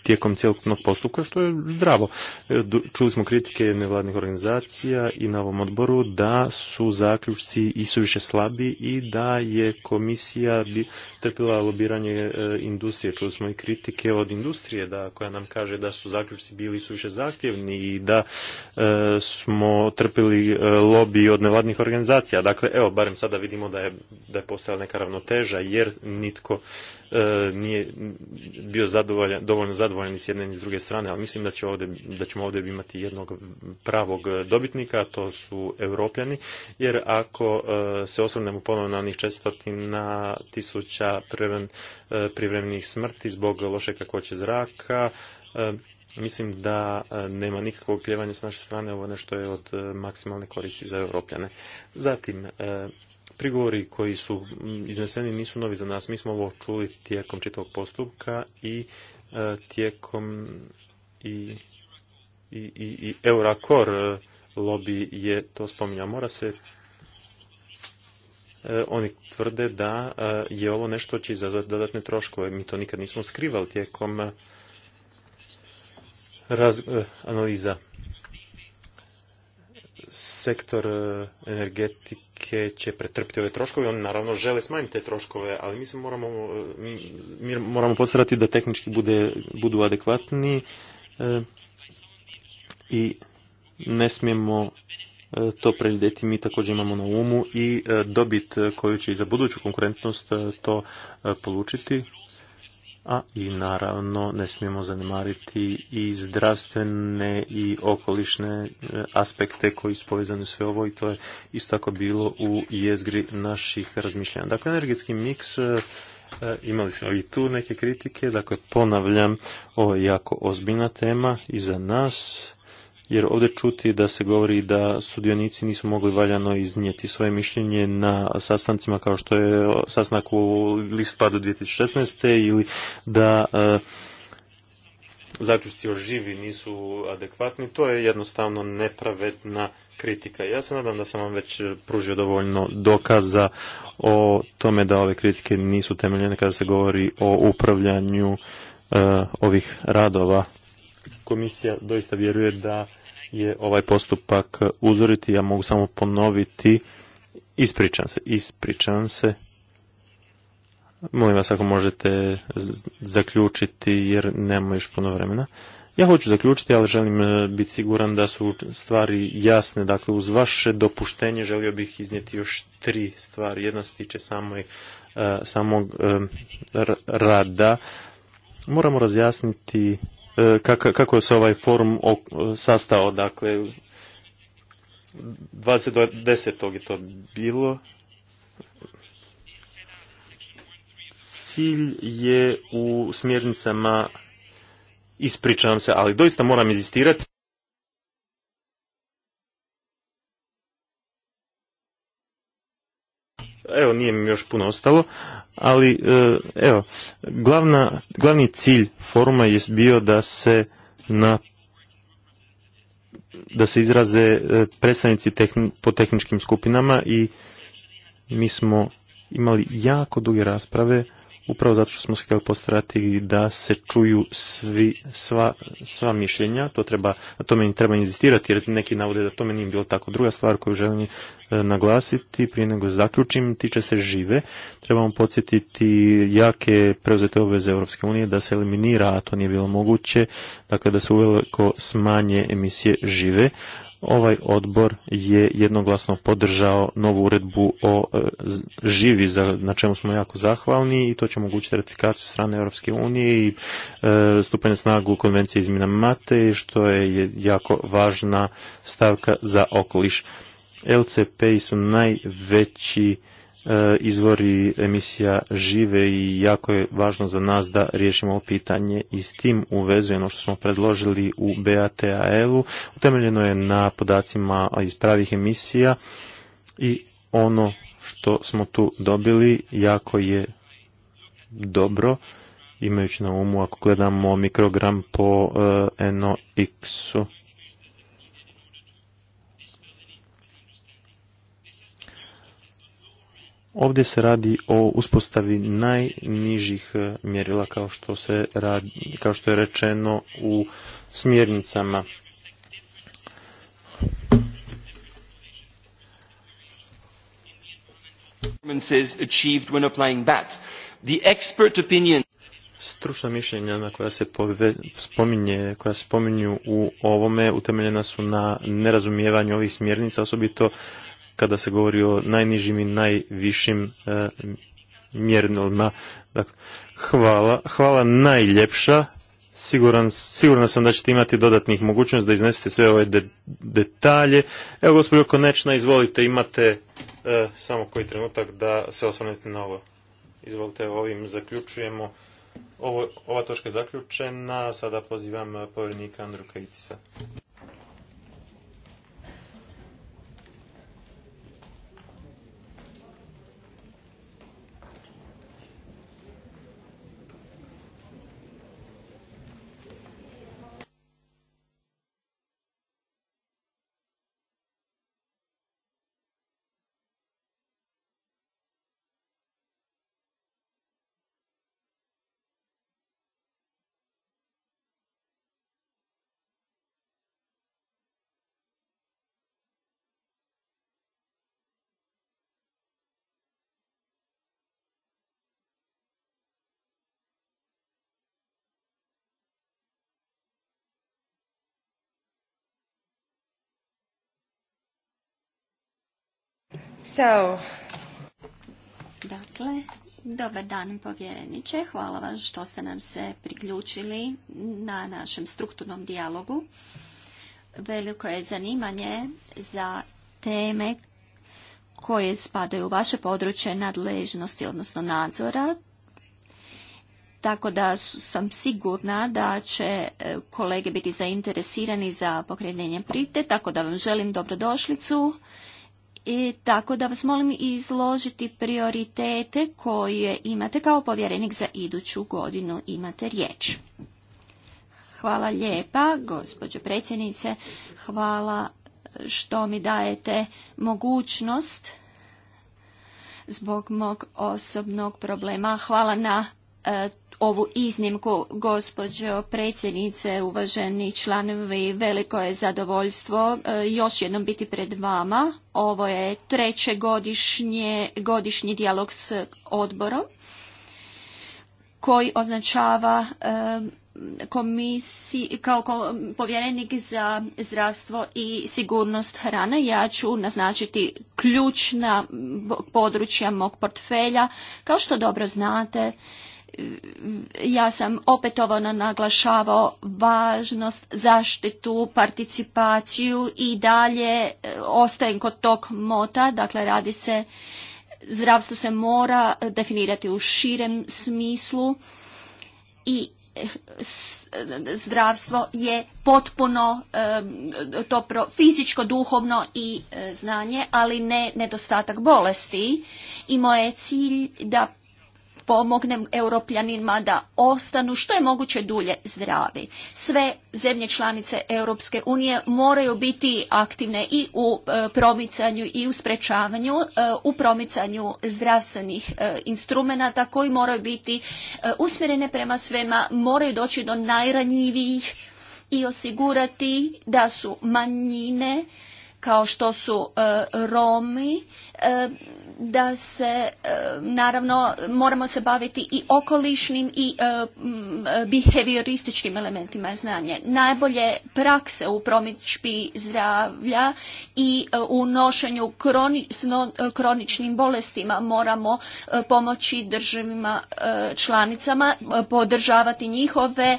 tijekom cjelokupnog postupka, što je zdravo. E, čuli smo kritike nevladnih organizacija i na ovom odboru da su zaključci i su više slabi i da je komisija trpila lobiranje e, industrije. Čuli smo i kritike od industrije da, koja nam kaže da su zaključci bili su više zahtjevni i da e, smo trpili lobby od nevladnih organizacija. Dakle, evo, barem sada vidimo da je, da je postala neka ravnoteža jer nitko nije bio zadovoljan, dovoljno zadovoljan zadovoljni s jedne i s druge strane, ali mislim da, da ćemo ovdje imati jednog pravog dobitnika, a to su europljani, jer ako e, se osvrnemo ponovno na onih četstotina tisuća e, privremenih smrti zbog loše kakvoće zraka, e, mislim da nema nikakvog kljevanja s naše strane, ovo nešto je od maksimalne koristi za europljane. Zatim, prigovori koji su izneseni nisu novi za nas. Mi smo ovo čuli tijekom čitavog postupka i E, tijekom i, i, i Eurakor e, lobby je to spominjao. Mora se e, oni tvrde da je ovo nešto će izazvati dodatne troškove. Mi to nikad nismo skrivali tijekom raz, analiza. Sektor energetik tvrtke će pretrpiti ove troškove, oni naravno žele smanjiti te troškove, ali mi se moramo, e, mi moramo postarati da tehnički bude, budu adekvatni e, i ne smijemo e, to previdjeti. Mi također imamo na umu i dobit koju će i za buduću konkurentnost to polučiti a i naravno ne smijemo zanemariti i zdravstvene i okolišne e, aspekte koji su povezani sve ovo i to je isto tako bilo u jezgri naših razmišljanja. Dakle, energetski miks e, e, imali smo i tu neke kritike, dakle ponavljam, ovo je jako ozbiljna tema i za nas jer ovdje čuti da se govori da sudionici nisu mogli valjano iznijeti svoje mišljenje na sastancima kao što je sastanak u listopadu 2016. ili da e, zaključci o živi nisu adekvatni, to je jednostavno nepravedna kritika. Ja se nadam da sam vam već pružio dovoljno dokaza o tome da ove kritike nisu temeljene kada se govori o upravljanju e, ovih radova komisija doista vjeruje da je ovaj postupak uzoriti, ja mogu samo ponoviti, ispričam se, ispričam se. Molim vas ako možete zaključiti jer nema još puno vremena. Ja hoću zaključiti, ali želim e, biti siguran da su stvari jasne. Dakle, uz vaše dopuštenje želio bih iznijeti još tri stvari. Jedna se tiče samoj, e, samog e, rada. Moramo razjasniti kako, se ovaj forum sastao, dakle, 20.10. je to bilo. Cilj je u smjernicama, ispričavam se, ali doista moram izistirati. Evo, nije mi još puno ostalo, ali e, evo, glavna, glavni cilj foruma je bio da se na da se izraze e, predstavnici po tehničkim skupinama i mi smo imali jako duge rasprave upravo zato što smo se htjeli postarati da se čuju svi, sva, sva mišljenja, to treba, na tome treba inzistirati jer neki navode da tome nije bilo tako. Druga stvar koju želim e, naglasiti prije nego zaključim tiče se žive. Trebamo podsjetiti jake preuzete obveze Europske unije da se eliminira, a to nije bilo moguće, dakle da se uveliko smanje emisije žive, ovaj odbor je jednoglasno podržao novu uredbu o e, živi, na čemu smo jako zahvalni i to će omogućiti ratifikaciju strane Europske unije i e, stupanje snagu konvencije iz mate, što je jako važna stavka za okoliš. LCP su najveći E, izvori emisija žive i jako je važno za nas da riješimo ovo pitanje i s tim uvezuje ono što smo predložili u BATAL-u. Utemeljeno je na podacima iz pravih emisija i ono što smo tu dobili jako je dobro imajući na umu ako gledamo mikrogram po e, NOx-u Ovdje se radi o uspostavi najnižih e, mjerila kao što, se radi, kao što je rečeno u smjernicama. stručna mišljenja na koja se spominje, koja se spominju u ovome utemeljena su na nerazumijevanju ovih smjernica, osobito kada se govori o najnižim i najvišim e, mjernilima. Dakle, hvala, hvala najljepša. Siguran, sam da ćete imati dodatnih mogućnosti da iznesete sve ove detalje. Evo, gospođo Konečna, izvolite, imate e, samo koji trenutak da se osvrnete na ovo. Izvolite, ovim zaključujemo. Ovo, ova točka je zaključena, sada pozivam e, povjerenika Andru Kajtisa. So. Dakle, dobar dan povjereniče. Hvala vam što ste nam se priključili na našem strukturnom dijalogu. Veliko je zanimanje za teme koje spadaju u vaše područje nadležnosti, odnosno nadzora. Tako da sam sigurna da će e, kolege biti zainteresirani za pokrenjenje prite, tako da vam želim dobrodošlicu i e, tako da vas molim izložiti prioritete koje imate kao povjerenik za iduću godinu. Imate riječ. Hvala lijepa, gospođo predsjednice. Hvala što mi dajete mogućnost zbog mog osobnog problema. Hvala na e, ovu iznimku, gospođo predsjednice, uvaženi članovi, veliko je zadovoljstvo e, još jednom biti pred vama. Ovo je treće godišnje, godišnji dijalog s odborom koji označava e, komisiji, kao povjerenik za zdravstvo i sigurnost hrane. Ja ću naznačiti ključna područja mog portfelja. Kao što dobro znate, ja sam opetovano naglašavao važnost, zaštitu, participaciju i dalje e, ostajem kod tog mota, dakle radi se, zdravstvo se mora definirati u širem smislu i eh, zdravstvo je potpuno to fizičko, duhovno i eh, znanje, ali ne nedostatak bolesti. I moj je cilj da pomognem europljanima da ostanu što je moguće dulje zdravi. Sve zemlje članice Europske unije moraju biti aktivne i u e, promicanju i u sprečavanju, e, u promicanju zdravstvenih e, instrumenata koji moraju biti usmjerene prema svema, moraju doći do najranjivijih i osigurati da su manjine kao što su Romi, da se e, naravno moramo se baviti i okolišnim i e, behaviorističkim elementima znanja. Najbolje prakse u promičbi zdravlja i e, u nošenju kroničnim bolestima moramo pomoći državima članicama, podržavati njihove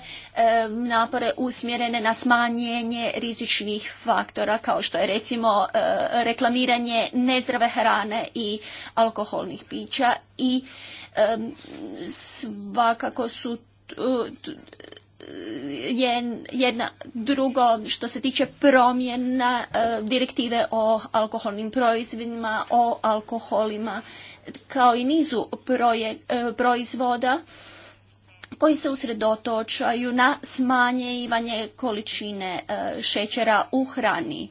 napore usmjerene na smanjenje rizičnih faktora kao što je recimo reklamiranje nezdrave hrane i alkoholnih pića i svakako su je jedna drugo što se tiče promjena e, direktive o alkoholnim proizvodima, o alkoholima kao i nizu e, proizvoda koji se usredotočaju na smanjivanje količine e, šećera u hrani.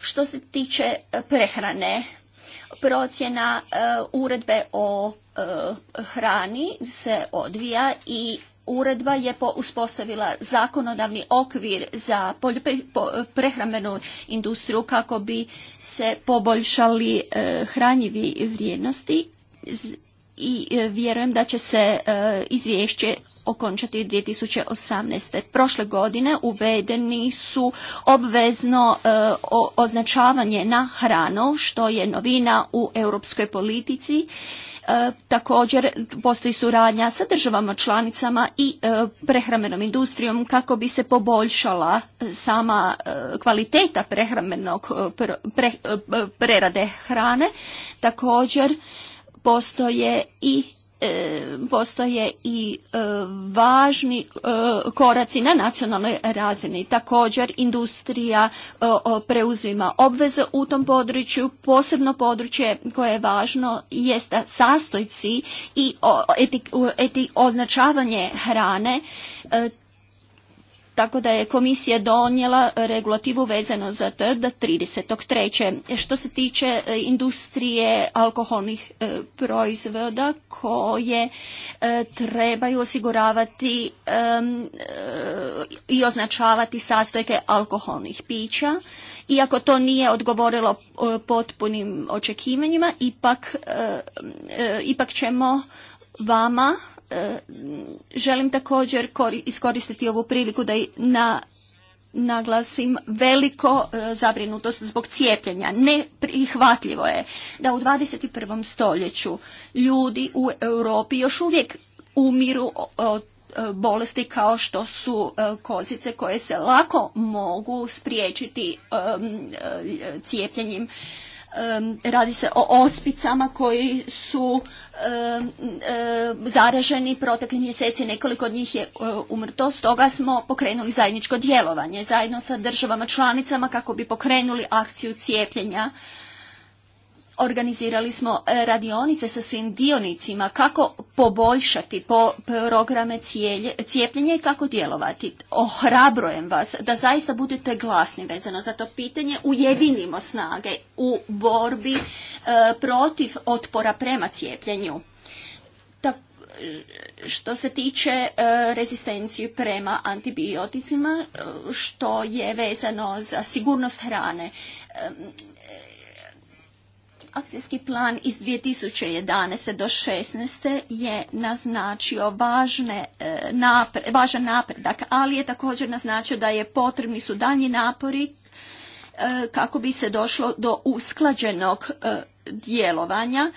Što se tiče prehrane, procjena e, uredbe o e, hrani se odvija i uredba je uspostavila zakonodavni okvir za prehrambenu industriju kako bi se poboljšali e, hranjivi vrijednosti i e, vjerujem da će se e, izvješće okončati 2018. Prošle godine uvedeni su obvezno e, označavanje na hranu, što je novina u europskoj politici. također postoji suradnja sa državama članicama i prehramenom prehrambenom industrijom kako bi se poboljšala sama kvaliteta prehrambenog prerade hrane. Također postoje i e, postoje i e, važni e, koraci na nacionalnoj razini. Također industrija preuzima obveze u tom području. Posebno područje koje je važno jest sastojci i označavanje hrane tako da je komisija donijela regulativu vezano za to da 30.3. Što se tiče e, industrije alkoholnih e, proizvoda koje e, trebaju osiguravati i označavati sastojke alkoholnih pića, iako to nije odgovorilo potpunim očekivanjima, ipak, ipak ćemo vama E, želim također iskoristiti ovu priliku da naglasim veliko e, zabrinutost zbog cijepljenja. Neprihvatljivo je da u 21. stoljeću ljudi u Europi još uvijek umiru od e, bolesti kao što su kozice koje se lako mogu spriječiti cijepljenjem radi se o ospicama koji su zaraženi proteklih mjeseci, nekoliko od njih je e, umrto, stoga smo pokrenuli zajedničko djelovanje zajedno sa državama članicama kako bi pokrenuli akciju cijepljenja Organizirali smo e, radionice sa svim dionicima kako poboljšati programe cijepljenja i kako djelovati. Ohrabrujem vas da zaista budete glasni vezano za to pitanje. Ujedinimo snage u borbi e, protiv otpora prema cijepljenju što se tiče rezistenciju rezistencije prema antibioticima, e, što je vezano za sigurnost hrane. Akcijski plan iz 2011. do 2016. je naznačio važne, e, važan napredak, ali je također naznačio da je potrebni su danji napori e, kako bi se došlo do usklađenog e, djelovanja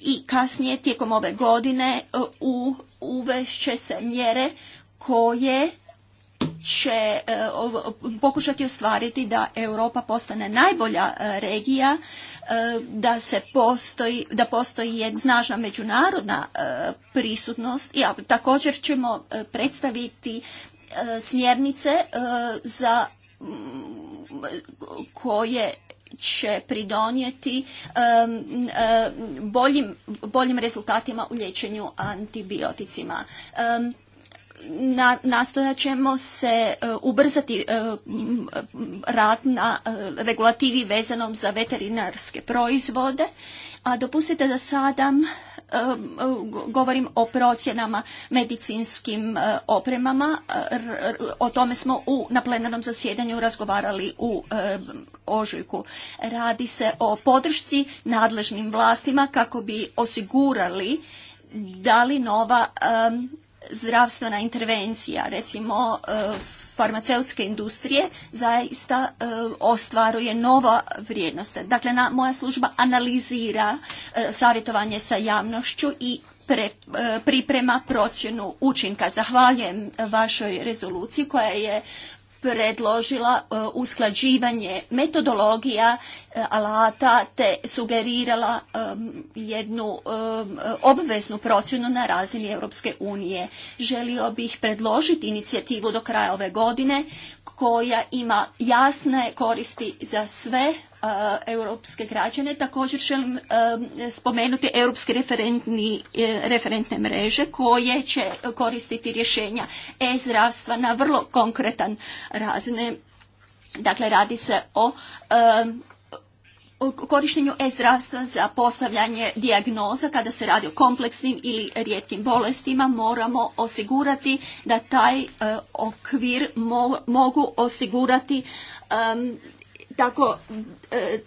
i kasnije tijekom ove godine u, uvešće se mjere koje će e, pokušati ostvariti da Europa postane najbolja e, regija, e, da se postoji, da postoji snažna međunarodna prisutnost. i također ćemo predstaviti smjernice za koje će pridonijeti boljim, rezultatima u liječenju antibioticima na, nastojat ćemo se e, ubrzati e, rad na e, regulativi vezanom za veterinarske proizvode, a dopustite da sada govorim o procjenama medicinskim opremama. O tome smo u, na plenarnom zasjedanju razgovarali u ožujku. Radi se o podršci nadležnim vlastima kako bi osigurali da li nova zdravstvena intervencija, recimo e, farmaceutske industrije, zaista e, ostvaruje nova vrijednost. Dakle, moja služba analizira e, savjetovanje sa javnošću i priprema procjenu učinka. Zahvaljujem vašoj rezoluciji koja je predložila e, usklađivanje metodologija e, alata te sugerirala e, jednu obveznu procjenu na razini Europske unije. Želio bih predložiti inicijativu do kraja ove godine koja ima jasne koristi za sve e, europske građane. Također želim e, spomenuti europske e, referentne mreže koje će koristiti rješenja e-zdravstva na vrlo konkretan razne. Dakle, radi se o korištenju e-zdravstva za postavljanje dijagnoza kada se radi o kompleksnim ili rijetkim bolestima moramo osigurati da taj e, okvir mogu osigurati tako e,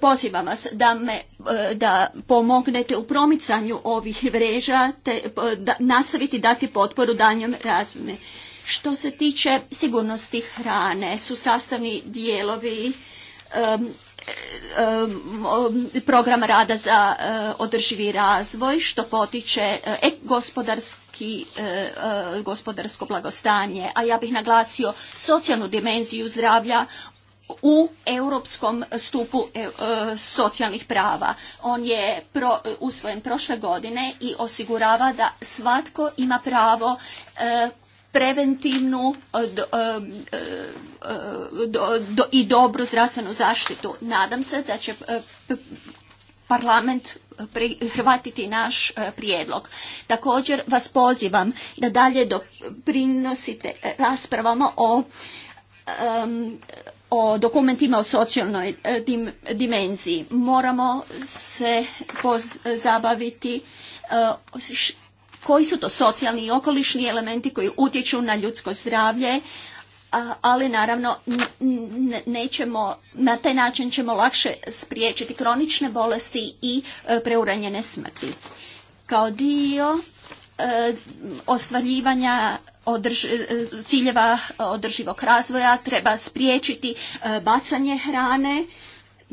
pozivam vas da me e, da pomognete u promicanju ovih mreža te nastaviti dati potporu danjom razvoju. Što se tiče sigurnosti hrane su sastavni dijelovi E, program rada za e, održivi razvoj što potiče e, gospodarski, gospodarsko blagostanje, a ja bih naglasio socijalnu dimenziju zdravlja u europskom stupu socijalnih prava. On je usvojen prošle godine i osigurava da svatko ima pravo preventivnu e, e, e, i dobru zdravstvenu zaštitu. Nadam se da će parlament prihvatiti naš prijedlog. Također vas pozivam da dalje doprinosite raspravama o o dokumentima o socijalnoj dimenziji. Moramo se pozabaviti koji su to socijalni i okolišni elementi koji utječu na ljudsko zdravlje, ali naravno nećemo, na taj način ćemo lakše spriječiti kronične bolesti i e, preuranjene smrti. Kao dio e, ostvarivanja e, ciljeva održivog razvoja treba spriječiti bacanje hrane,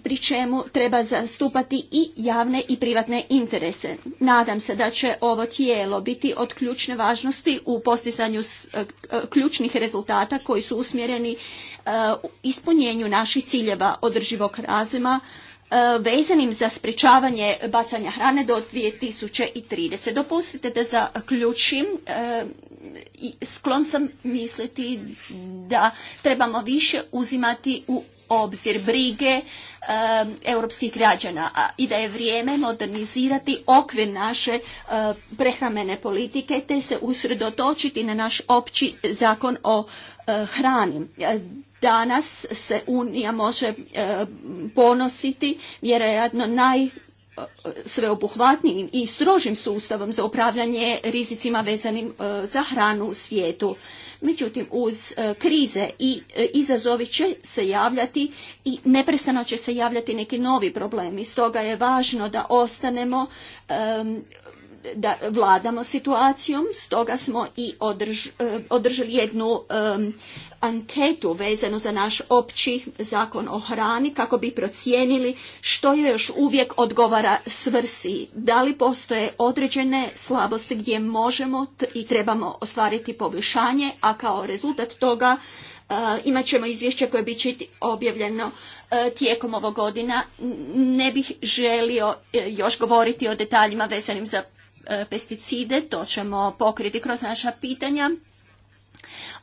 pri čemu treba zastupati i javne i privatne interese. Nadam se da će ovo tijelo biti od ključne važnosti u postizanju e, e, ključnih rezultata koji su usmjereni e, u ispunjenju naših ciljeva održivog razima vezanim za sprečavanje bacanja hrane do 2030. Dopustite da zaključim sklon sam misliti da trebamo više uzimati u obzir brige europskih građana i da je vrijeme modernizirati okvir naše prehrambene politike te se usredotočiti na naš opći zakon o e, hrani. E, danas se Unija može ponositi vjerojatno naj sveobuhvatnijim i strožim sustavom za upravljanje rizicima vezanim e, za hranu u svijetu. Međutim, uz e, krize i e, izazovi će se javljati i neprestano će se javljati neki novi problemi. Stoga je važno da ostanemo da vladamo situacijom, stoga smo i održ, e, održali jednu e, anketu vezanu za naš opći zakon o hrani kako bi procijenili što je još uvijek odgovara svrsi, da li postoje određene slabosti gdje možemo i trebamo ostvariti poboljšanje, a kao rezultat toga e, imat ćemo izvješće koje bi će objavljeno tijekom ovog godina. Ne bih želio još govoriti o detaljima vezanim za E, pesticide, to ćemo pokriti kroz naša pitanja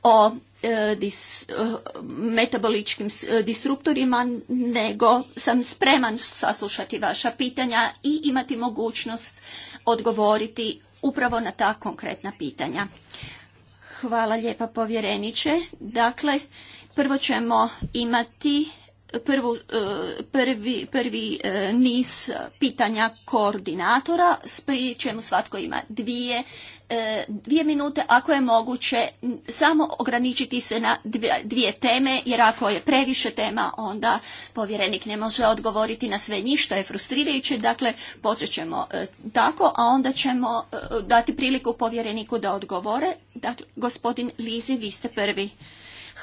o e, e, metaboličkim disruptorima, nego sam spreman saslušati vaša pitanja i imati mogućnost odgovoriti upravo na ta konkretna pitanja. Hvala lijepa povjereniče. Dakle, prvo ćemo imati prvu e, prvi, prvi e, niz pitanja koordinatora, pri čemu svatko ima dvije, e, dvije minute, ako je moguće samo ograničiti se na dvije teme, jer ako je previše tema, onda povjerenik ne može odgovoriti na sve ništa je frustrirajuće. Dakle, počet ćemo tako, a onda ćemo dati priliku povjereniku da odgovore. Dakle, gospodin Lizi, vi ste prvi.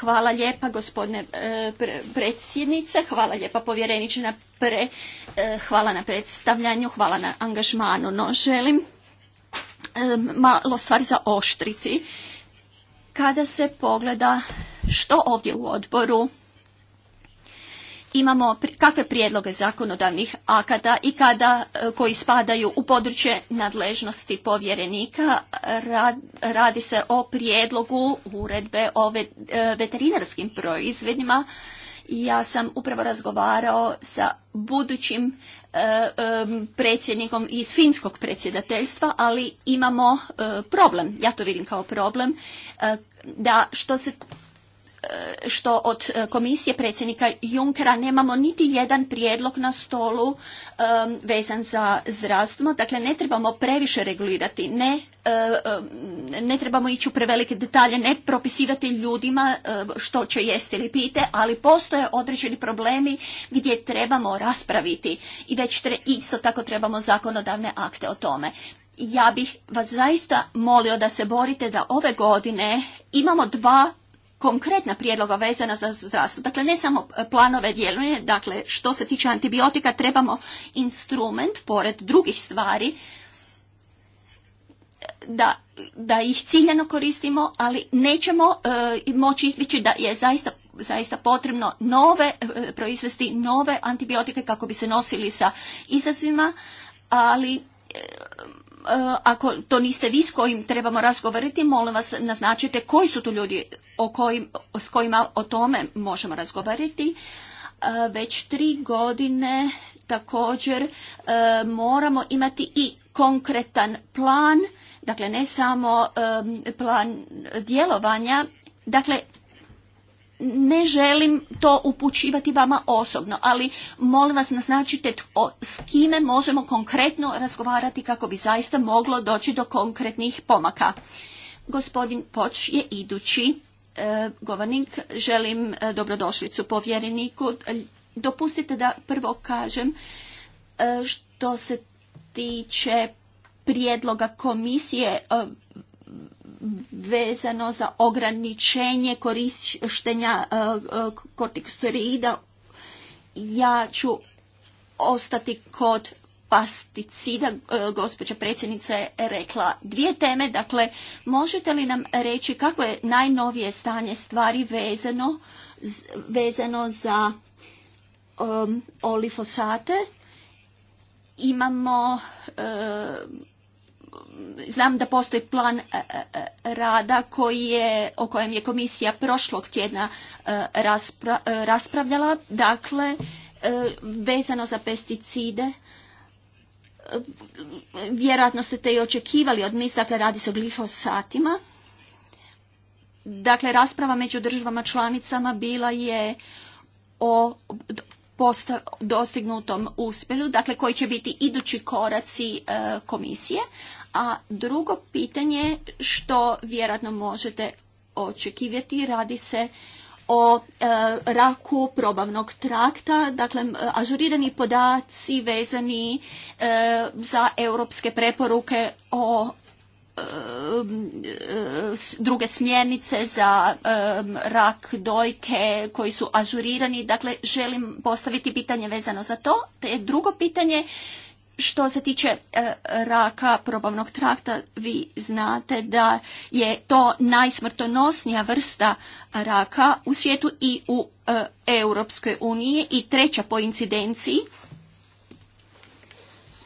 Hvala lijepa gospodine e, predsjednice, hvala lijepa povjereniče na pre, e, hvala na predstavljanju, hvala na angažmanu, no želim e, malo stvari zaoštriti. Kada se pogleda što ovdje u odboru imamo kakve prijedloge zakonodavnih akada i kada e, koji spadaju u područje nadležnosti povjerenika. Radi se o prijedlogu uredbe o e, veterinarskim proizvodima. Ja sam upravo razgovarao sa budućim e, predsjednikom iz finskog predsjedateljstva, ali imamo problem, ja to vidim kao problem, da što se E, što od e, komisije predsjednika Junkera nemamo niti jedan prijedlog na stolu e, vezan za zdravstvo. Dakle, ne trebamo previše regulirati, ne, ne trebamo ići u prevelike detalje, ne propisivati ljudima što će jesti ili pite, ali postoje određeni problemi gdje trebamo raspraviti i već isto tako trebamo zakonodavne akte o tome ja bih vas zaista molio da se borite da ove godine imamo dva konkretna prijedloga vezana za zdravstvo. Dakle, ne samo e, planove djeluje, dakle, što se tiče antibiotika, trebamo instrument, pored drugih stvari, da, da ih ciljano koristimo, ali nećemo e, moći izbjeći da je zaista, zaista potrebno nove, e, proizvesti nove antibiotike kako bi se nosili sa izazovima, ali ako to niste vi s kojim trebamo razgovoriti, molim vas naznačite koji su tu ljudi o kojim, s kojima o tome možemo razgovarati. E, već tri godine također e, moramo imati i konkretan plan, dakle ne samo plan djelovanja, dakle ne želim to upućivati vama osobno, ali molim vas naznačite s kime možemo konkretno razgovarati kako bi zaista moglo doći do konkretnih pomaka. Gospodin Poč je idući E, govornik, želim e, dobrodošlicu povjereniku. E, dopustite da prvo kažem što se tiče prijedloga komisije vezano za ograničenje korištenja kortikosteroida. Ja ću ostati kod pesticida, e, gospođa predsjednica je rekla dvije teme. Dakle, možete li nam reći kako je najnovije stanje stvari vezano, vezano za um, olifosate? Imamo e, znam da postoji plan e, rada koji je, o kojem je komisija prošlog tjedna raspravljala, dakle vezano za pesticide vjerojatno ste te i očekivali od misla, dakle radi se o glifosatima. Dakle, rasprava među državama članicama bila je o dostignutom uspjelu, dakle koji će biti idući koraci e, komisije. A drugo pitanje što vjerojatno možete očekivati, radi se o e, raku probavnog trakta, dakle ažurirani podaci vezani e, za europske preporuke o e, druge smjernice za rak dojke koji su ažurirani. Dakle, želim postaviti pitanje vezano za to. Te drugo pitanje što se tiče e, raka probavnog trakta, vi znate da je to najsmrtonosnija vrsta raka u svijetu i u e, Europskoj uniji i treća po incidenciji.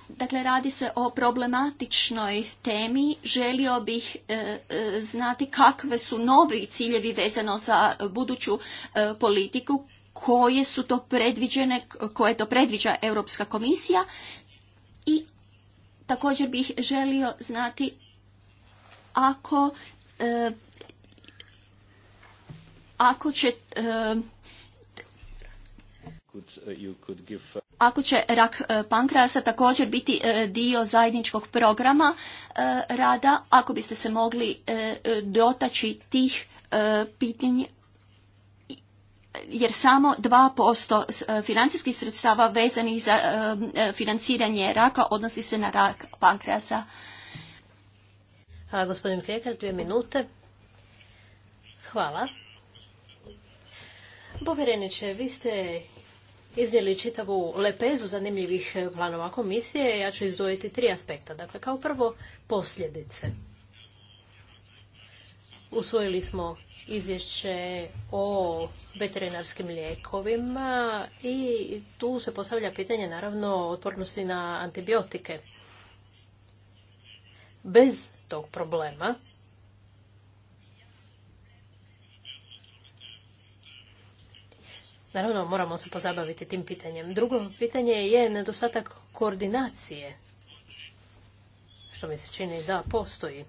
Dakle, radi se o problematičnoj temi. Želio bih e, znati kakve su novi ciljevi vezano za buduću politiku koje su to predviđene, koje to predviđa Europska komisija i također bih želio znati ako e, ako će e, uh, uh, ako će rak e, pankrasa također biti dio zajedničkog programa rada, ako biste se mogli dotaći tih pitanja jer samo 2% e, financijskih sredstava vezanih za e, e, financiranje raka odnosi se na rak pankreasa. Hvala gospodin Fekar, dvije minute. Hvala. Povjereniče, vi ste iznijeli čitavu lepezu zanimljivih planova komisije. Ja ću izdvojiti tri aspekta. Dakle, kao prvo, posljedice. Usvojili smo izvješće o veterinarskim lijekovima i tu se postavlja pitanje naravno otpornosti na antibiotike. Bez tog problema Naravno, moramo se pozabaviti tim pitanjem. Drugo pitanje je nedostatak koordinacije, što mi se čini da postoji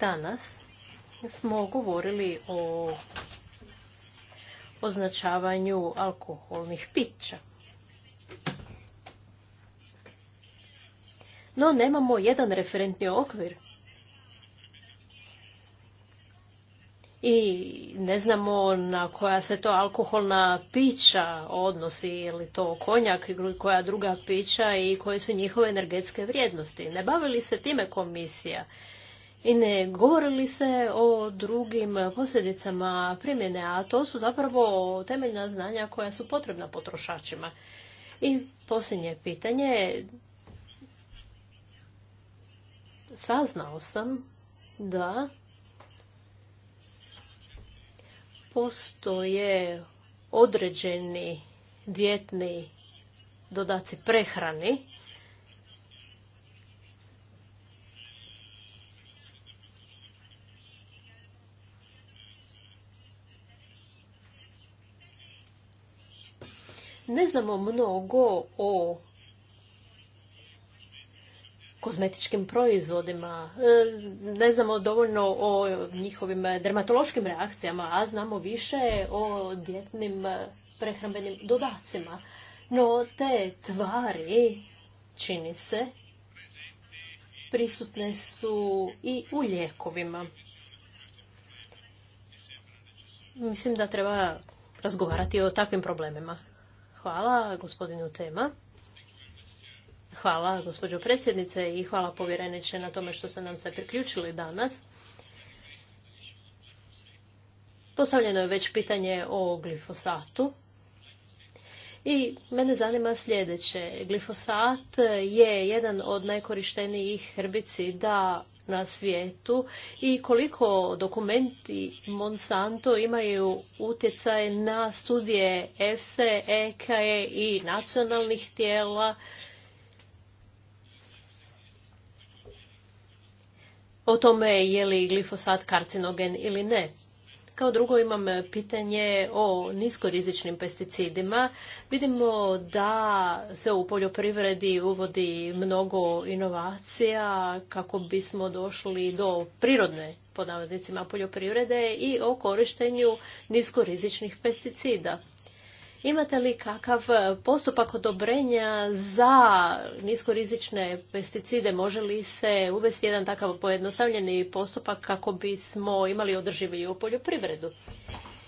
danas smo govorili o označavanju alkoholnih pića. No, nemamo jedan referentni okvir. I ne znamo na koja se to alkoholna pića odnosi, ili to konjak ili koja druga pića i koje su njihove energetske vrijednosti. Ne bavi se time komisija? I ne li se o drugim posljedicama primjene, a to su zapravo temeljna znanja koja su potrebna potrošačima. I posljednje pitanje. Saznao sam da postoje određeni dijetni dodaci prehrani Ne znamo mnogo o kozmetičkim proizvodima, e, ne znamo dovoljno o njihovim dermatološkim reakcijama, a znamo više o djetnim prehrambenim dodacima. No te tvari, čini se, prisutne su i u lijekovima. Mislim da treba razgovarati o takvim problemima. Hvala gospodinu Tema. Hvala gospođo predsjednice i hvala povjereniče na tome što ste nam se priključili danas. Postavljeno je već pitanje o glifosatu. I mene zanima sljedeće. Glifosat je jedan od najkorištenijih herbicida na svijetu i koliko dokumenti Monsanto imaju utjecaj na studije EFSE, EKE e i nacionalnih tijela. O tome je li glifosat karcinogen ili ne. Kao drugo imam e, pitanje o niskorizičnim pesticidima. Vidimo da se u poljoprivredi uvodi mnogo inovacija kako bismo došli do prirodne pod poljoprivrede i o korištenju niskorizičnih pesticida. Imate li kakav e, postupak odobrenja za niskorizične pesticide? Može li se uvesti jedan takav pojednostavljeni postupak kako bismo imali održivi u poljoprivredu?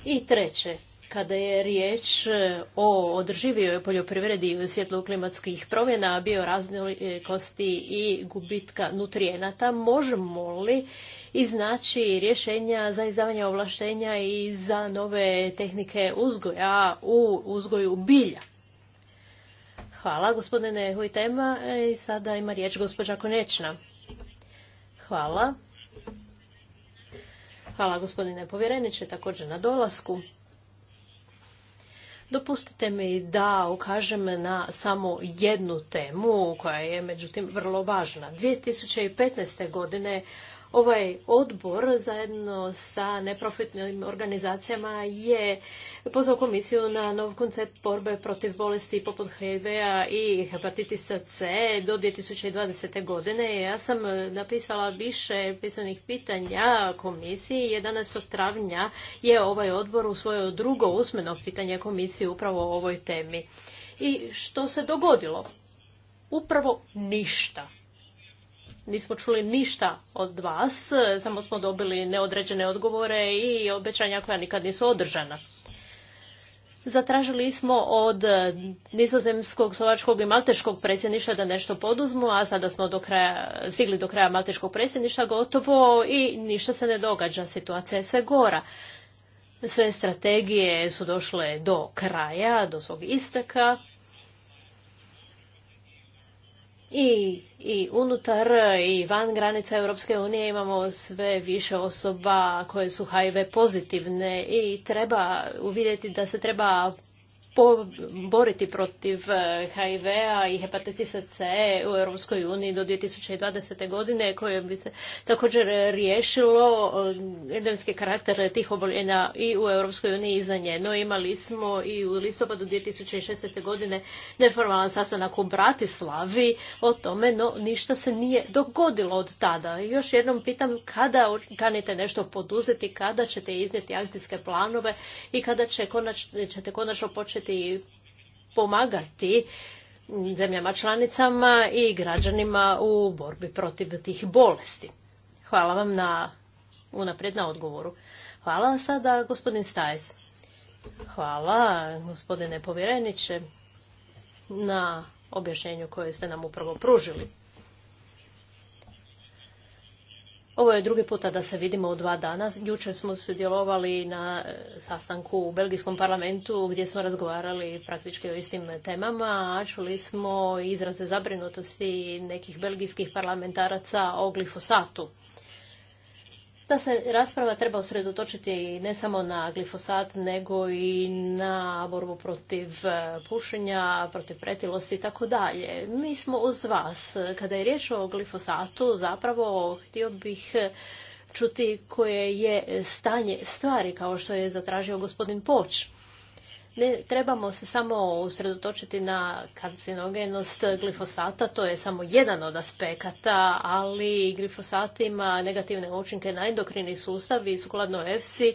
I treće, kada je riječ e, o održivijoj poljoprivredi u svjetlu klimatskih promjena, bioraznolikosti i gubitka nutrijenata, možemo li iznaći rješenja za izdavanje ovlaštenja i za nove tehnike uzgoja u uzgoju bilja? Hvala, gospodine Hujtema. E, I sada ima riječ gospođa Konečna. Hvala. Hvala, gospodine povjereniče, također na dolasku. Dopustite mi da ukažem na samo jednu temu koja je međutim vrlo važna. 2015. godine Ovaj odbor zajedno sa neprofitnim organizacijama je pozvao komisiju na nov koncept borbe protiv bolesti poput HIV-a i hepatitisa C do 2020. godine. Ja sam napisala više pisanih pitanja komisiji. 11. travnja je ovaj odbor usvojio drugo usmeno pitanje komisije upravo o ovoj temi. I što se dogodilo? Upravo ništa nismo čuli ništa od vas, samo smo dobili neodređene odgovore i obećanja koja nikad nisu održana. Zatražili smo od nizozemskog, slovačkog i malteškog predsjedništva da nešto poduzmu, a sada smo do kraja, stigli do kraja malteškog predsjedništva gotovo i ništa se ne događa, situacija je sve gora. Sve strategije su došle do kraja, do svog isteka i, I unutar i van granica Europske unije imamo sve više osoba koje su HIV pozitivne i treba uvidjeti da se treba boriti protiv e, HIV-a i hepatitisa C u Europskoj uniji do 2020. godine koje bi se također riješilo e, endemski karakter tih oboljenja i u Europskoj uniji i za njeno. Imali smo i u listopadu 2016. godine neformalan sastanak u Bratislavi o tome, no ništa se nije dogodilo od tada. Još jednom pitam kada kanite nešto poduzeti, kada ćete iznijeti akcijske planove i kada će ćete konačno početi i pomagati zemljama članicama i građanima u borbi protiv tih bolesti. Hvala vam na unaprijed na odgovoru. Hvala sada gospodin Stajs. Hvala gospodine povjereniče na objašnjenju koje ste nam upravo pružili. Ovo je drugi puta da se vidimo u dva dana. Jučer smo sudjelovali na e, sastanku u Belgijskom parlamentu gdje smo razgovarali praktički o istim temama, a čuli smo izraze zabrinutosti nekih belgijskih parlamentaraca o glifosatu da se rasprava treba usredotočiti ne samo na glifosat, nego i na borbu protiv e, pušenja, protiv pretilosti i tako dalje. Mi smo uz vas. Kada je riječ o glifosatu, zapravo htio bih e, čuti koje je stanje stvari, kao što je zatražio gospodin Poč. Ne trebamo se samo usredotočiti na karcinogenost glifosata, to je samo jedan od aspekata, ali glifosat ima negativne učinke na endokrini sustav i sukladno EFSI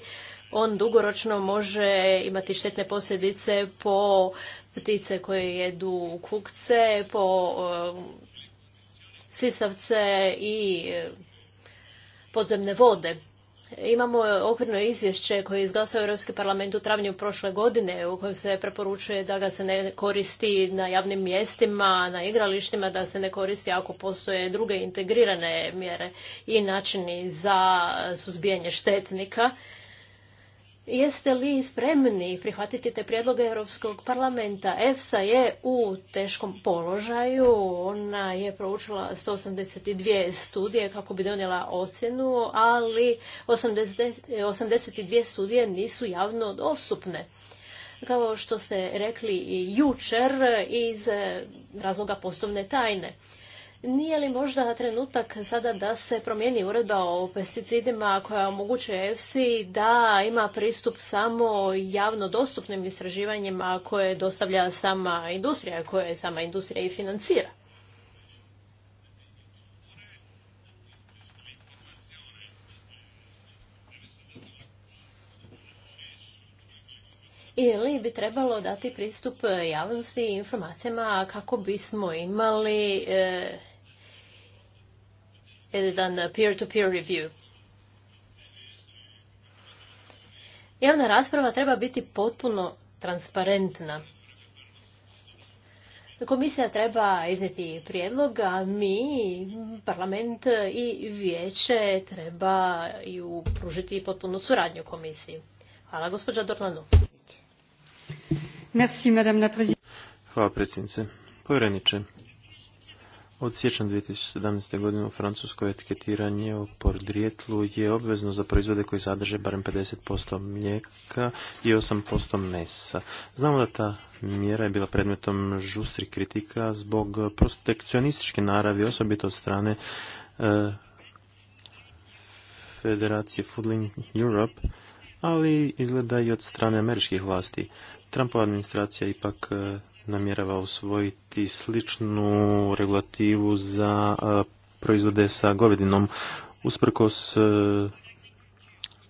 on dugoročno može imati štetne posljedice po ptice koje jedu kukce, po um, sisavce i um, podzemne vode. Imamo okvirno izvješće koje je izglasao Europski parlament u travnju prošle godine u kojem se preporučuje da ga se ne koristi na javnim mjestima, na igralištima, da se ne koristi ako postoje druge integrirane mjere i načini za suzbijanje štetnika. Jeste li spremni prihvatiti te prijedloge Europskog parlamenta? EFSA je u teškom položaju. Ona je proučila 182 studije kako bi donijela ocjenu, ali 82 studije nisu javno dostupne. Kao što ste rekli i jučer iz razloga poslovne tajne. Nije li možda trenutak sada da se promijeni uredba o pesticidima koja omogućuje EFSI da ima pristup samo javno dostupnim istraživanjima koje dostavlja sama industrija, koje sama industrija i financira? ili bi trebalo dati pristup javnosti i informacijama kako bismo imali e, jedan peer-to-peer review. Javna rasprava treba biti potpuno transparentna. Komisija treba izneti prijedlog, a mi, parlament i vijeće treba ju pružiti potpunu suradnju komisiji. Hvala, gospođa Dorlanu. Hvala, predsjednice. Povjereniče, od siječnja 2017. godine u Francuskoj etiketiranje o podrijetlu je obvezno za proizvode koji sadrže barem 50% mlijeka i 8% mesa. Znamo da ta mjera je bila predmetom žustri kritika zbog protekcionističke naravi, osobito od strane e, Federacije Foodling Europe, ali izgleda i od strane američkih vlasti. Trumpova administracija ipak e, namjerava usvojiti sličnu regulativu za e, proizvode sa govedinom. Usprkos e,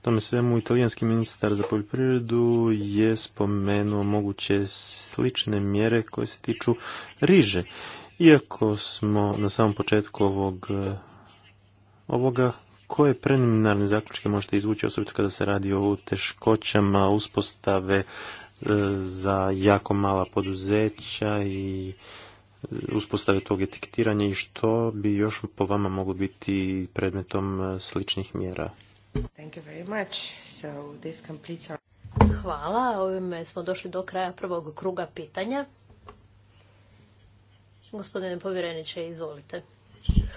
tome svemu, italijanski ministar za poljoprivredu je spomenuo moguće slične mjere koje se tiču riže. Iako smo na samom početku ovog, e, ovoga, koje preliminarne zaključke možete izvući, osobito kada se radi o teškoćama uspostave E, za jako mala poduzeća i e, uspostave tog etiketiranja i što bi još po vama moglo biti predmetom e, sličnih mjera? Hvala. Ovime smo došli do kraja prvog kruga pitanja. Gospodine povjereniče, izvolite.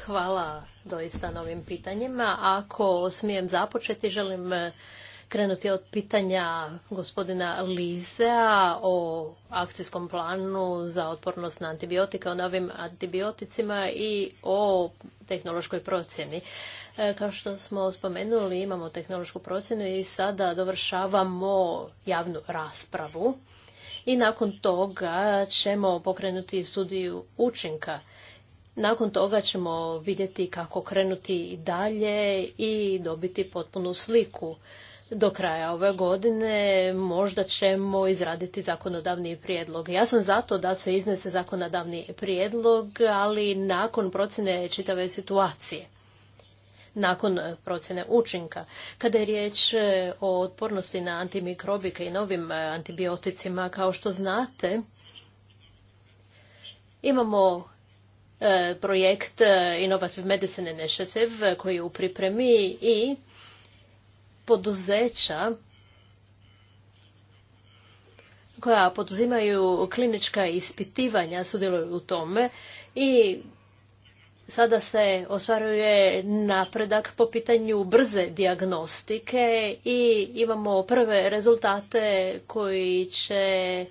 Hvala doista na ovim pitanjima. Ako smijem započeti, želim krenuti od pitanja gospodina Lizea o akcijskom planu za otpornost na antibiotike, o novim antibioticima i o tehnološkoj procjeni. E, kao što smo spomenuli, imamo tehnološku procjenu i sada dovršavamo javnu raspravu. I nakon toga ćemo pokrenuti studiju učinka. Nakon toga ćemo vidjeti kako krenuti dalje i dobiti potpunu sliku do kraja ove godine možda ćemo izraditi zakonodavni prijedlog. Ja sam zato da se iznese zakonodavni prijedlog, ali nakon procjene čitave situacije nakon procjene učinka. Kada je riječ e, o otpornosti na antimikrobike i novim e, antibioticima, kao što znate, imamo e, projekt Innovative Medicine Initiative koji je u pripremi i poduzeća koja poduzimaju klinička ispitivanja sudjeluju u tome i sada se ostvaruje napredak po pitanju brze dijagnostike i imamo prve rezultate koji će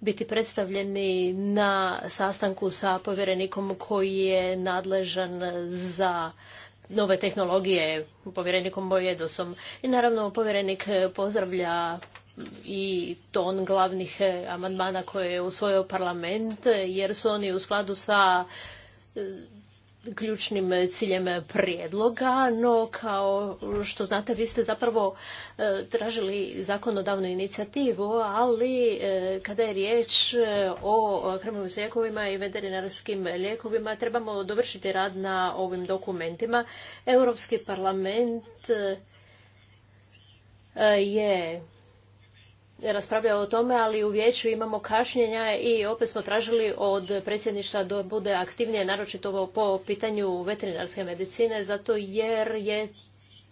biti predstavljeni na sastanku sa povjerenikom koji je nadležan za nove tehnologije povjerenikom Bojedosom. I naravno povjerenik eh, pozdravlja i ton glavnih eh, amandmana koje je usvojio parlament eh, jer su oni u skladu sa ključnim eh, ciljem eh, prijedloga, no kao što znate vi ste zapravo eh, tražili zakonodavnu inicijativu, ali kada je riječ o krmovim lijekovima i veterinarskim lijekovima trebamo dovršiti rad na ovim dokumentima. Europski parlament je raspravljao o tome, ali u vijeću imamo kašnjenja i opet smo tražili od predsjedništva da bude aktivnije, naročito po pitanju veterinarske medicine, zato jer je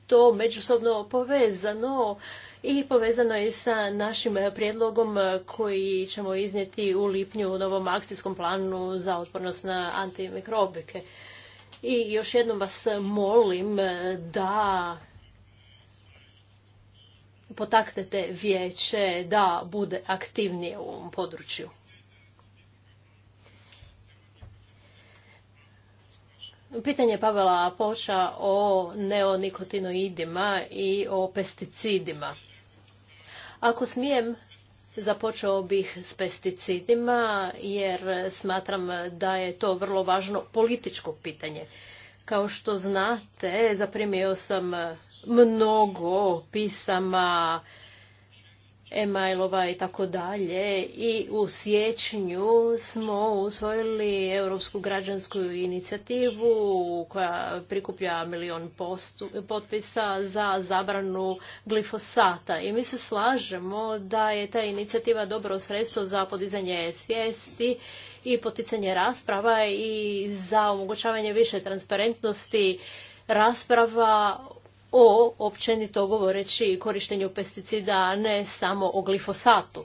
to međusobno povezano i povezano je sa našim prijedlogom koji ćemo iznijeti u lipnju u novom akcijskom planu za otpornost na antimikrobike. I još jednom vas molim da potaknete vijeće da bude aktivnije u ovom području. Pitanje Pavela Poša o neonikotinoidima i o pesticidima. Ako smijem, započeo bih s pesticidima jer smatram da je to vrlo važno političko pitanje. Kao što znate, zaprimio sam mnogo pisama, emailova i tako dalje. I u siječnju smo usvojili Europsku građansku inicijativu koja prikuplja milion potpisa za zabranu glifosata. I mi se slažemo da je ta inicijativa dobro sredstvo za podizanje svijesti i poticanje rasprava i za omogućavanje više transparentnosti rasprava o općenito govoreći korištenju pesticida, a ne samo o glifosatu.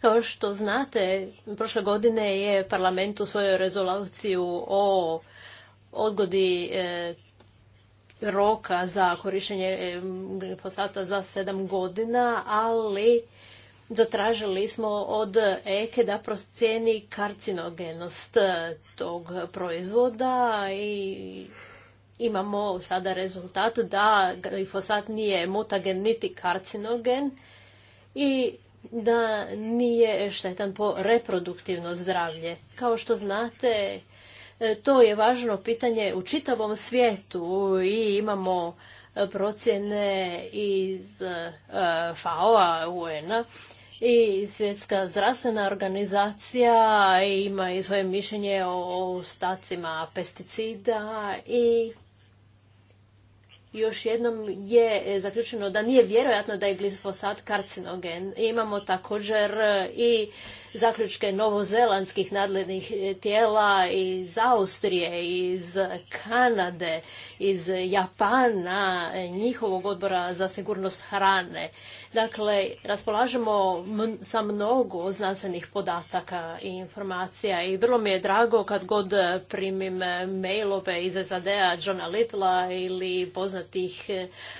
Kao što znate, prošle godine je parlament u svojoj rezoluciju o odgodi e, roka za korištenje e, glifosata za sedam godina, ali zatražili smo od EKE e da procijeni karcinogenost tog proizvoda i imamo sada rezultat da glifosat nije mutagen niti karcinogen i da nije štetan po reproduktivno zdravlje. Kao što znate, e, to je važno pitanje u čitavom svijetu i imamo e, procjene iz e, FAO-a, UN-a i Svjetska zdravstvena organizacija ima i svoje mišljenje o ostacima pesticida i još jednom je e, zaključeno da nije vjerojatno da je glifosat karcinogen. Imamo također e, i zaključke novozelandskih nadležnih e, tijela iz Austrije, iz Kanade, iz Japana, njihovog odbora za sigurnost hrane. Dakle, raspolažemo sa mnogo znanstvenih podataka i informacija i vrlo mi je drago kad god primim mailove iz SAD-a Johna Littla ili poznatih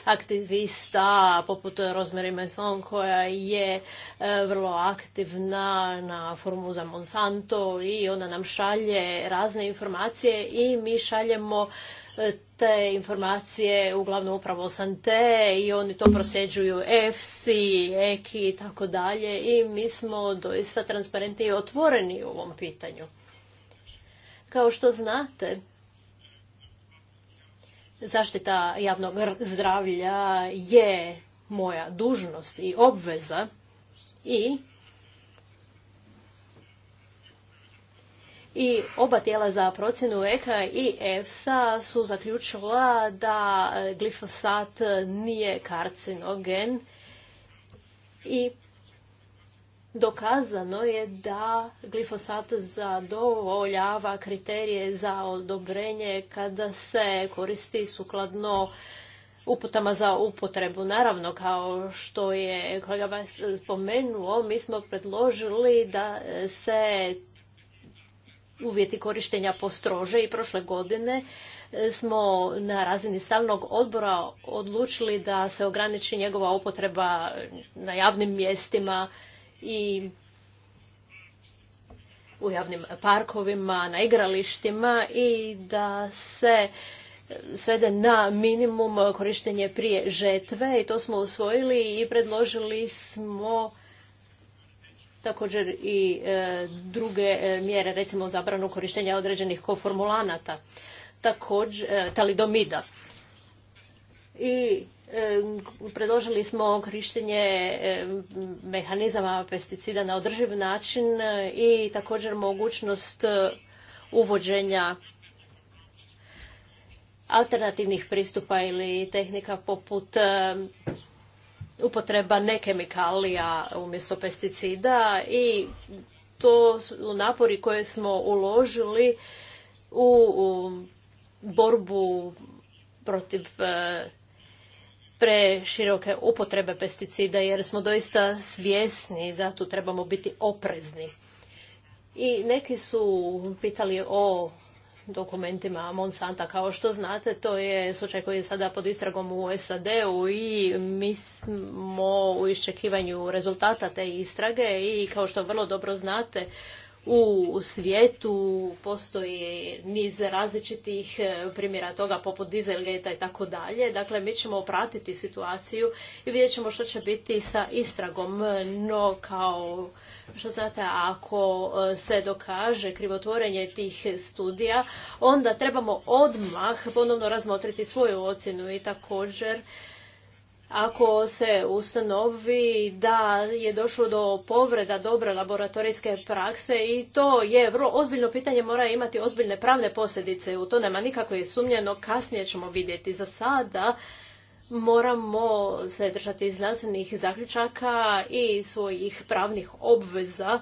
aktivista poput Rosemary Mason koja je e, vrlo aktivna na Formu za Monsanto i ona nam šalje razne informacije i mi šaljemo te informacije uglavnom upravo Sante i oni to prosjeđuju EFSI, EKI i tako dalje i mi smo doista transparentni i otvoreni u ovom pitanju. Kao što znate, zaštita javnog zdravlja je moja dužnost i obveza i i oba tijela za procjenu EKA i EFSA su zaključila da e, glifosat nije karcinogen i dokazano je da glifosat zadovoljava kriterije za odobrenje kada se koristi sukladno uputama za upotrebu. Naravno, kao što je kolega vas spomenuo, mi smo predložili da se uvjeti korištenja postrože i prošle godine e, smo na razini stalnog odbora odlučili da se ograniči njegova upotreba na javnim mjestima i u javnim parkovima, na igralištima i da se svede na minimum korištenje prije žetve i to smo usvojili i predložili smo također i e, druge e, mjere, recimo zabranu korištenja određenih koformulanata, također e, talidomida. I predložili smo korištenje mehanizama pesticida na održiv način i također mogućnost uvođenja alternativnih pristupa ili tehnika poput upotreba nekemikalija umjesto pesticida i to su napori koje smo uložili u borbu protiv e, preširoke upotrebe pesticida jer smo doista svjesni da tu trebamo biti oprezni. I neki su pitali o dokumentima Monsanta. Kao što znate, to je slučaj koji je sada pod istragom u SAD-u i mi smo u iščekivanju rezultata te istrage i kao što vrlo dobro znate, u svijetu postoji niz različitih primjera toga poput dizelgeta i tako dalje. Dakle, mi ćemo pratiti situaciju i vidjet ćemo što će biti sa istragom. No, kao što znate, ako e, se dokaže krivotvorenje tih studija, onda trebamo odmah ponovno razmotriti svoju ocjenu i također ako se ustanovi da je došlo do povreda dobre laboratorijske prakse i to je vrlo ozbiljno pitanje, mora imati ozbiljne pravne posljedice. U to nema nikako je sumnjeno, kasnije ćemo vidjeti. Za sada moramo se držati znanstvenih zaključaka i svojih pravnih obveza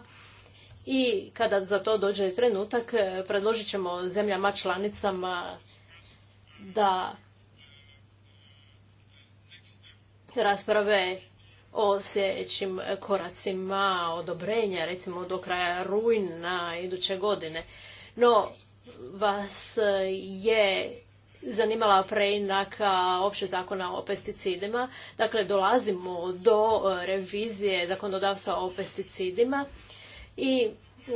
i kada za to dođe trenutak predložit ćemo zemljama članicama da rasprave o sljedećim koracima odobrenja, recimo do kraja rujna iduće godine. No, vas je zanimala preinaka opće zakona o pesticidima. Dakle, dolazimo do e, revizije zakonodavstva o pesticidima i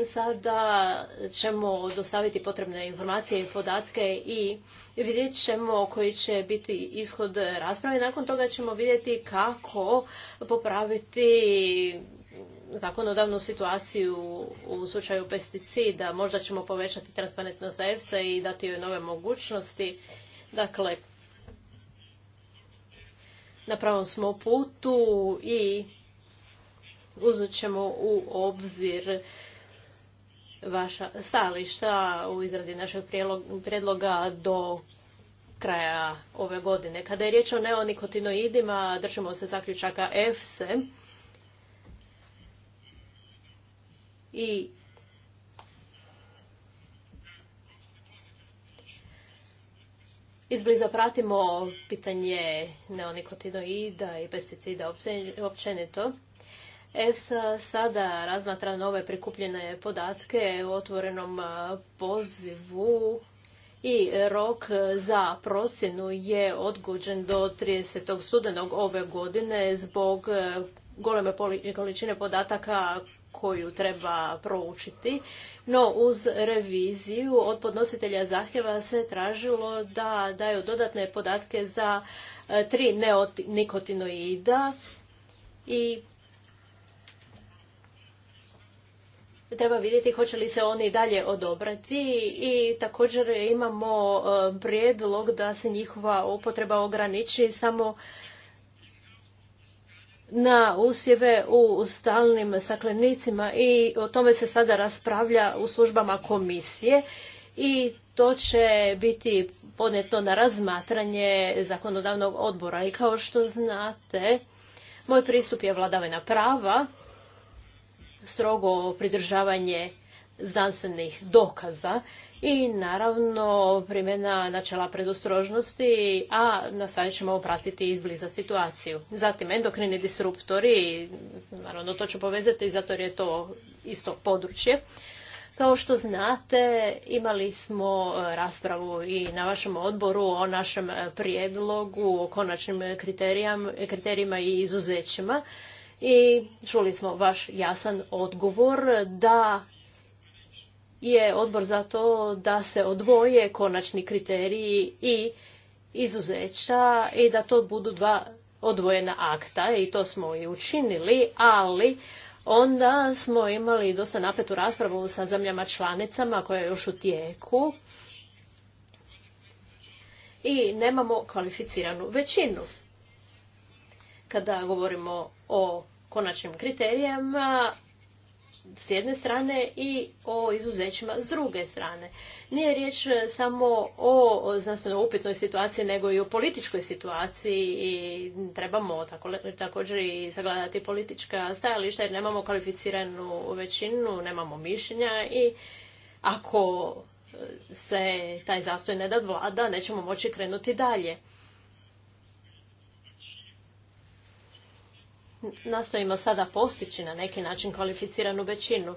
Sada ćemo dostaviti potrebne informacije i podatke i vidjet ćemo koji će biti ishod rasprave. Nakon toga ćemo vidjeti kako popraviti zakonodavnu situaciju u slučaju pesticida. Možda ćemo povećati transparentnost EFSA i dati joj nove mogućnosti. Dakle, na pravom smo putu i uzet ćemo u obzir vaša stajališta u izradi našeg prijedloga do kraja ove godine. Kada je riječ o neonikotinoidima, držimo se zaključaka EFSE i izbliza pratimo pitanje neonikotinoida i pesticida općenito. EFSA sada razmatra nove prikupljene podatke u otvorenom pozivu i rok za procjenu je odgođen do 30. studenog ove godine zbog goleme količine podataka koju treba proučiti, no uz reviziju od podnositelja zahtjeva se tražilo da daju dodatne podatke za e, tri nikotinoida i treba vidjeti hoće li se oni dalje odobrati i također imamo e, prijedlog da se njihova upotreba ograniči samo na usjeve u stalnim saklenicima i o tome se sada raspravlja u službama komisije i to će biti podneto na razmatranje zakonodavnog odbora. I kao što znate, moj pristup je vladavina prava, strogo pridržavanje znanstvenih dokaza i naravno primjena načela predostrožnosti, a na sada ćemo pratiti izbliza situaciju. Zatim endokrini disruptori, naravno to ću povezati zato jer je to isto područje. Kao što znate, imali smo e, raspravu i na vašem odboru o našem e, prijedlogu, o konačnim kriterijima i izuzećima. I čuli smo vaš jasan odgovor da je odbor za to da se odvoje konačni kriteriji i izuzeća i da to budu dva odvojena akta i to smo i učinili, ali onda smo imali dosta napetu raspravu sa zemljama članicama koja je još u tijeku i nemamo kvalificiranu većinu. Kada govorimo o konačnim kriterijama, s jedne strane i o izuzećima s druge strane. Nije riječ samo o znanstveno upitnoj situaciji, nego i o političkoj situaciji i trebamo također i zagledati politička stajališta jer nemamo kvalificiranu većinu, nemamo mišljenja i ako se taj zastoj ne da vlada, nećemo moći krenuti dalje. nastojimo sada postići na neki način kvalificiranu većinu.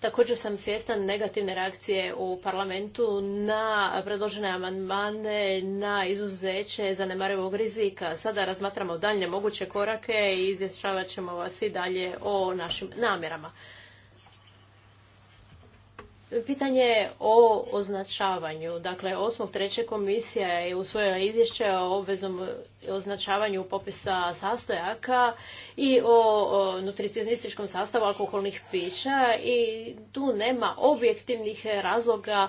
Također sam svjestan negativne reakcije u parlamentu na predložene amandmane na izuzeće zanemarivog rizika. Sada razmatramo dalje moguće korake i izvješćavat ćemo vas i dalje o našim namjerama. Pitanje o označavanju. Dakle, treće komisija je usvojila izvješće o obveznom označavanju popisa sastojaka i o nutricionističkom sastavu alkoholnih pića i tu nema objektivnih razloga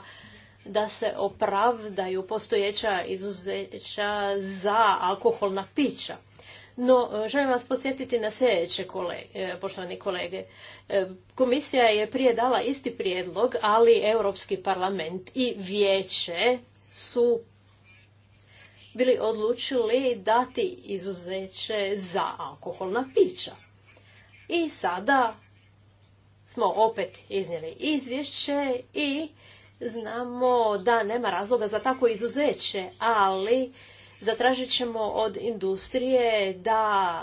da se opravdaju postojeća izuzeća za alkoholna pića. No, e, želim vas podsjetiti na sljedeće, kolege, poštovani kolege. E, komisija je prije dala isti prijedlog, ali Europski parlament i vijeće su bili odlučili dati izuzeće za alkoholna pića. I sada smo opet iznijeli izvješće i znamo da nema razloga za tako izuzeće, ali zatražit ćemo od industrije da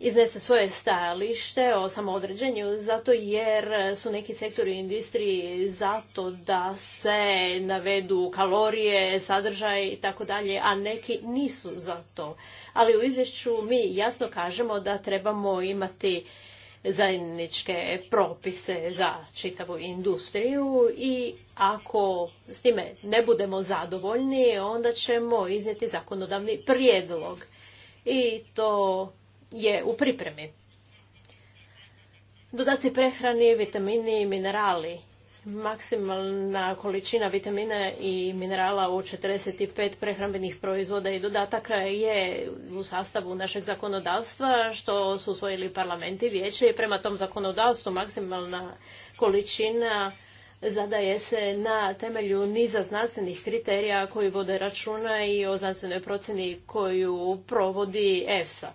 iznese svoje stajalište o samoodređenju, zato jer su neki sektori u industriji zato da se navedu kalorije, sadržaj i tako dalje, a neki nisu za to. Ali u izvješću mi jasno kažemo da trebamo imati zajedničke propise za čitavu industriju i ako s time ne budemo zadovoljni, onda ćemo iznijeti zakonodavni prijedlog. I to je u pripremi. Dodaci prehrani, vitamini i minerali. Maksimalna količina vitamina i minerala u 45 prehrambenih proizvoda i dodataka je u sastavu našeg zakonodavstva što su usvojili parlamenti i vijeće i prema tom zakonodavstvu maksimalna količina zadaje se na temelju niza znanstvenih kriterija koji vode računa i o znanstvenoj procjeni koju provodi EFSA.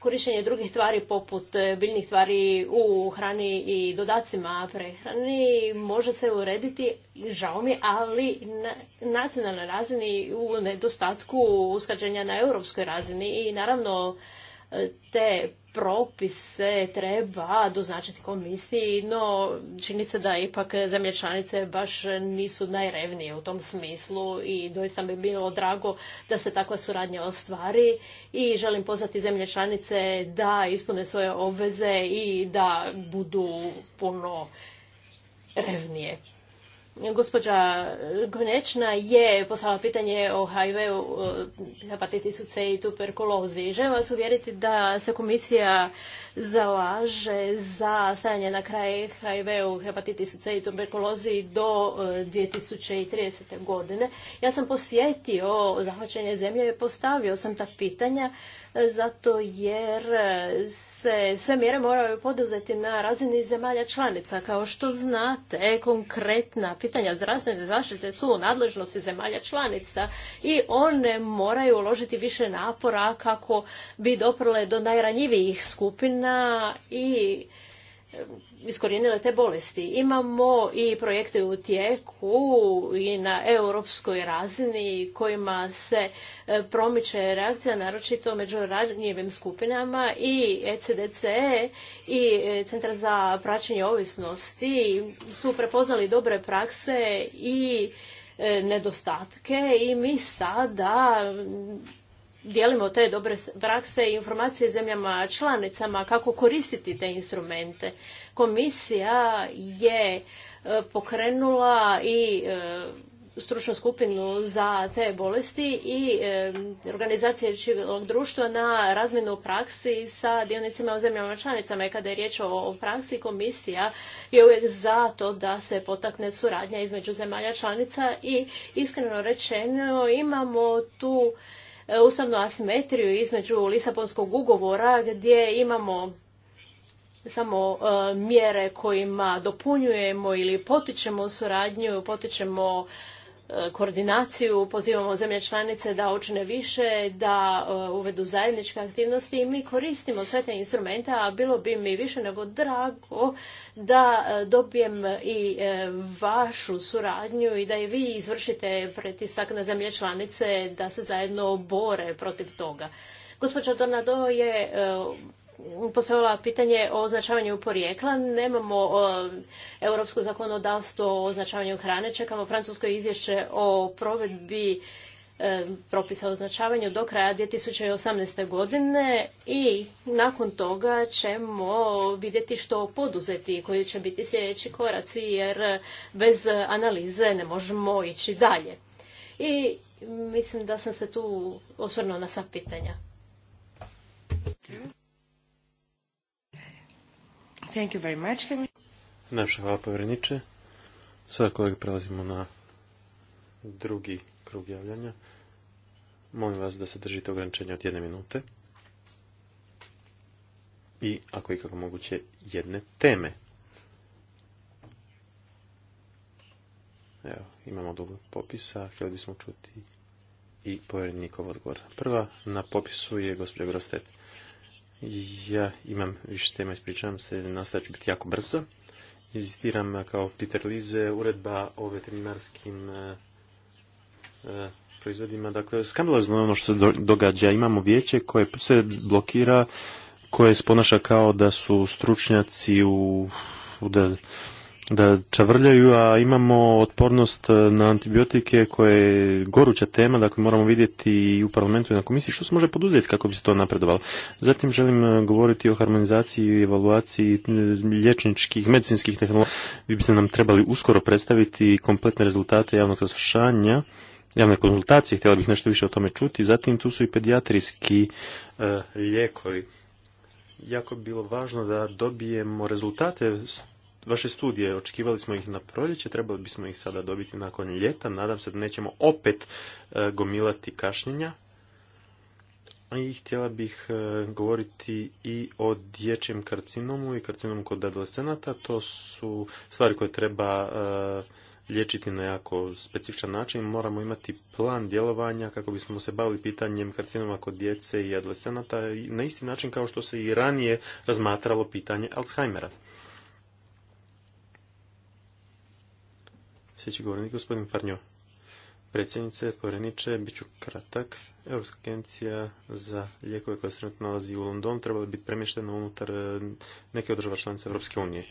Korištenje drugih tvari poput biljnih tvari u hrani i dodacima prehrani može se urediti, žao mi, ali na nacionalnoj razini u nedostatku uskađenja na europskoj razini i naravno te propise treba doznačiti komisiji, no čini se da ipak zemlje članice baš nisu najrevnije u tom smislu i doista bi bilo drago da se takva suradnja ostvari i želim pozvati zemlje članice da ispune svoje obveze i da budu puno revnije. Gospođa Gunečna je poslala pitanje o HIV-u, hepatitisu C i tuberkulozi. Želim vas uvjeriti da se komisija zalaže za stajanje na kraj HIV-u, hepatitisu C i tuberkulozi do 2030. E, godine. Ja sam posjetio zahvaćenje zemlje i postavio sam ta pitanja e, zato jer se sve mjere moraju poduzeti na razini zemalja članica. Kao što znate, konkretna pitanja zdravstvene zaštite su u nadležnosti zemalja članica i one moraju uložiti više napora kako bi doprle do najranjivijih skupina i e, iskorijenile te bolesti. Imamo i projekte u tijeku i na europskoj razini kojima se e, promiče reakcija naročito među ranjivim skupinama i ECDC i e, Centar za praćenje ovisnosti su prepoznali dobre prakse i nedostatke i mi sada dijelimo te dobre prakse i informacije zemljama članicama kako koristiti te instrumente. Komisija je e, pokrenula i e, stručnu skupinu za te bolesti i e, organizacije civilnog društva na razmjenu praksi sa dionicima u zemljama članicama. I kada je riječ o praksi, komisija je uvijek za to da se potakne suradnja između zemalja članica i iskreno rečeno imamo tu ustavnu asimetriju između Lisabonskog ugovora gdje imamo samo e, mjere kojima dopunjujemo ili potičemo suradnju, potičemo E, koordinaciju, pozivamo zemlje članice da učine više, da e, uvedu zajedničke aktivnosti i mi koristimo sve te instrumente, a bilo bi mi više nego drago da e, dobijem i vašu suradnju i da i vi izvršite pretisak na zemlje članice da se zajedno bore protiv toga. Gospođa Donado je postavila pitanje o označavanju porijekla. Nemamo e, europsko zakonodavstvo o označavanju hrane. Čekamo francusko izvješće o provedbi e, propisa o označavanju do kraja 2018. godine i nakon toga ćemo vidjeti što poduzeti koji će biti sljedeći koraci jer bez analize ne možemo ići dalje. I mislim da sam se tu osvrnula na sva pitanja. Thank you very much. Najpša hvala povjereniče. Sada prelazimo na drugi krug javljanja. Molim vas da se držite ograničenja od jedne minute i ako je kako moguće jedne teme. Evo, imamo dugo popisa, htjeli bismo čuti i povjerenikov odgovor. Prva na popisu je gospođa Grostet. Ja imam više tema, ispričavam se, nastavit ću biti jako brzo. Izistiram eh, kao Peter Lize, uredba o veterinarskim eh, eh, proizvodima. Dakle, skandalozno je ono što se događa. Imamo vijeće koje se blokira, koje se ponaša kao da su stručnjaci u, u da, da čavrljaju, a imamo otpornost e, na antibiotike koje je goruća tema, dakle moramo vidjeti i u parlamentu i na komisiji što se može poduzeti kako bi se to napredovalo. Zatim želim e, govoriti o harmonizaciji i evaluaciji e, liječničkih, medicinskih tehnologija. Vi biste nam trebali uskoro predstaviti kompletne rezultate javnog saslušanja javne konzultacije, htjela bih nešto više o tome čuti. Zatim tu su i pedijatrijski lijekovi. Jako bi bilo važno da dobijemo rezultate vaše studije, očekivali smo ih na proljeće, trebali bismo ih sada dobiti nakon ljeta, nadam se da nećemo opet e, gomilati kašnjenja. I htjela bih e, govoriti i o dječjem karcinomu i karcinomu kod adolescenata. To su stvari koje treba e, liječiti na jako specifičan način. Moramo imati plan djelovanja kako bismo se bavili pitanjem karcinoma kod djece i adolescenata na isti način kao što se i ranije razmatralo pitanje Alzheimera. Sljedeći govornik, gospodin Parnjo. Predsjednice, povjereniče, bit ću kratak. Europska agencija za lijekove koja se trenutno nalazi u London trebala bi biti premještena unutar eh, neke od država članica Europske unije.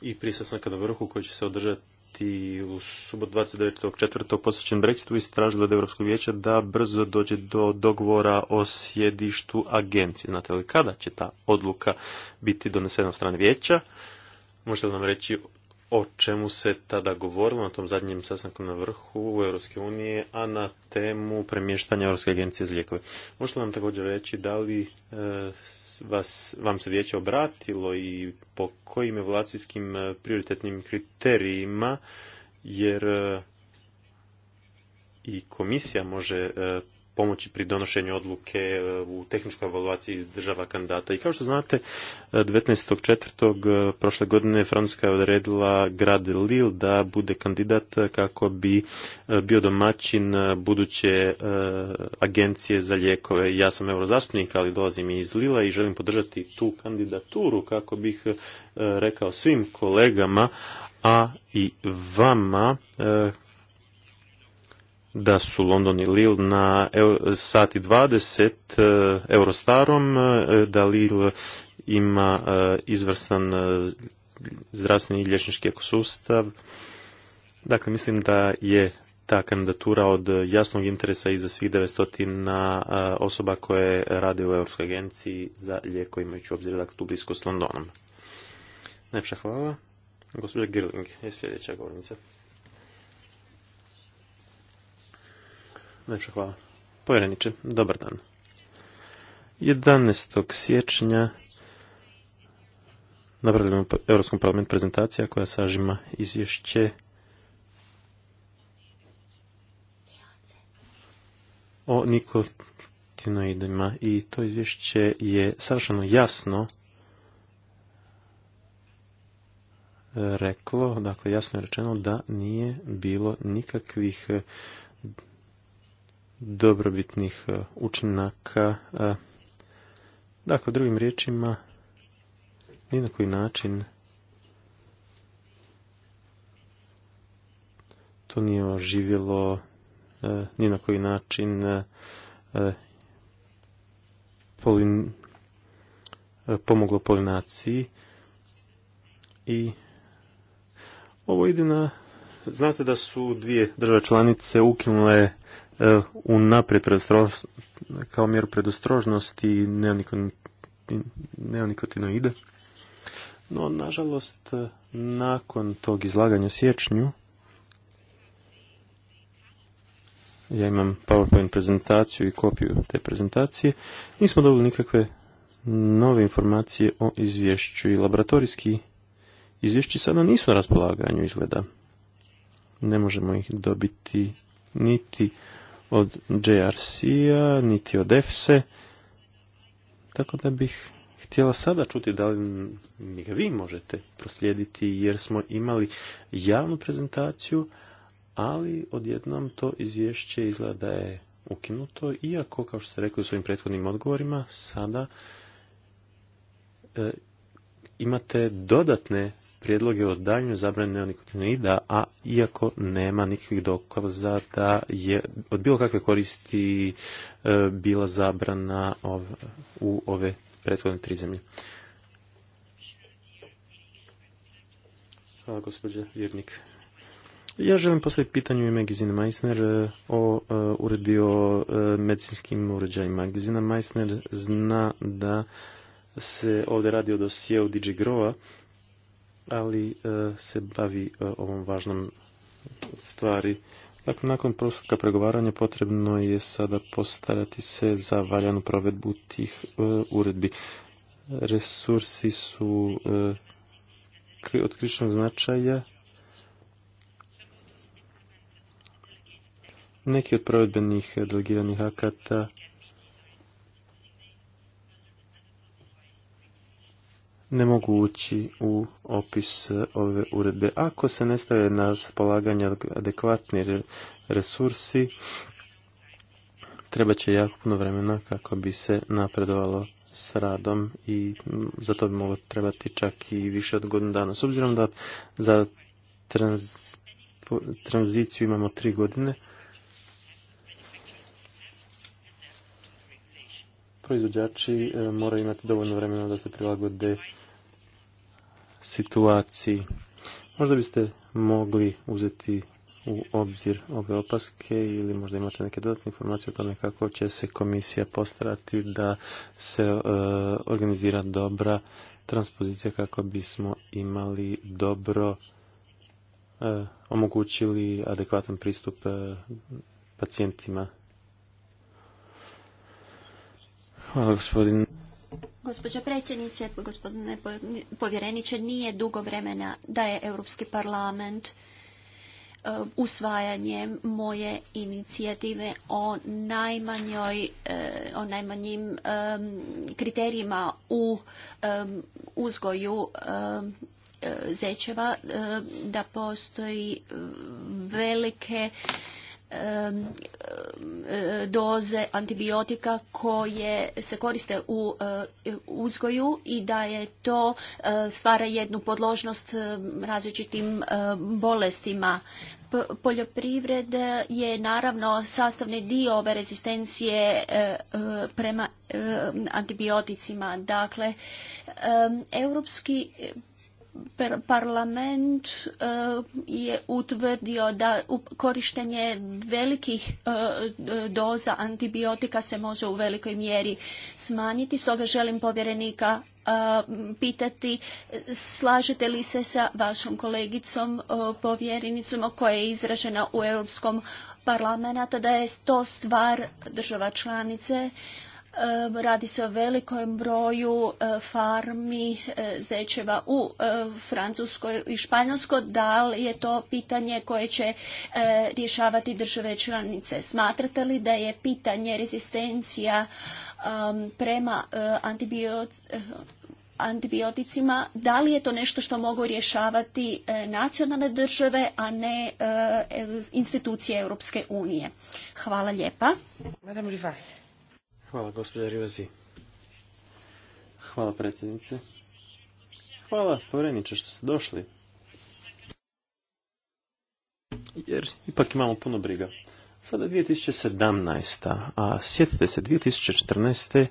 I prisasnaka na vrhu koji će se održati i u subot 29.4. posvećen Brexitu istražilo od Europskog vijeća da brzo dođe do dogovora o sjedištu agencije. Znate li kada će ta odluka biti donesena od strane vijeća? Možete li nam reći o čemu se tada govorilo na tom zadnjem sastanku na vrhu Europske unije, a na temu premještanja Europske agencije za lijekove. Možete ono nam također reći da li e, vas, vam se vijeće obratilo i po kojim evaluacijskim e, prioritetnim kriterijima, jer e, i komisija može pomoći pri donošenju odluke e, u tehničkoj evaluaciji država kandidata. I kao što znate, 19.4. E, e, prošle godine Francuska je odredila grad Lille da bude kandidat kako bi bio domaćin buduće agencije za lijekove. Ja sam eurozastupnik, ali dolazim iz Lila i želim podržati tu kandidaturu kako bih rekao svim kolegama, a i vama da su London i Lille na sati 20 e, Eurostarom, e, da Lille ima e, izvrstan zdravstveni i lješnički ekosustav. Dakle, mislim da je ta kandidatura od jasnog interesa i za svih 900 osoba koje rade u Europskoj agenciji za lijeko imajući obzir dakle, tu blisko s Londonom. Najpša hvala. Gospodin Girling je sljedeća govornica. Najpša hvala. Povjereniče, dobar dan. 11. siječnja napravljena u Europskom parlamentu prezentacija koja sažima izvješće o nikotinoidima i to izvješće je savršeno jasno reklo, dakle jasno je rečeno da nije bilo nikakvih dobrobitnih e, učinaka. E, dakle, drugim riječima, ni na koji način to nije oživjelo, e, ni na koji način pomoglo polinaciji i ovo ide na Znate da su dvije države članice ukinule Eh, unaprijed kao mjeru predostrožnosti neonikotinoide. No, nažalost, eh, nakon tog izlaganja sječnju, ja imam PowerPoint prezentaciju i kopiju te prezentacije, nismo dobili nikakve nove informacije o izvješću i laboratorijski izvješći sada nisu na raspolaganju izgleda. Ne možemo ih dobiti niti od JRC-a, niti od EFSE. Tako da bih htjela sada čuti da li mi ga vi možete proslijediti jer smo imali javnu prezentaciju, ali odjednom to izvješće izgleda da je ukinuto, iako, kao što ste rekli u svojim prethodnim odgovorima, sada e, imate dodatne prijedloge o daljnjoj zabrani neonikotinoida, a iako nema nikakvih dokaza da je od bilo kakve koristi e, bila zabrana u ove prethodne tri zemlje. Hvala gospođa Ja želim postaviti pitanje u ime Gizina Meissner e, o e, uredbi o medicinskim uređajima. Gizina Meissner zna da se ovdje radi o dosijeu DJ Grova, ali e, se bavi e, ovom važnom stvari. Dakle, nakon prosluka pregovaranja potrebno je sada postavljati se za valjanu provedbu tih e, uredbi. Resursi su od značaja. Neki od provedbenih delegiranih akata ne mogu ući u opis ove uredbe. Ako se ne stave na raspolaganje adekvatni resursi, treba će jako puno vremena kako bi se napredovalo s radom i za to bi moglo trebati čak i više od godinu dana. S obzirom da za tranziciju imamo tri godine, proizvođači e, moraju imati dovoljno vremena da se prilagode situaciji. Možda biste mogli uzeti u obzir ove opaske ili možda imate neke dodatne informacije o tome kako će se komisija postarati da se e, organizira dobra transpozicija kako bismo imali dobro e, omogućili adekvatan pristup e, pacijentima. Hvala gospodin Gospođa predsjednice, gospodine povjereniče, nije dugo vremena da je Europski parlament e, usvajanjem moje inicijative o najmanjoj, e, o najmanjim kriterijima u uzgoju e, zečeva da postoji velike doze antibiotika koje se koriste u e, uzgoju i da je to e, stvara jednu podložnost e, različitim bolestima. Poljoprivreda je naravno sastavni dio ove rezistencije prema antibioticima. Dakle, europski parlament eh, je utvrdio da korištenje velikih eh, doza antibiotika se može u velikoj mjeri smanjiti. Stoga želim povjerenika eh, pitati slažete li se sa vašom kolegicom povjerenicom koja je izražena u Europskom parlamentu da je to stvar država članice Radi se o velikom broju e, farmi e, zečeva u e, Francuskoj i Španjolskoj. Da li je to pitanje koje će rješavati države članice? Smatrate li da je pitanje rezistencija prema antibioticima, da li je to nešto što mogu rješavati nacionalne države, a ne institucije Europske unije? Hvala lijepa. Hvala, gospođa Rivazi. Hvala, predsjednice. Hvala, povredniče, što ste došli. Jer ipak imamo puno briga. Sada je 2017. A sjetite se, 2014.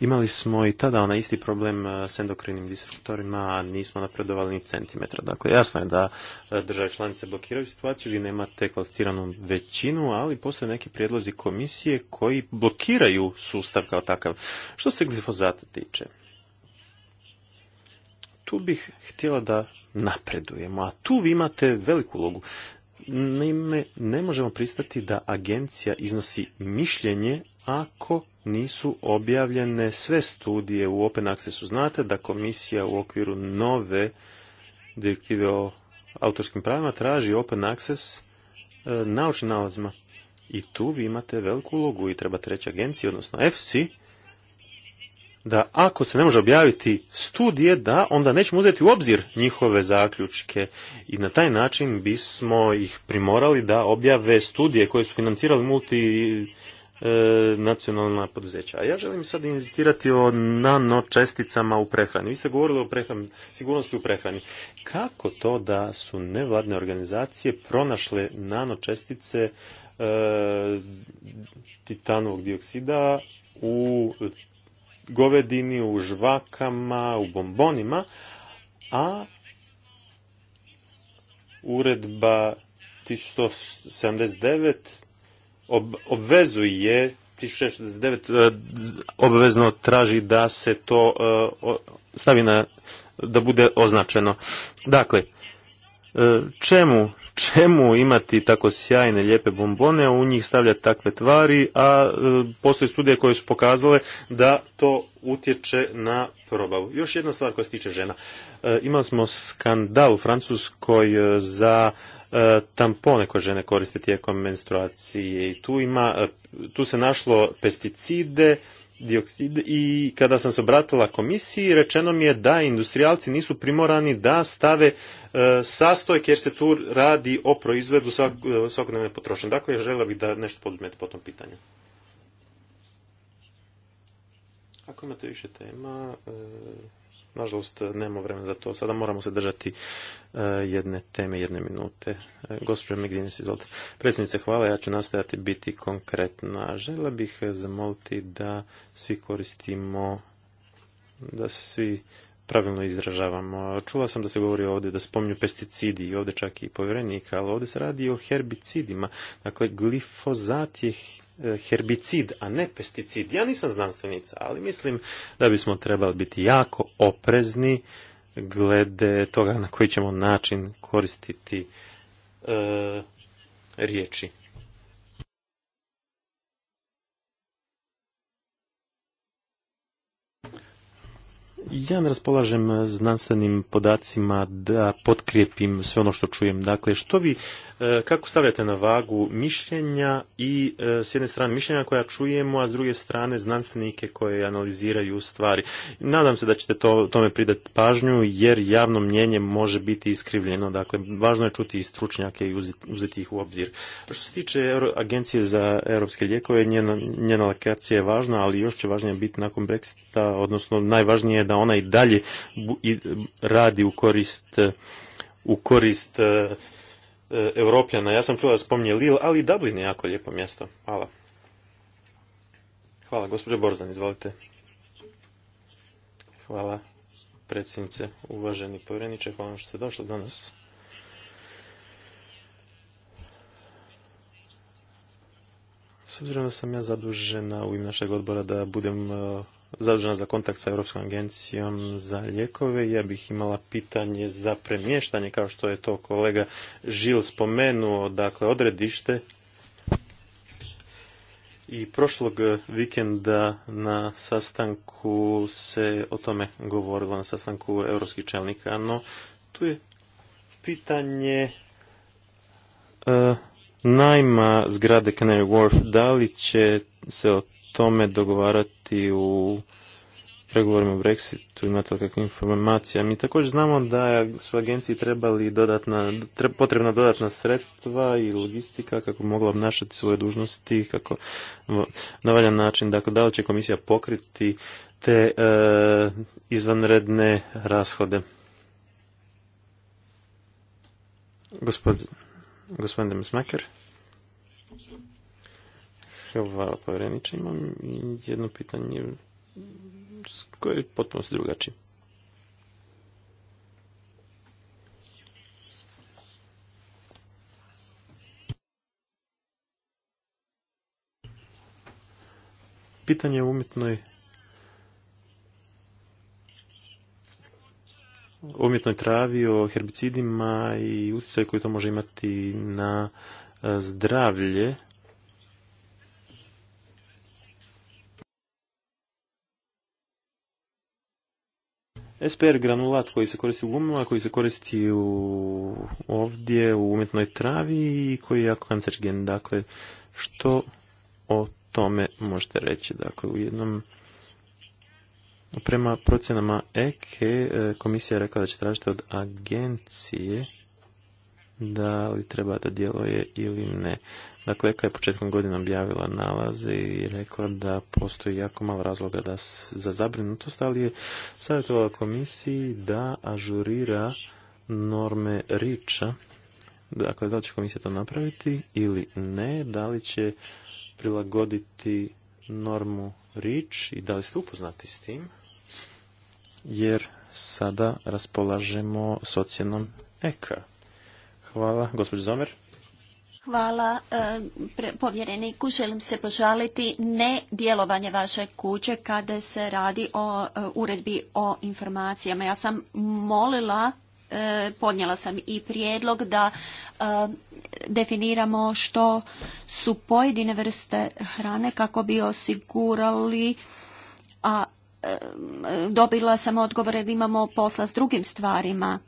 Imali smo i tada onaj isti problem e, s endokrinim disruptorima, nismo napredovali ni centimetra. Dakle, jasno je da e, države članice blokiraju situaciju, vi nemate kvalificiranu većinu, ali postoje neki prijedlozi komisije koji blokiraju sustav kao takav. Što se glifozata tiče? Tu bih htjela da napredujemo, a tu vi imate veliku ulogu. ne možemo pristati da agencija iznosi mišljenje ako nisu objavljene sve studije u Open Accessu. Znate da komisija u okviru nove direktive o autorskim pravima traži Open Access e, naučnim nalazima. I tu vi imate veliku ulogu i treba treća agenciji, odnosno FC, da ako se ne može objaviti studije, da onda nećemo uzeti u obzir njihove zaključke i na taj način bismo ih primorali da objave studije koje su financirali multi E, nacionalna poduzeća. A ja želim sad inzitirati o nanočesticama u prehrani. Vi ste govorili o sigurnosti u prehrani. Kako to da su nevladne organizacije pronašle nanočestice e, titanovog dioksida u govedini, u žvakama, u bombonima, a uredba 1179 ob, obvezuje 1069 e, obvezno traži da se to e, stavi na da bude označeno. Dakle, e, čemu, čemu imati tako sjajne lijepe bombone, u njih stavljati takve tvari, a postoje studije koje su pokazale da to utječe na probavu. Još jedna stvar koja se tiče žena. Imali smo skandal u Francuskoj za E, tampone koje žene koriste tijekom menstruacije i tu ima, e, tu se našlo pesticide, dioksid i kada sam se obratila komisiji rečeno mi je da industrijalci nisu primorani da stave e, sastojke jer se tu radi o proizvedu svakodnevne potrošnje. Dakle, žela bih da nešto poduzmete po tom pitanju. Ako imate više tema, Nažalost, nemamo vremena za to. Sada moramo se držati e, jedne teme, jedne minute. E, gospođo Migdinis, izvolite. Predsjednice, hvala. Ja ću nastaviti biti konkretna. Žela bih zamoliti da svi koristimo, da svi pravilno izražavam. Čula sam da se govori ovdje da spominju pesticidi i ovdje čak i povjerenika, ali ovdje se radi o herbicidima. Dakle, glifozat je e, herbicid, a ne pesticid. Ja nisam znanstvenica, ali mislim da bismo trebali biti jako oprezni glede toga na koji ćemo način koristiti e, riječi. Ja ne raspolažem e, znanstvenim podacima da potkrijepim sve ono što čujem. Dakle, što vi E, kako stavljate na vagu mišljenja i e, s jedne strane mišljenja koja čujemo, a s druge strane znanstvenike koje analiziraju stvari? Nadam se da ćete to, tome pridati pažnju jer javno mnjenje može biti iskrivljeno. Dakle, važno je čuti i stručnjake i uzeti, ih u obzir. Što se tiče Agencije za europske lijekove, njena, njena lokacija je važna, ali još će važnije biti nakon Brexita, odnosno najvažnije je da ona i dalje radi u korist u korist Evropljana. Ja sam čuo da spominje Lille, ali i Dublin je jako lijepo mjesto. Hvala. Hvala, gospođo Borzan, izvolite. Hvala, predsjednice, uvaženi povjereniče, hvala vam što ste došli danas. S obzirom da sam ja zadužena u ime našeg odbora da budem e, zadužena za kontakt sa Europskom agencijom za lijekove. Ja bih imala pitanje za premještanje, kao što je to kolega Žil spomenuo, dakle odredište. I prošlog vikenda na sastanku se o tome govorilo, na sastanku europskih čelnika, no tu je pitanje e, najma zgrade Canary Wharf, da li će se o tome dogovarati u pregovorima o Brexitu, imate li informacija. informacije? Mi također znamo da su agenciji trebali dodatna, potrebna dodatna sredstva i logistika kako bi mogla obnašati svoje dužnosti kako na valjan način. Dakle, da li će komisija pokriti te e, izvanredne rashode? Gospodin, gospodin Demesmaker hvala povjereniče. Imam jedno pitanje koje je potpuno drugačije. Pitanje o umjetnoj umjetnoj travi, o herbicidima i utjecaju koji to može imati na e, zdravlje SPR granulat koji se koristi u gumama, koji se koristi u, ovdje u umjetnoj travi i koji je jako kancergen. Dakle, što o tome možete reći? Dakle, u jednom prema procjenama EKE e, komisija je rekla da će tražiti od agencije da li treba da djeluje ili ne. Dakle, EKA je početkom godine objavila nalaze i rekla da postoji jako malo razloga da za zabrinutost, ali je savjetovala komisiji da ažurira norme riča. Dakle, da li će komisija to napraviti ili ne, da li će prilagoditi normu rič i da li ste upoznati s tim, jer sada raspolažemo s ocjenom EKA. Hvala, gospođo Zomer. Hvala e, povjereniku. Želim se požaliti ne djelovanje vaše kuće kada se radi o e, uredbi o informacijama. Ja sam molila, e, podnijela sam i prijedlog da definiramo što su pojedine vrste hrane kako bi osigurali a dobila sam odgovore da imamo posla s drugim stvarima.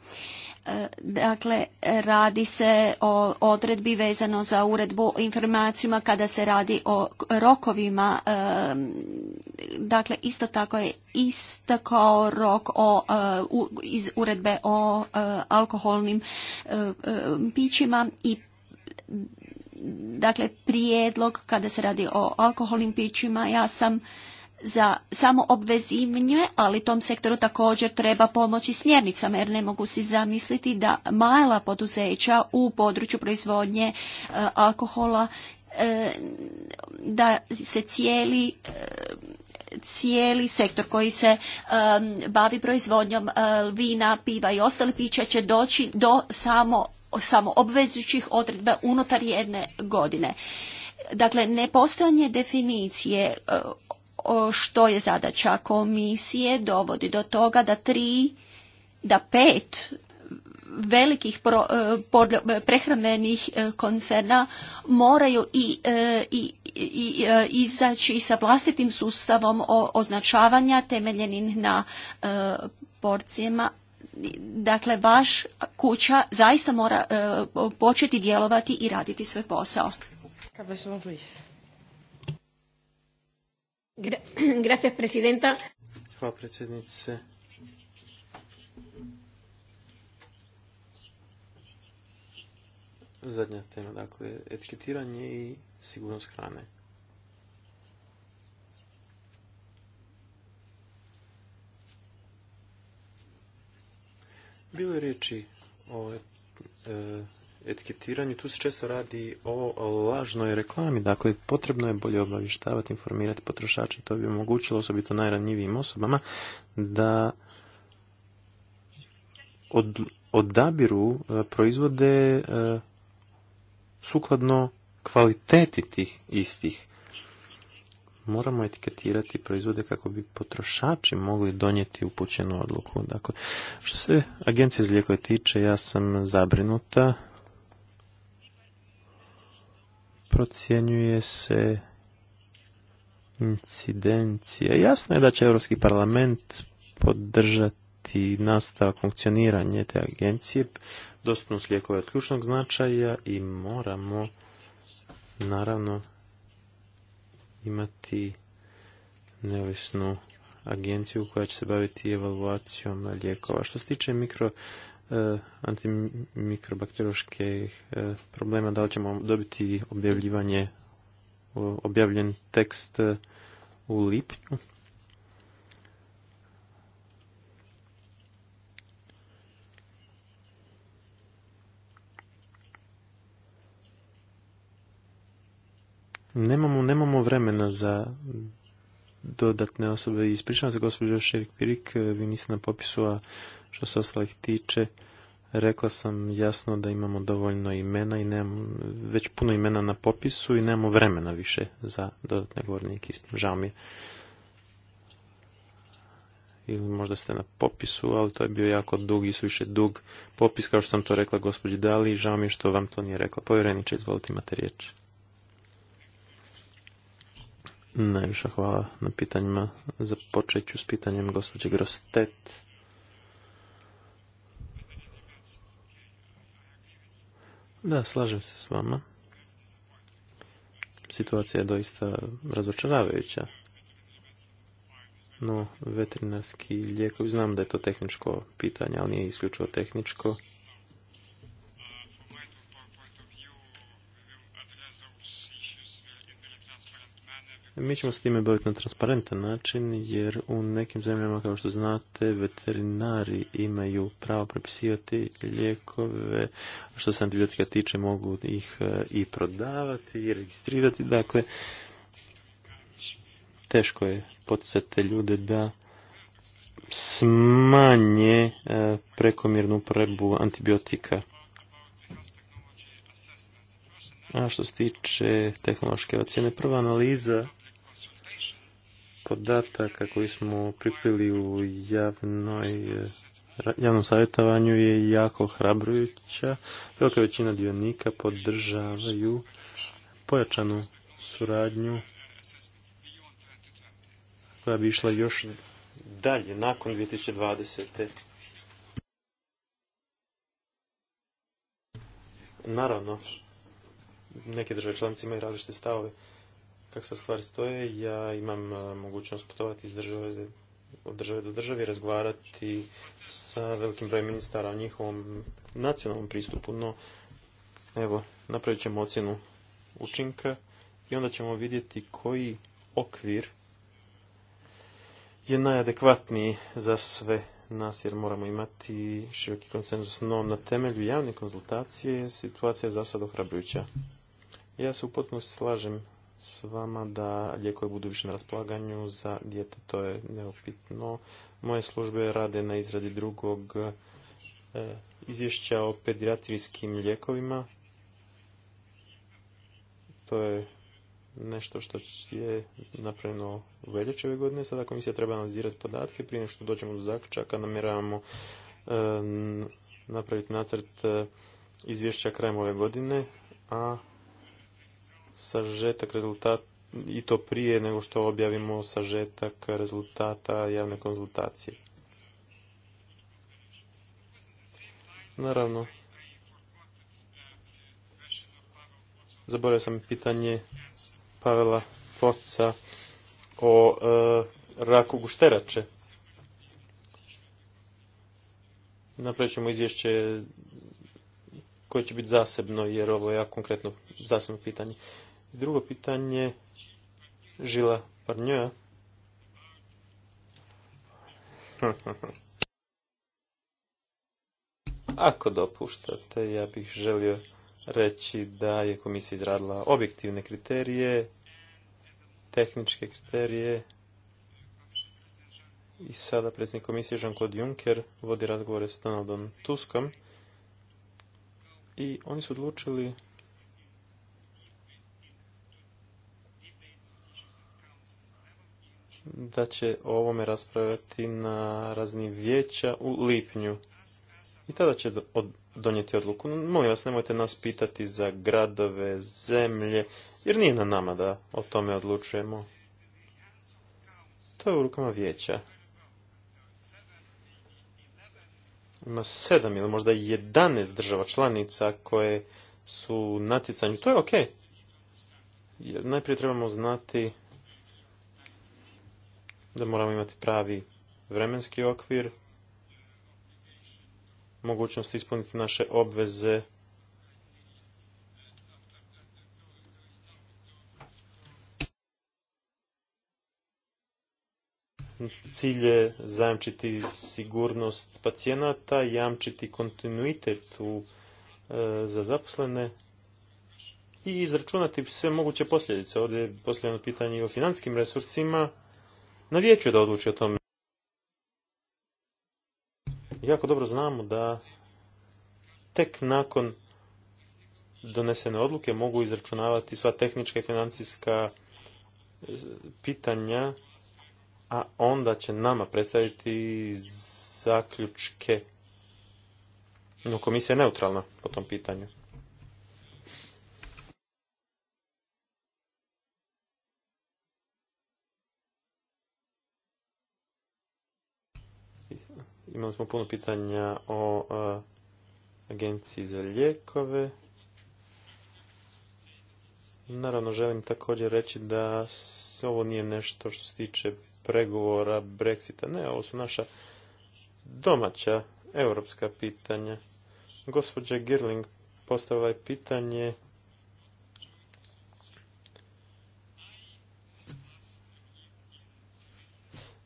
E, dakle, radi se o odredbi vezano za uredbu o informacijama kada se radi o rokovima. E, dakle, isto tako je istakao rok o, e, iz uredbe o alkoholnim pićima i dakle prijedlog kada se radi o alkoholnim pićima. Ja sam za samo obvezivnje, ali tom sektoru također treba pomoći smjernicama, jer ne mogu si zamisliti da mala poduzeća u području proizvodnje e, alkohola e, da se cijeli e, cijeli sektor koji se bavi proizvodnjom vina, piva i ostalih pića će doći do samo, samo obvezujućih odredba unutar jedne godine. Dakle, nepostojanje definicije što je zadaća komisije dovodi do toga da tri, da pet velikih e, e, prehrambenih e, koncerna moraju i, i, i izaći sa vlastitim sustavom o, označavanja temeljenim na porcijama. Dakle, vaš kuća zaista mora početi djelovati i raditi svoj posao. Gracias, predsjednice. Zadnja tema, dakle, etiketiranje i sigurnost hrane. Bilo je riječi o e, etiketiranju, tu se često radi o lažnoj reklami, dakle potrebno je bolje obavještavati, informirati potrošače, to bi omogućilo osobito najranjivijim osobama da od, odabiru e, proizvode e, sukladno kvaliteti tih istih. Moramo etiketirati proizvode kako bi potrošači mogli donijeti upućenu odluku. Dakle, što se agencije za lijekove tiče, ja sam zabrinuta procjenjuje se incidencija. Jasno je da će Europski parlament podržati nastavak funkcioniranje te agencije. Dostupnost lijekova od ključnog značaja i moramo naravno imati neovisnu agenciju koja će se baviti evaluacijom lijekova. Što se tiče mikro E, antimikrobakterioloških e, problema, da li ćemo dobiti objavljivanje, objavljen tekst e, u lipnju. Nemamo, nemamo vremena za dodatne osobe. Ispričavam se, gospođo Šerik Pirik, vi niste na popisu, a što se ostalih tiče, rekla sam jasno da imamo dovoljno imena i nemamo, već puno imena na popisu i nemamo vremena više za dodatne govornike. Žao mi je. Ili možda ste na popisu, ali to je bio jako dug i suviše dug popis, kao što sam to rekla gospođi Dali. Žao mi je što vam to nije rekla. Povjereniče, izvolite, imate riječ. Najviše hvala na pitanjima. Započet ću s pitanjem gospođe Grostet Da, slažem se s vama. Situacija je doista razočaravajuća. No, veterinarski lijekovi, znam da je to tehničko pitanje, ali nije isključivo tehničko. Mi ćemo s time baviti na transparentan način, jer u nekim zemljama, kao što znate, veterinari imaju pravo prepisivati lijekove, što se antibiotika tiče, mogu ih e, i prodavati i registrirati. Dakle, teško je poticati ljude da smanje e, prekomjernu uporabu antibiotika. A što se tiče tehnološke ocjene, prva analiza podataka koji smo pripili u javnoj, javnom savjetovanju je jako hrabrujuća. Velika većina dionika podržavaju pojačanu suradnju koja bi išla još dalje, nakon 2020. Naravno, neke države članice imaju različite stavove kako se stvari stoje, ja imam e, mogućnost putovati iz države, od države do države i razgovarati sa velikim brojem ministara o njihovom nacionalnom pristupu, no evo, napravit ćemo ocjenu učinka i onda ćemo vidjeti koji okvir je najadekvatniji za sve nas jer moramo imati široki konsenzus. No, na temelju javne konzultacije situacija je za ohrabrujuća. Ja se u potpunosti slažem s vama da lijekovi budu više na raspolaganju za dijete. To je neopitno. Moje službe rade na izradi drugog e, izvješća o pedijatrijskim lijekovima. To je nešto što je napravljeno u veljači ove godine. Sada komisija treba analizirati podatke. Prije nego što dođemo do zaključaka, namjeravamo e, napraviti nacrt e, izvješća krajem ove godine, a sažetak rezultata i to prije nego što objavimo sažetak rezultata javne konzultacije. Naravno, zaboravio sam pitanje Pavela Foca o e, raku gušterače. Napravit ćemo izvješće koje će biti zasebno, jer ovo je jako konkretno zasebno pitanje. Drugo pitanje Žila Parnjoja. Ako dopuštate, ja bih želio reći da je komisija izradila objektivne kriterije, tehničke kriterije i sada predsjednik komisije Jean-Claude Juncker vodi razgovore s Donaldom Tuskom i oni su odlučili da će o ovome raspravljati na razni vijeća u lipnju. I tada će donijeti odluku. Molim vas, nemojte nas pitati za gradove, zemlje, jer nije na nama da o tome odlučujemo. To je u rukama vijeća. Ima sedam ili možda jedanest država članica koje su natjecanju. To je ok. Jer najprije trebamo znati da moramo imati pravi vremenski okvir, mogućnost ispuniti naše obveze cilj je zajamčiti sigurnost pacijenata, jamčiti kontinuitet u, e, za zaposlene i izračunati sve moguće posljedice. Ovdje je posljedno pitanje i o financijskim resursima. Na vijeću da odluči o tome. Jako dobro znamo da tek nakon donesene odluke mogu izračunavati sva tehnička i financijska e, pitanja, a onda će nama predstaviti zaključke. No, komisija je neutralna po tom pitanju. Imali smo puno pitanja o e, agenciji za lijekove. Naravno, želim također reći da ovo nije nešto što se tiče pregovora Brexita. Ne, ovo su naša domaća europska pitanja. Gospođa Girling postavila je pitanje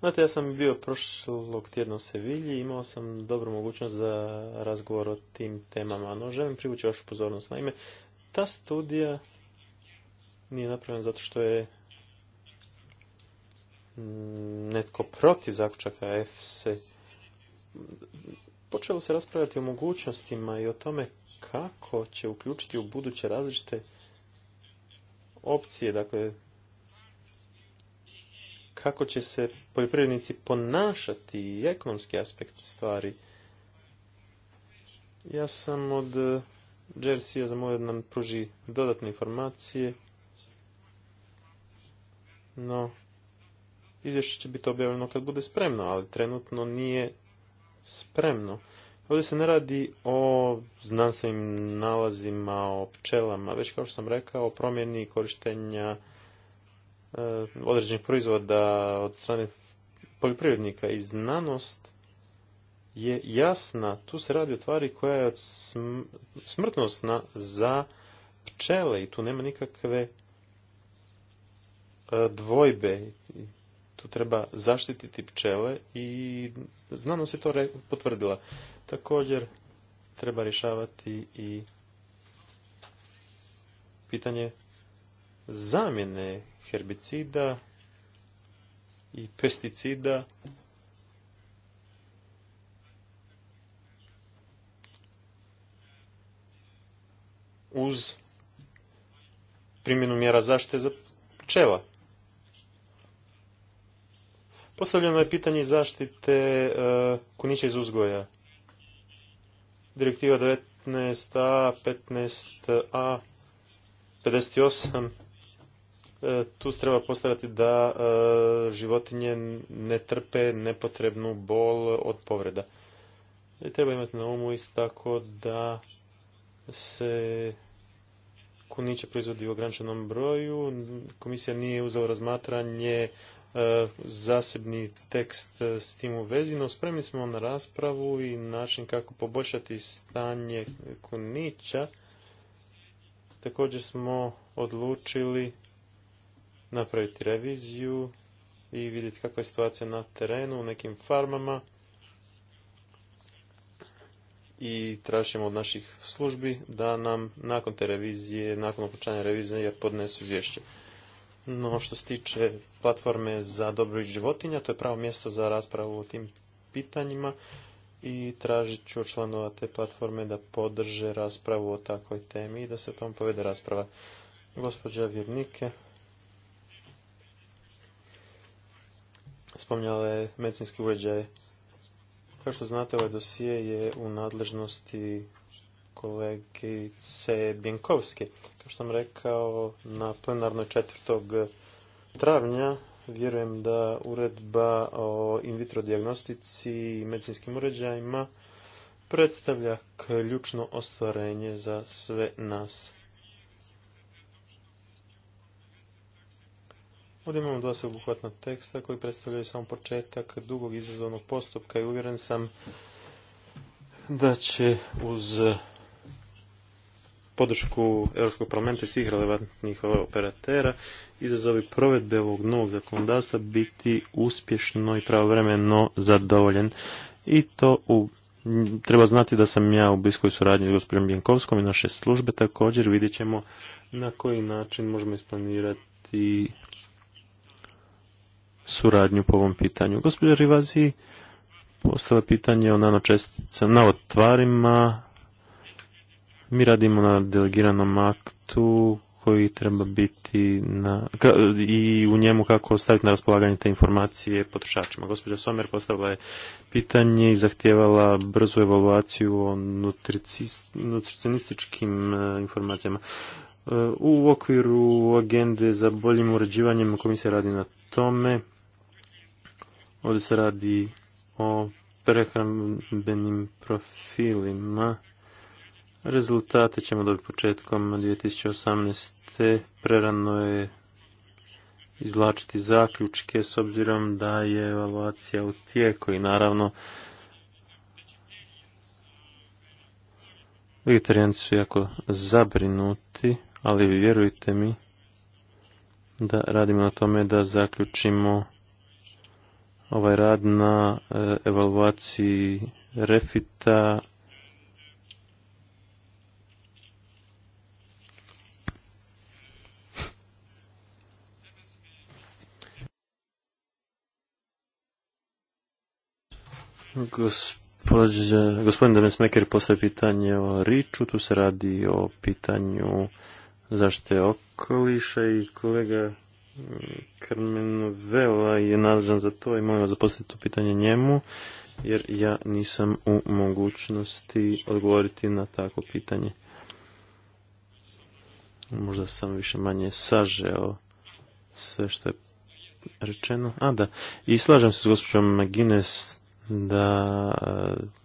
Znate, ja sam bio prošlog tjedna u Sevilji, imao sam dobru mogućnost za razgovor o tim temama, no želim privući vašu pozornost. Naime, ta studija nije napravljena zato što je netko protiv zaključaka EFSE. Počelo se raspravljati o mogućnostima i o tome kako će uključiti u buduće različite opcije, dakle kako će se poljoprivrednici ponašati i ekonomski aspekt stvari. Ja sam od eh, Jersey-a zamolio da nam pruži dodatne informacije, no izvješće će biti objavljeno kad bude spremno, ali trenutno nije spremno. Ovdje se ne radi o znanstvenim nalazima, o pčelama, već kao što sam rekao, o promjeni korištenja Eh, određenih proizvoda od strane poljoprivrednika i znanost je jasna. Tu se radi o tvari koja je smrtnostna za pčele i tu nema nikakve eh, dvojbe. Tu treba zaštititi pčele i znanost je to potvrdila. Također treba rješavati i pitanje zamjene herbicida i pesticida uz primjenu mjera zaštite za pčela. Postavljeno je pitanje zaštite e, kunića iz uzgoja. Direktiva 19a, 15a, 58 E, tu se treba postaviti da e, životinje ne trpe nepotrebnu bol od povreda. I treba imati na umu isto tako da se kuniće proizvodi u ograničenom broju. Komisija nije uzela razmatranje e, zasebni tekst s tim u vezi, no spremni smo na raspravu i način kako poboljšati stanje kunića. Također smo odlučili napraviti reviziju i vidjeti kakva je situacija na terenu, u nekim farmama i tražimo od naših službi da nam nakon te revizije, nakon okončanja revizije podnesu izvješće. No što se tiče platforme za dobrobit životinja, to je pravo mjesto za raspravu o tim pitanjima i tražit ću članova te platforme da podrže raspravu o takvoj temi i da se o tom povede rasprava. Gospođa Vjernike, spominjala je medicinski uređaje. Kao što znate, ovaj dosije je u nadležnosti kolegice Bjenkovske. Kao što sam rekao, na plenarnoj 4. travnja vjerujem da uredba o in vitro diagnostici i medicinskim uređajima predstavlja ključno ostvarenje za sve nas. Ovdje imamo dva sveobuhvatna teksta koji predstavljaju samo početak dugog izazovnog postupka i uvjeren sam da će uz e, podršku Europskog parlamenta i svih relevantnih e, operatera izazovi provedbe ovog novog zakonodavstva biti uspješno i pravovremeno zadovoljen. I to u Treba znati da sam ja u bliskoj suradnji s gospodinom Bjenkovskom i naše službe također vidjet ćemo na koji način možemo isplanirati suradnju po ovom pitanju. Gospođa Rivazi postala pitanje o nanočesticama, na otvarima. Mi radimo na delegiranom aktu koji treba biti na, i u njemu kako staviti na raspolaganje te informacije potrošačima. Gospođa Somer postavila je pitanje i zahtijevala brzu evaluaciju o nutricionističkim e, informacijama. E, u okviru agende za boljim uređivanjem komisija radi na tome. Ovdje se radi o prehrambenim profilima. Rezultate ćemo dobiti početkom 2018. Prerano je izvlačiti zaključke s obzirom da je evaluacija u tijeku i naravno vegetarijanci su jako zabrinuti, ali vjerujte mi da radimo na tome da zaključimo ovaj rad na e, evaluaciji refita Gospodin, gospodin Demesmeker pitanje o Riču, tu se radi o pitanju zaštite okoliša i kolega Krmen Vela je nadležan za to i molim vas da postavite to pitanje njemu, jer ja nisam u mogućnosti odgovoriti na takvo pitanje. Možda sam više manje sažeo sve što je rečeno. A da, i slažem se s gospođom Magines da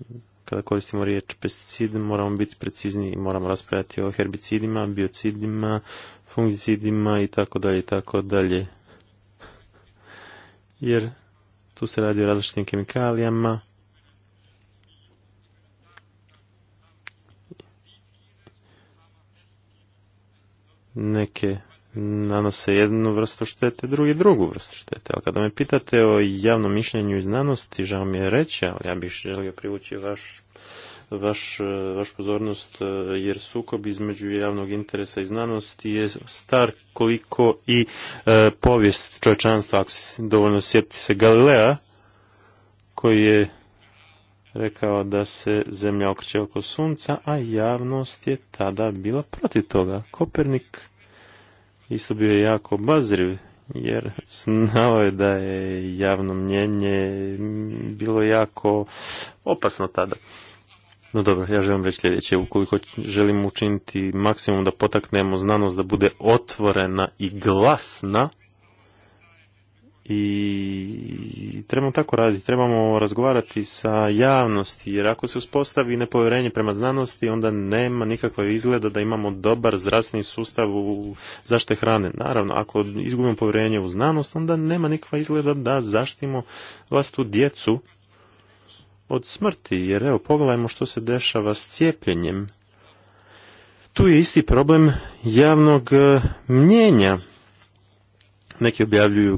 e, kada koristimo riječ pesticid moramo biti precizni i moramo raspravljati o herbicidima, biocidima, fungicidima i tako dalje i tako dalje. Jer tu se radi o različitim kemikalijama. Neke nanose jednu vrstu štete, drugi drugu vrstu štete. Ali kada me pitate o javnom mišljenju i znanosti, žao mi je reći, ali ja bih želio privući vaš E, vaš, pozornost e, jer sukob između javnog interesa i znanosti je star koliko i e, povijest čovječanstva, ako se dovoljno sjetiti se Galilea, koji je rekao da se zemlja okreće oko sunca, a javnost je tada bila protiv toga. Kopernik isto bio je jako bazriv jer znao je da je javno mnjenje bilo jako opasno tada. No dobro, ja želim reći sljedeće. Ukoliko želimo učiniti maksimum da potaknemo znanost da bude otvorena i glasna, i trebamo tako raditi, trebamo razgovarati sa javnosti, jer ako se uspostavi nepovjerenje prema znanosti, onda nema nikakva izgleda da imamo dobar zdravstveni sustav u zaštite hrane. Naravno, ako izgubimo povjerenje u znanost, onda nema nikakva izgleda da zaštimo vlastu djecu od smrti, jer evo pogledajmo što se dešava s cijepljenjem. Tu je isti problem javnog e, mnjenja neki objavljuju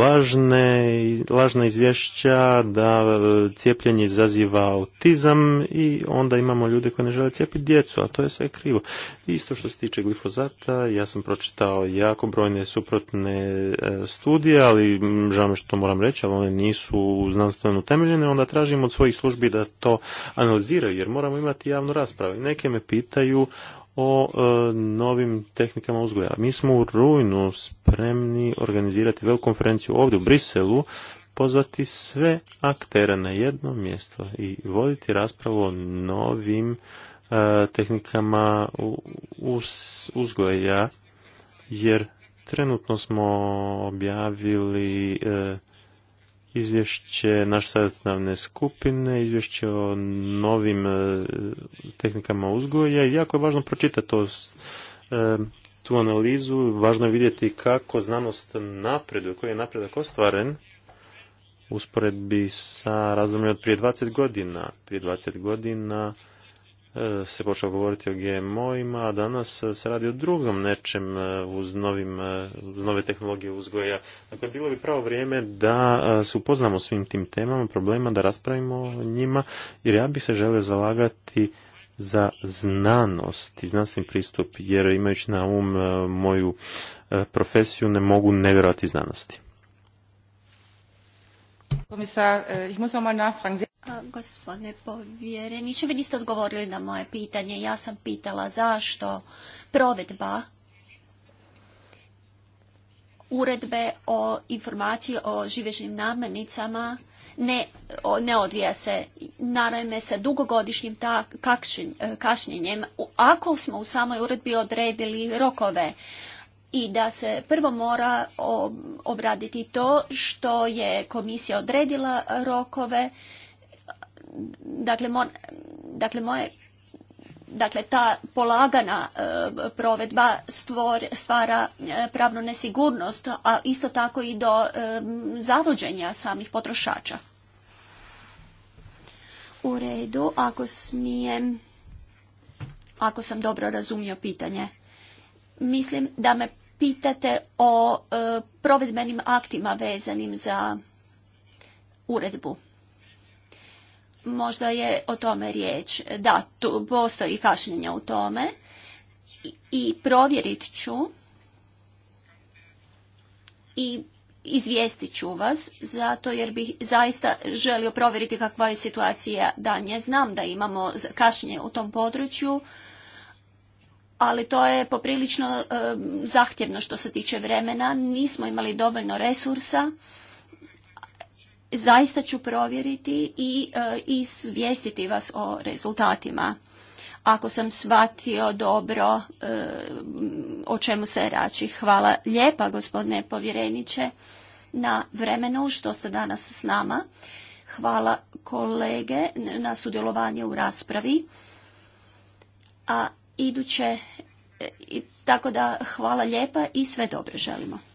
lažne, lažna izvješća da e, cijepljenje izaziva autizam i onda imamo ljude koji ne žele cijepiti djecu, a to je sve krivo. Isto što se tiče glifozata, ja sam pročitao jako brojne suprotne e, studije, ali žao mi što to moram reći, ali one nisu znanstveno utemeljene, onda tražim od svojih službi da to analiziraju, jer moramo imati javnu raspravu. Neke me pitaju o e, novim tehnikama uzgoja. Mi smo u rujnu spremni organizirati veliku konferenciju ovdje u Briselu, pozvati sve aktere na jedno mjesto i voditi raspravu o novim e, tehnikama uz, uzgoja, jer trenutno smo objavili e, izvješće naše savjetodavne skupine, izvješće o novim e, tehnikama uzgoja i jako je važno pročitati e, tu analizu, važno je vidjeti kako znanost napreduje, koji je napredak ostvaren usporedbi sa razdobljem od prije 20 godina. Prije 20 godina E, se počeo govoriti o GMO-ima, a danas se radi o drugom nečem e, uz, novim, e, nove tehnologije uzgoja. Dakle, bilo bi pravo vrijeme da se upoznamo svim tim temama, problema, da raspravimo o njima, jer ja bih se želio zalagati za znanost i znanstveni pristup, jer imajući na um moju profesiju ne mogu ne vjerovati znanosti. Komisar, ich muss noch mal gospodine povjereniče, vi niste odgovorili na moje pitanje. Ja sam pitala zašto provedba uredbe o informaciji o živežnim namirnicama ne, odvija se, naravno sa dugogodišnjim e, kašnjenjem, ako smo u samoj uredbi odredili rokove i da se prvo mora obraditi to što je komisija odredila rokove, dakle, dakle moje dakle ta polagana e, provedba stvor, stvara e, pravnu nesigurnost, a isto tako i do e, zavođenja samih potrošača. U redu, ako smijem, ako sam dobro razumio pitanje, mislim da me pitate o e, provedbenim aktima vezanim za uredbu možda je o tome riječ. Da, tu postoji kašnjenja u tome i, provjerit ću i izvijestit ću vas, zato jer bih zaista želio provjeriti kakva je situacija danje. Znam da imamo kašnje u tom području, ali to je poprilično eh, zahtjevno što se tiče vremena. Nismo imali dovoljno resursa zaista ću provjeriti i e, izvijestiti vas o rezultatima. Ako sam shvatio dobro e, o čemu se rači. Hvala lijepa gospodine povjereniče na vremenu što ste danas s nama. Hvala kolege na sudjelovanje u raspravi. A iduće, e, tako da hvala lijepa i sve dobro želimo.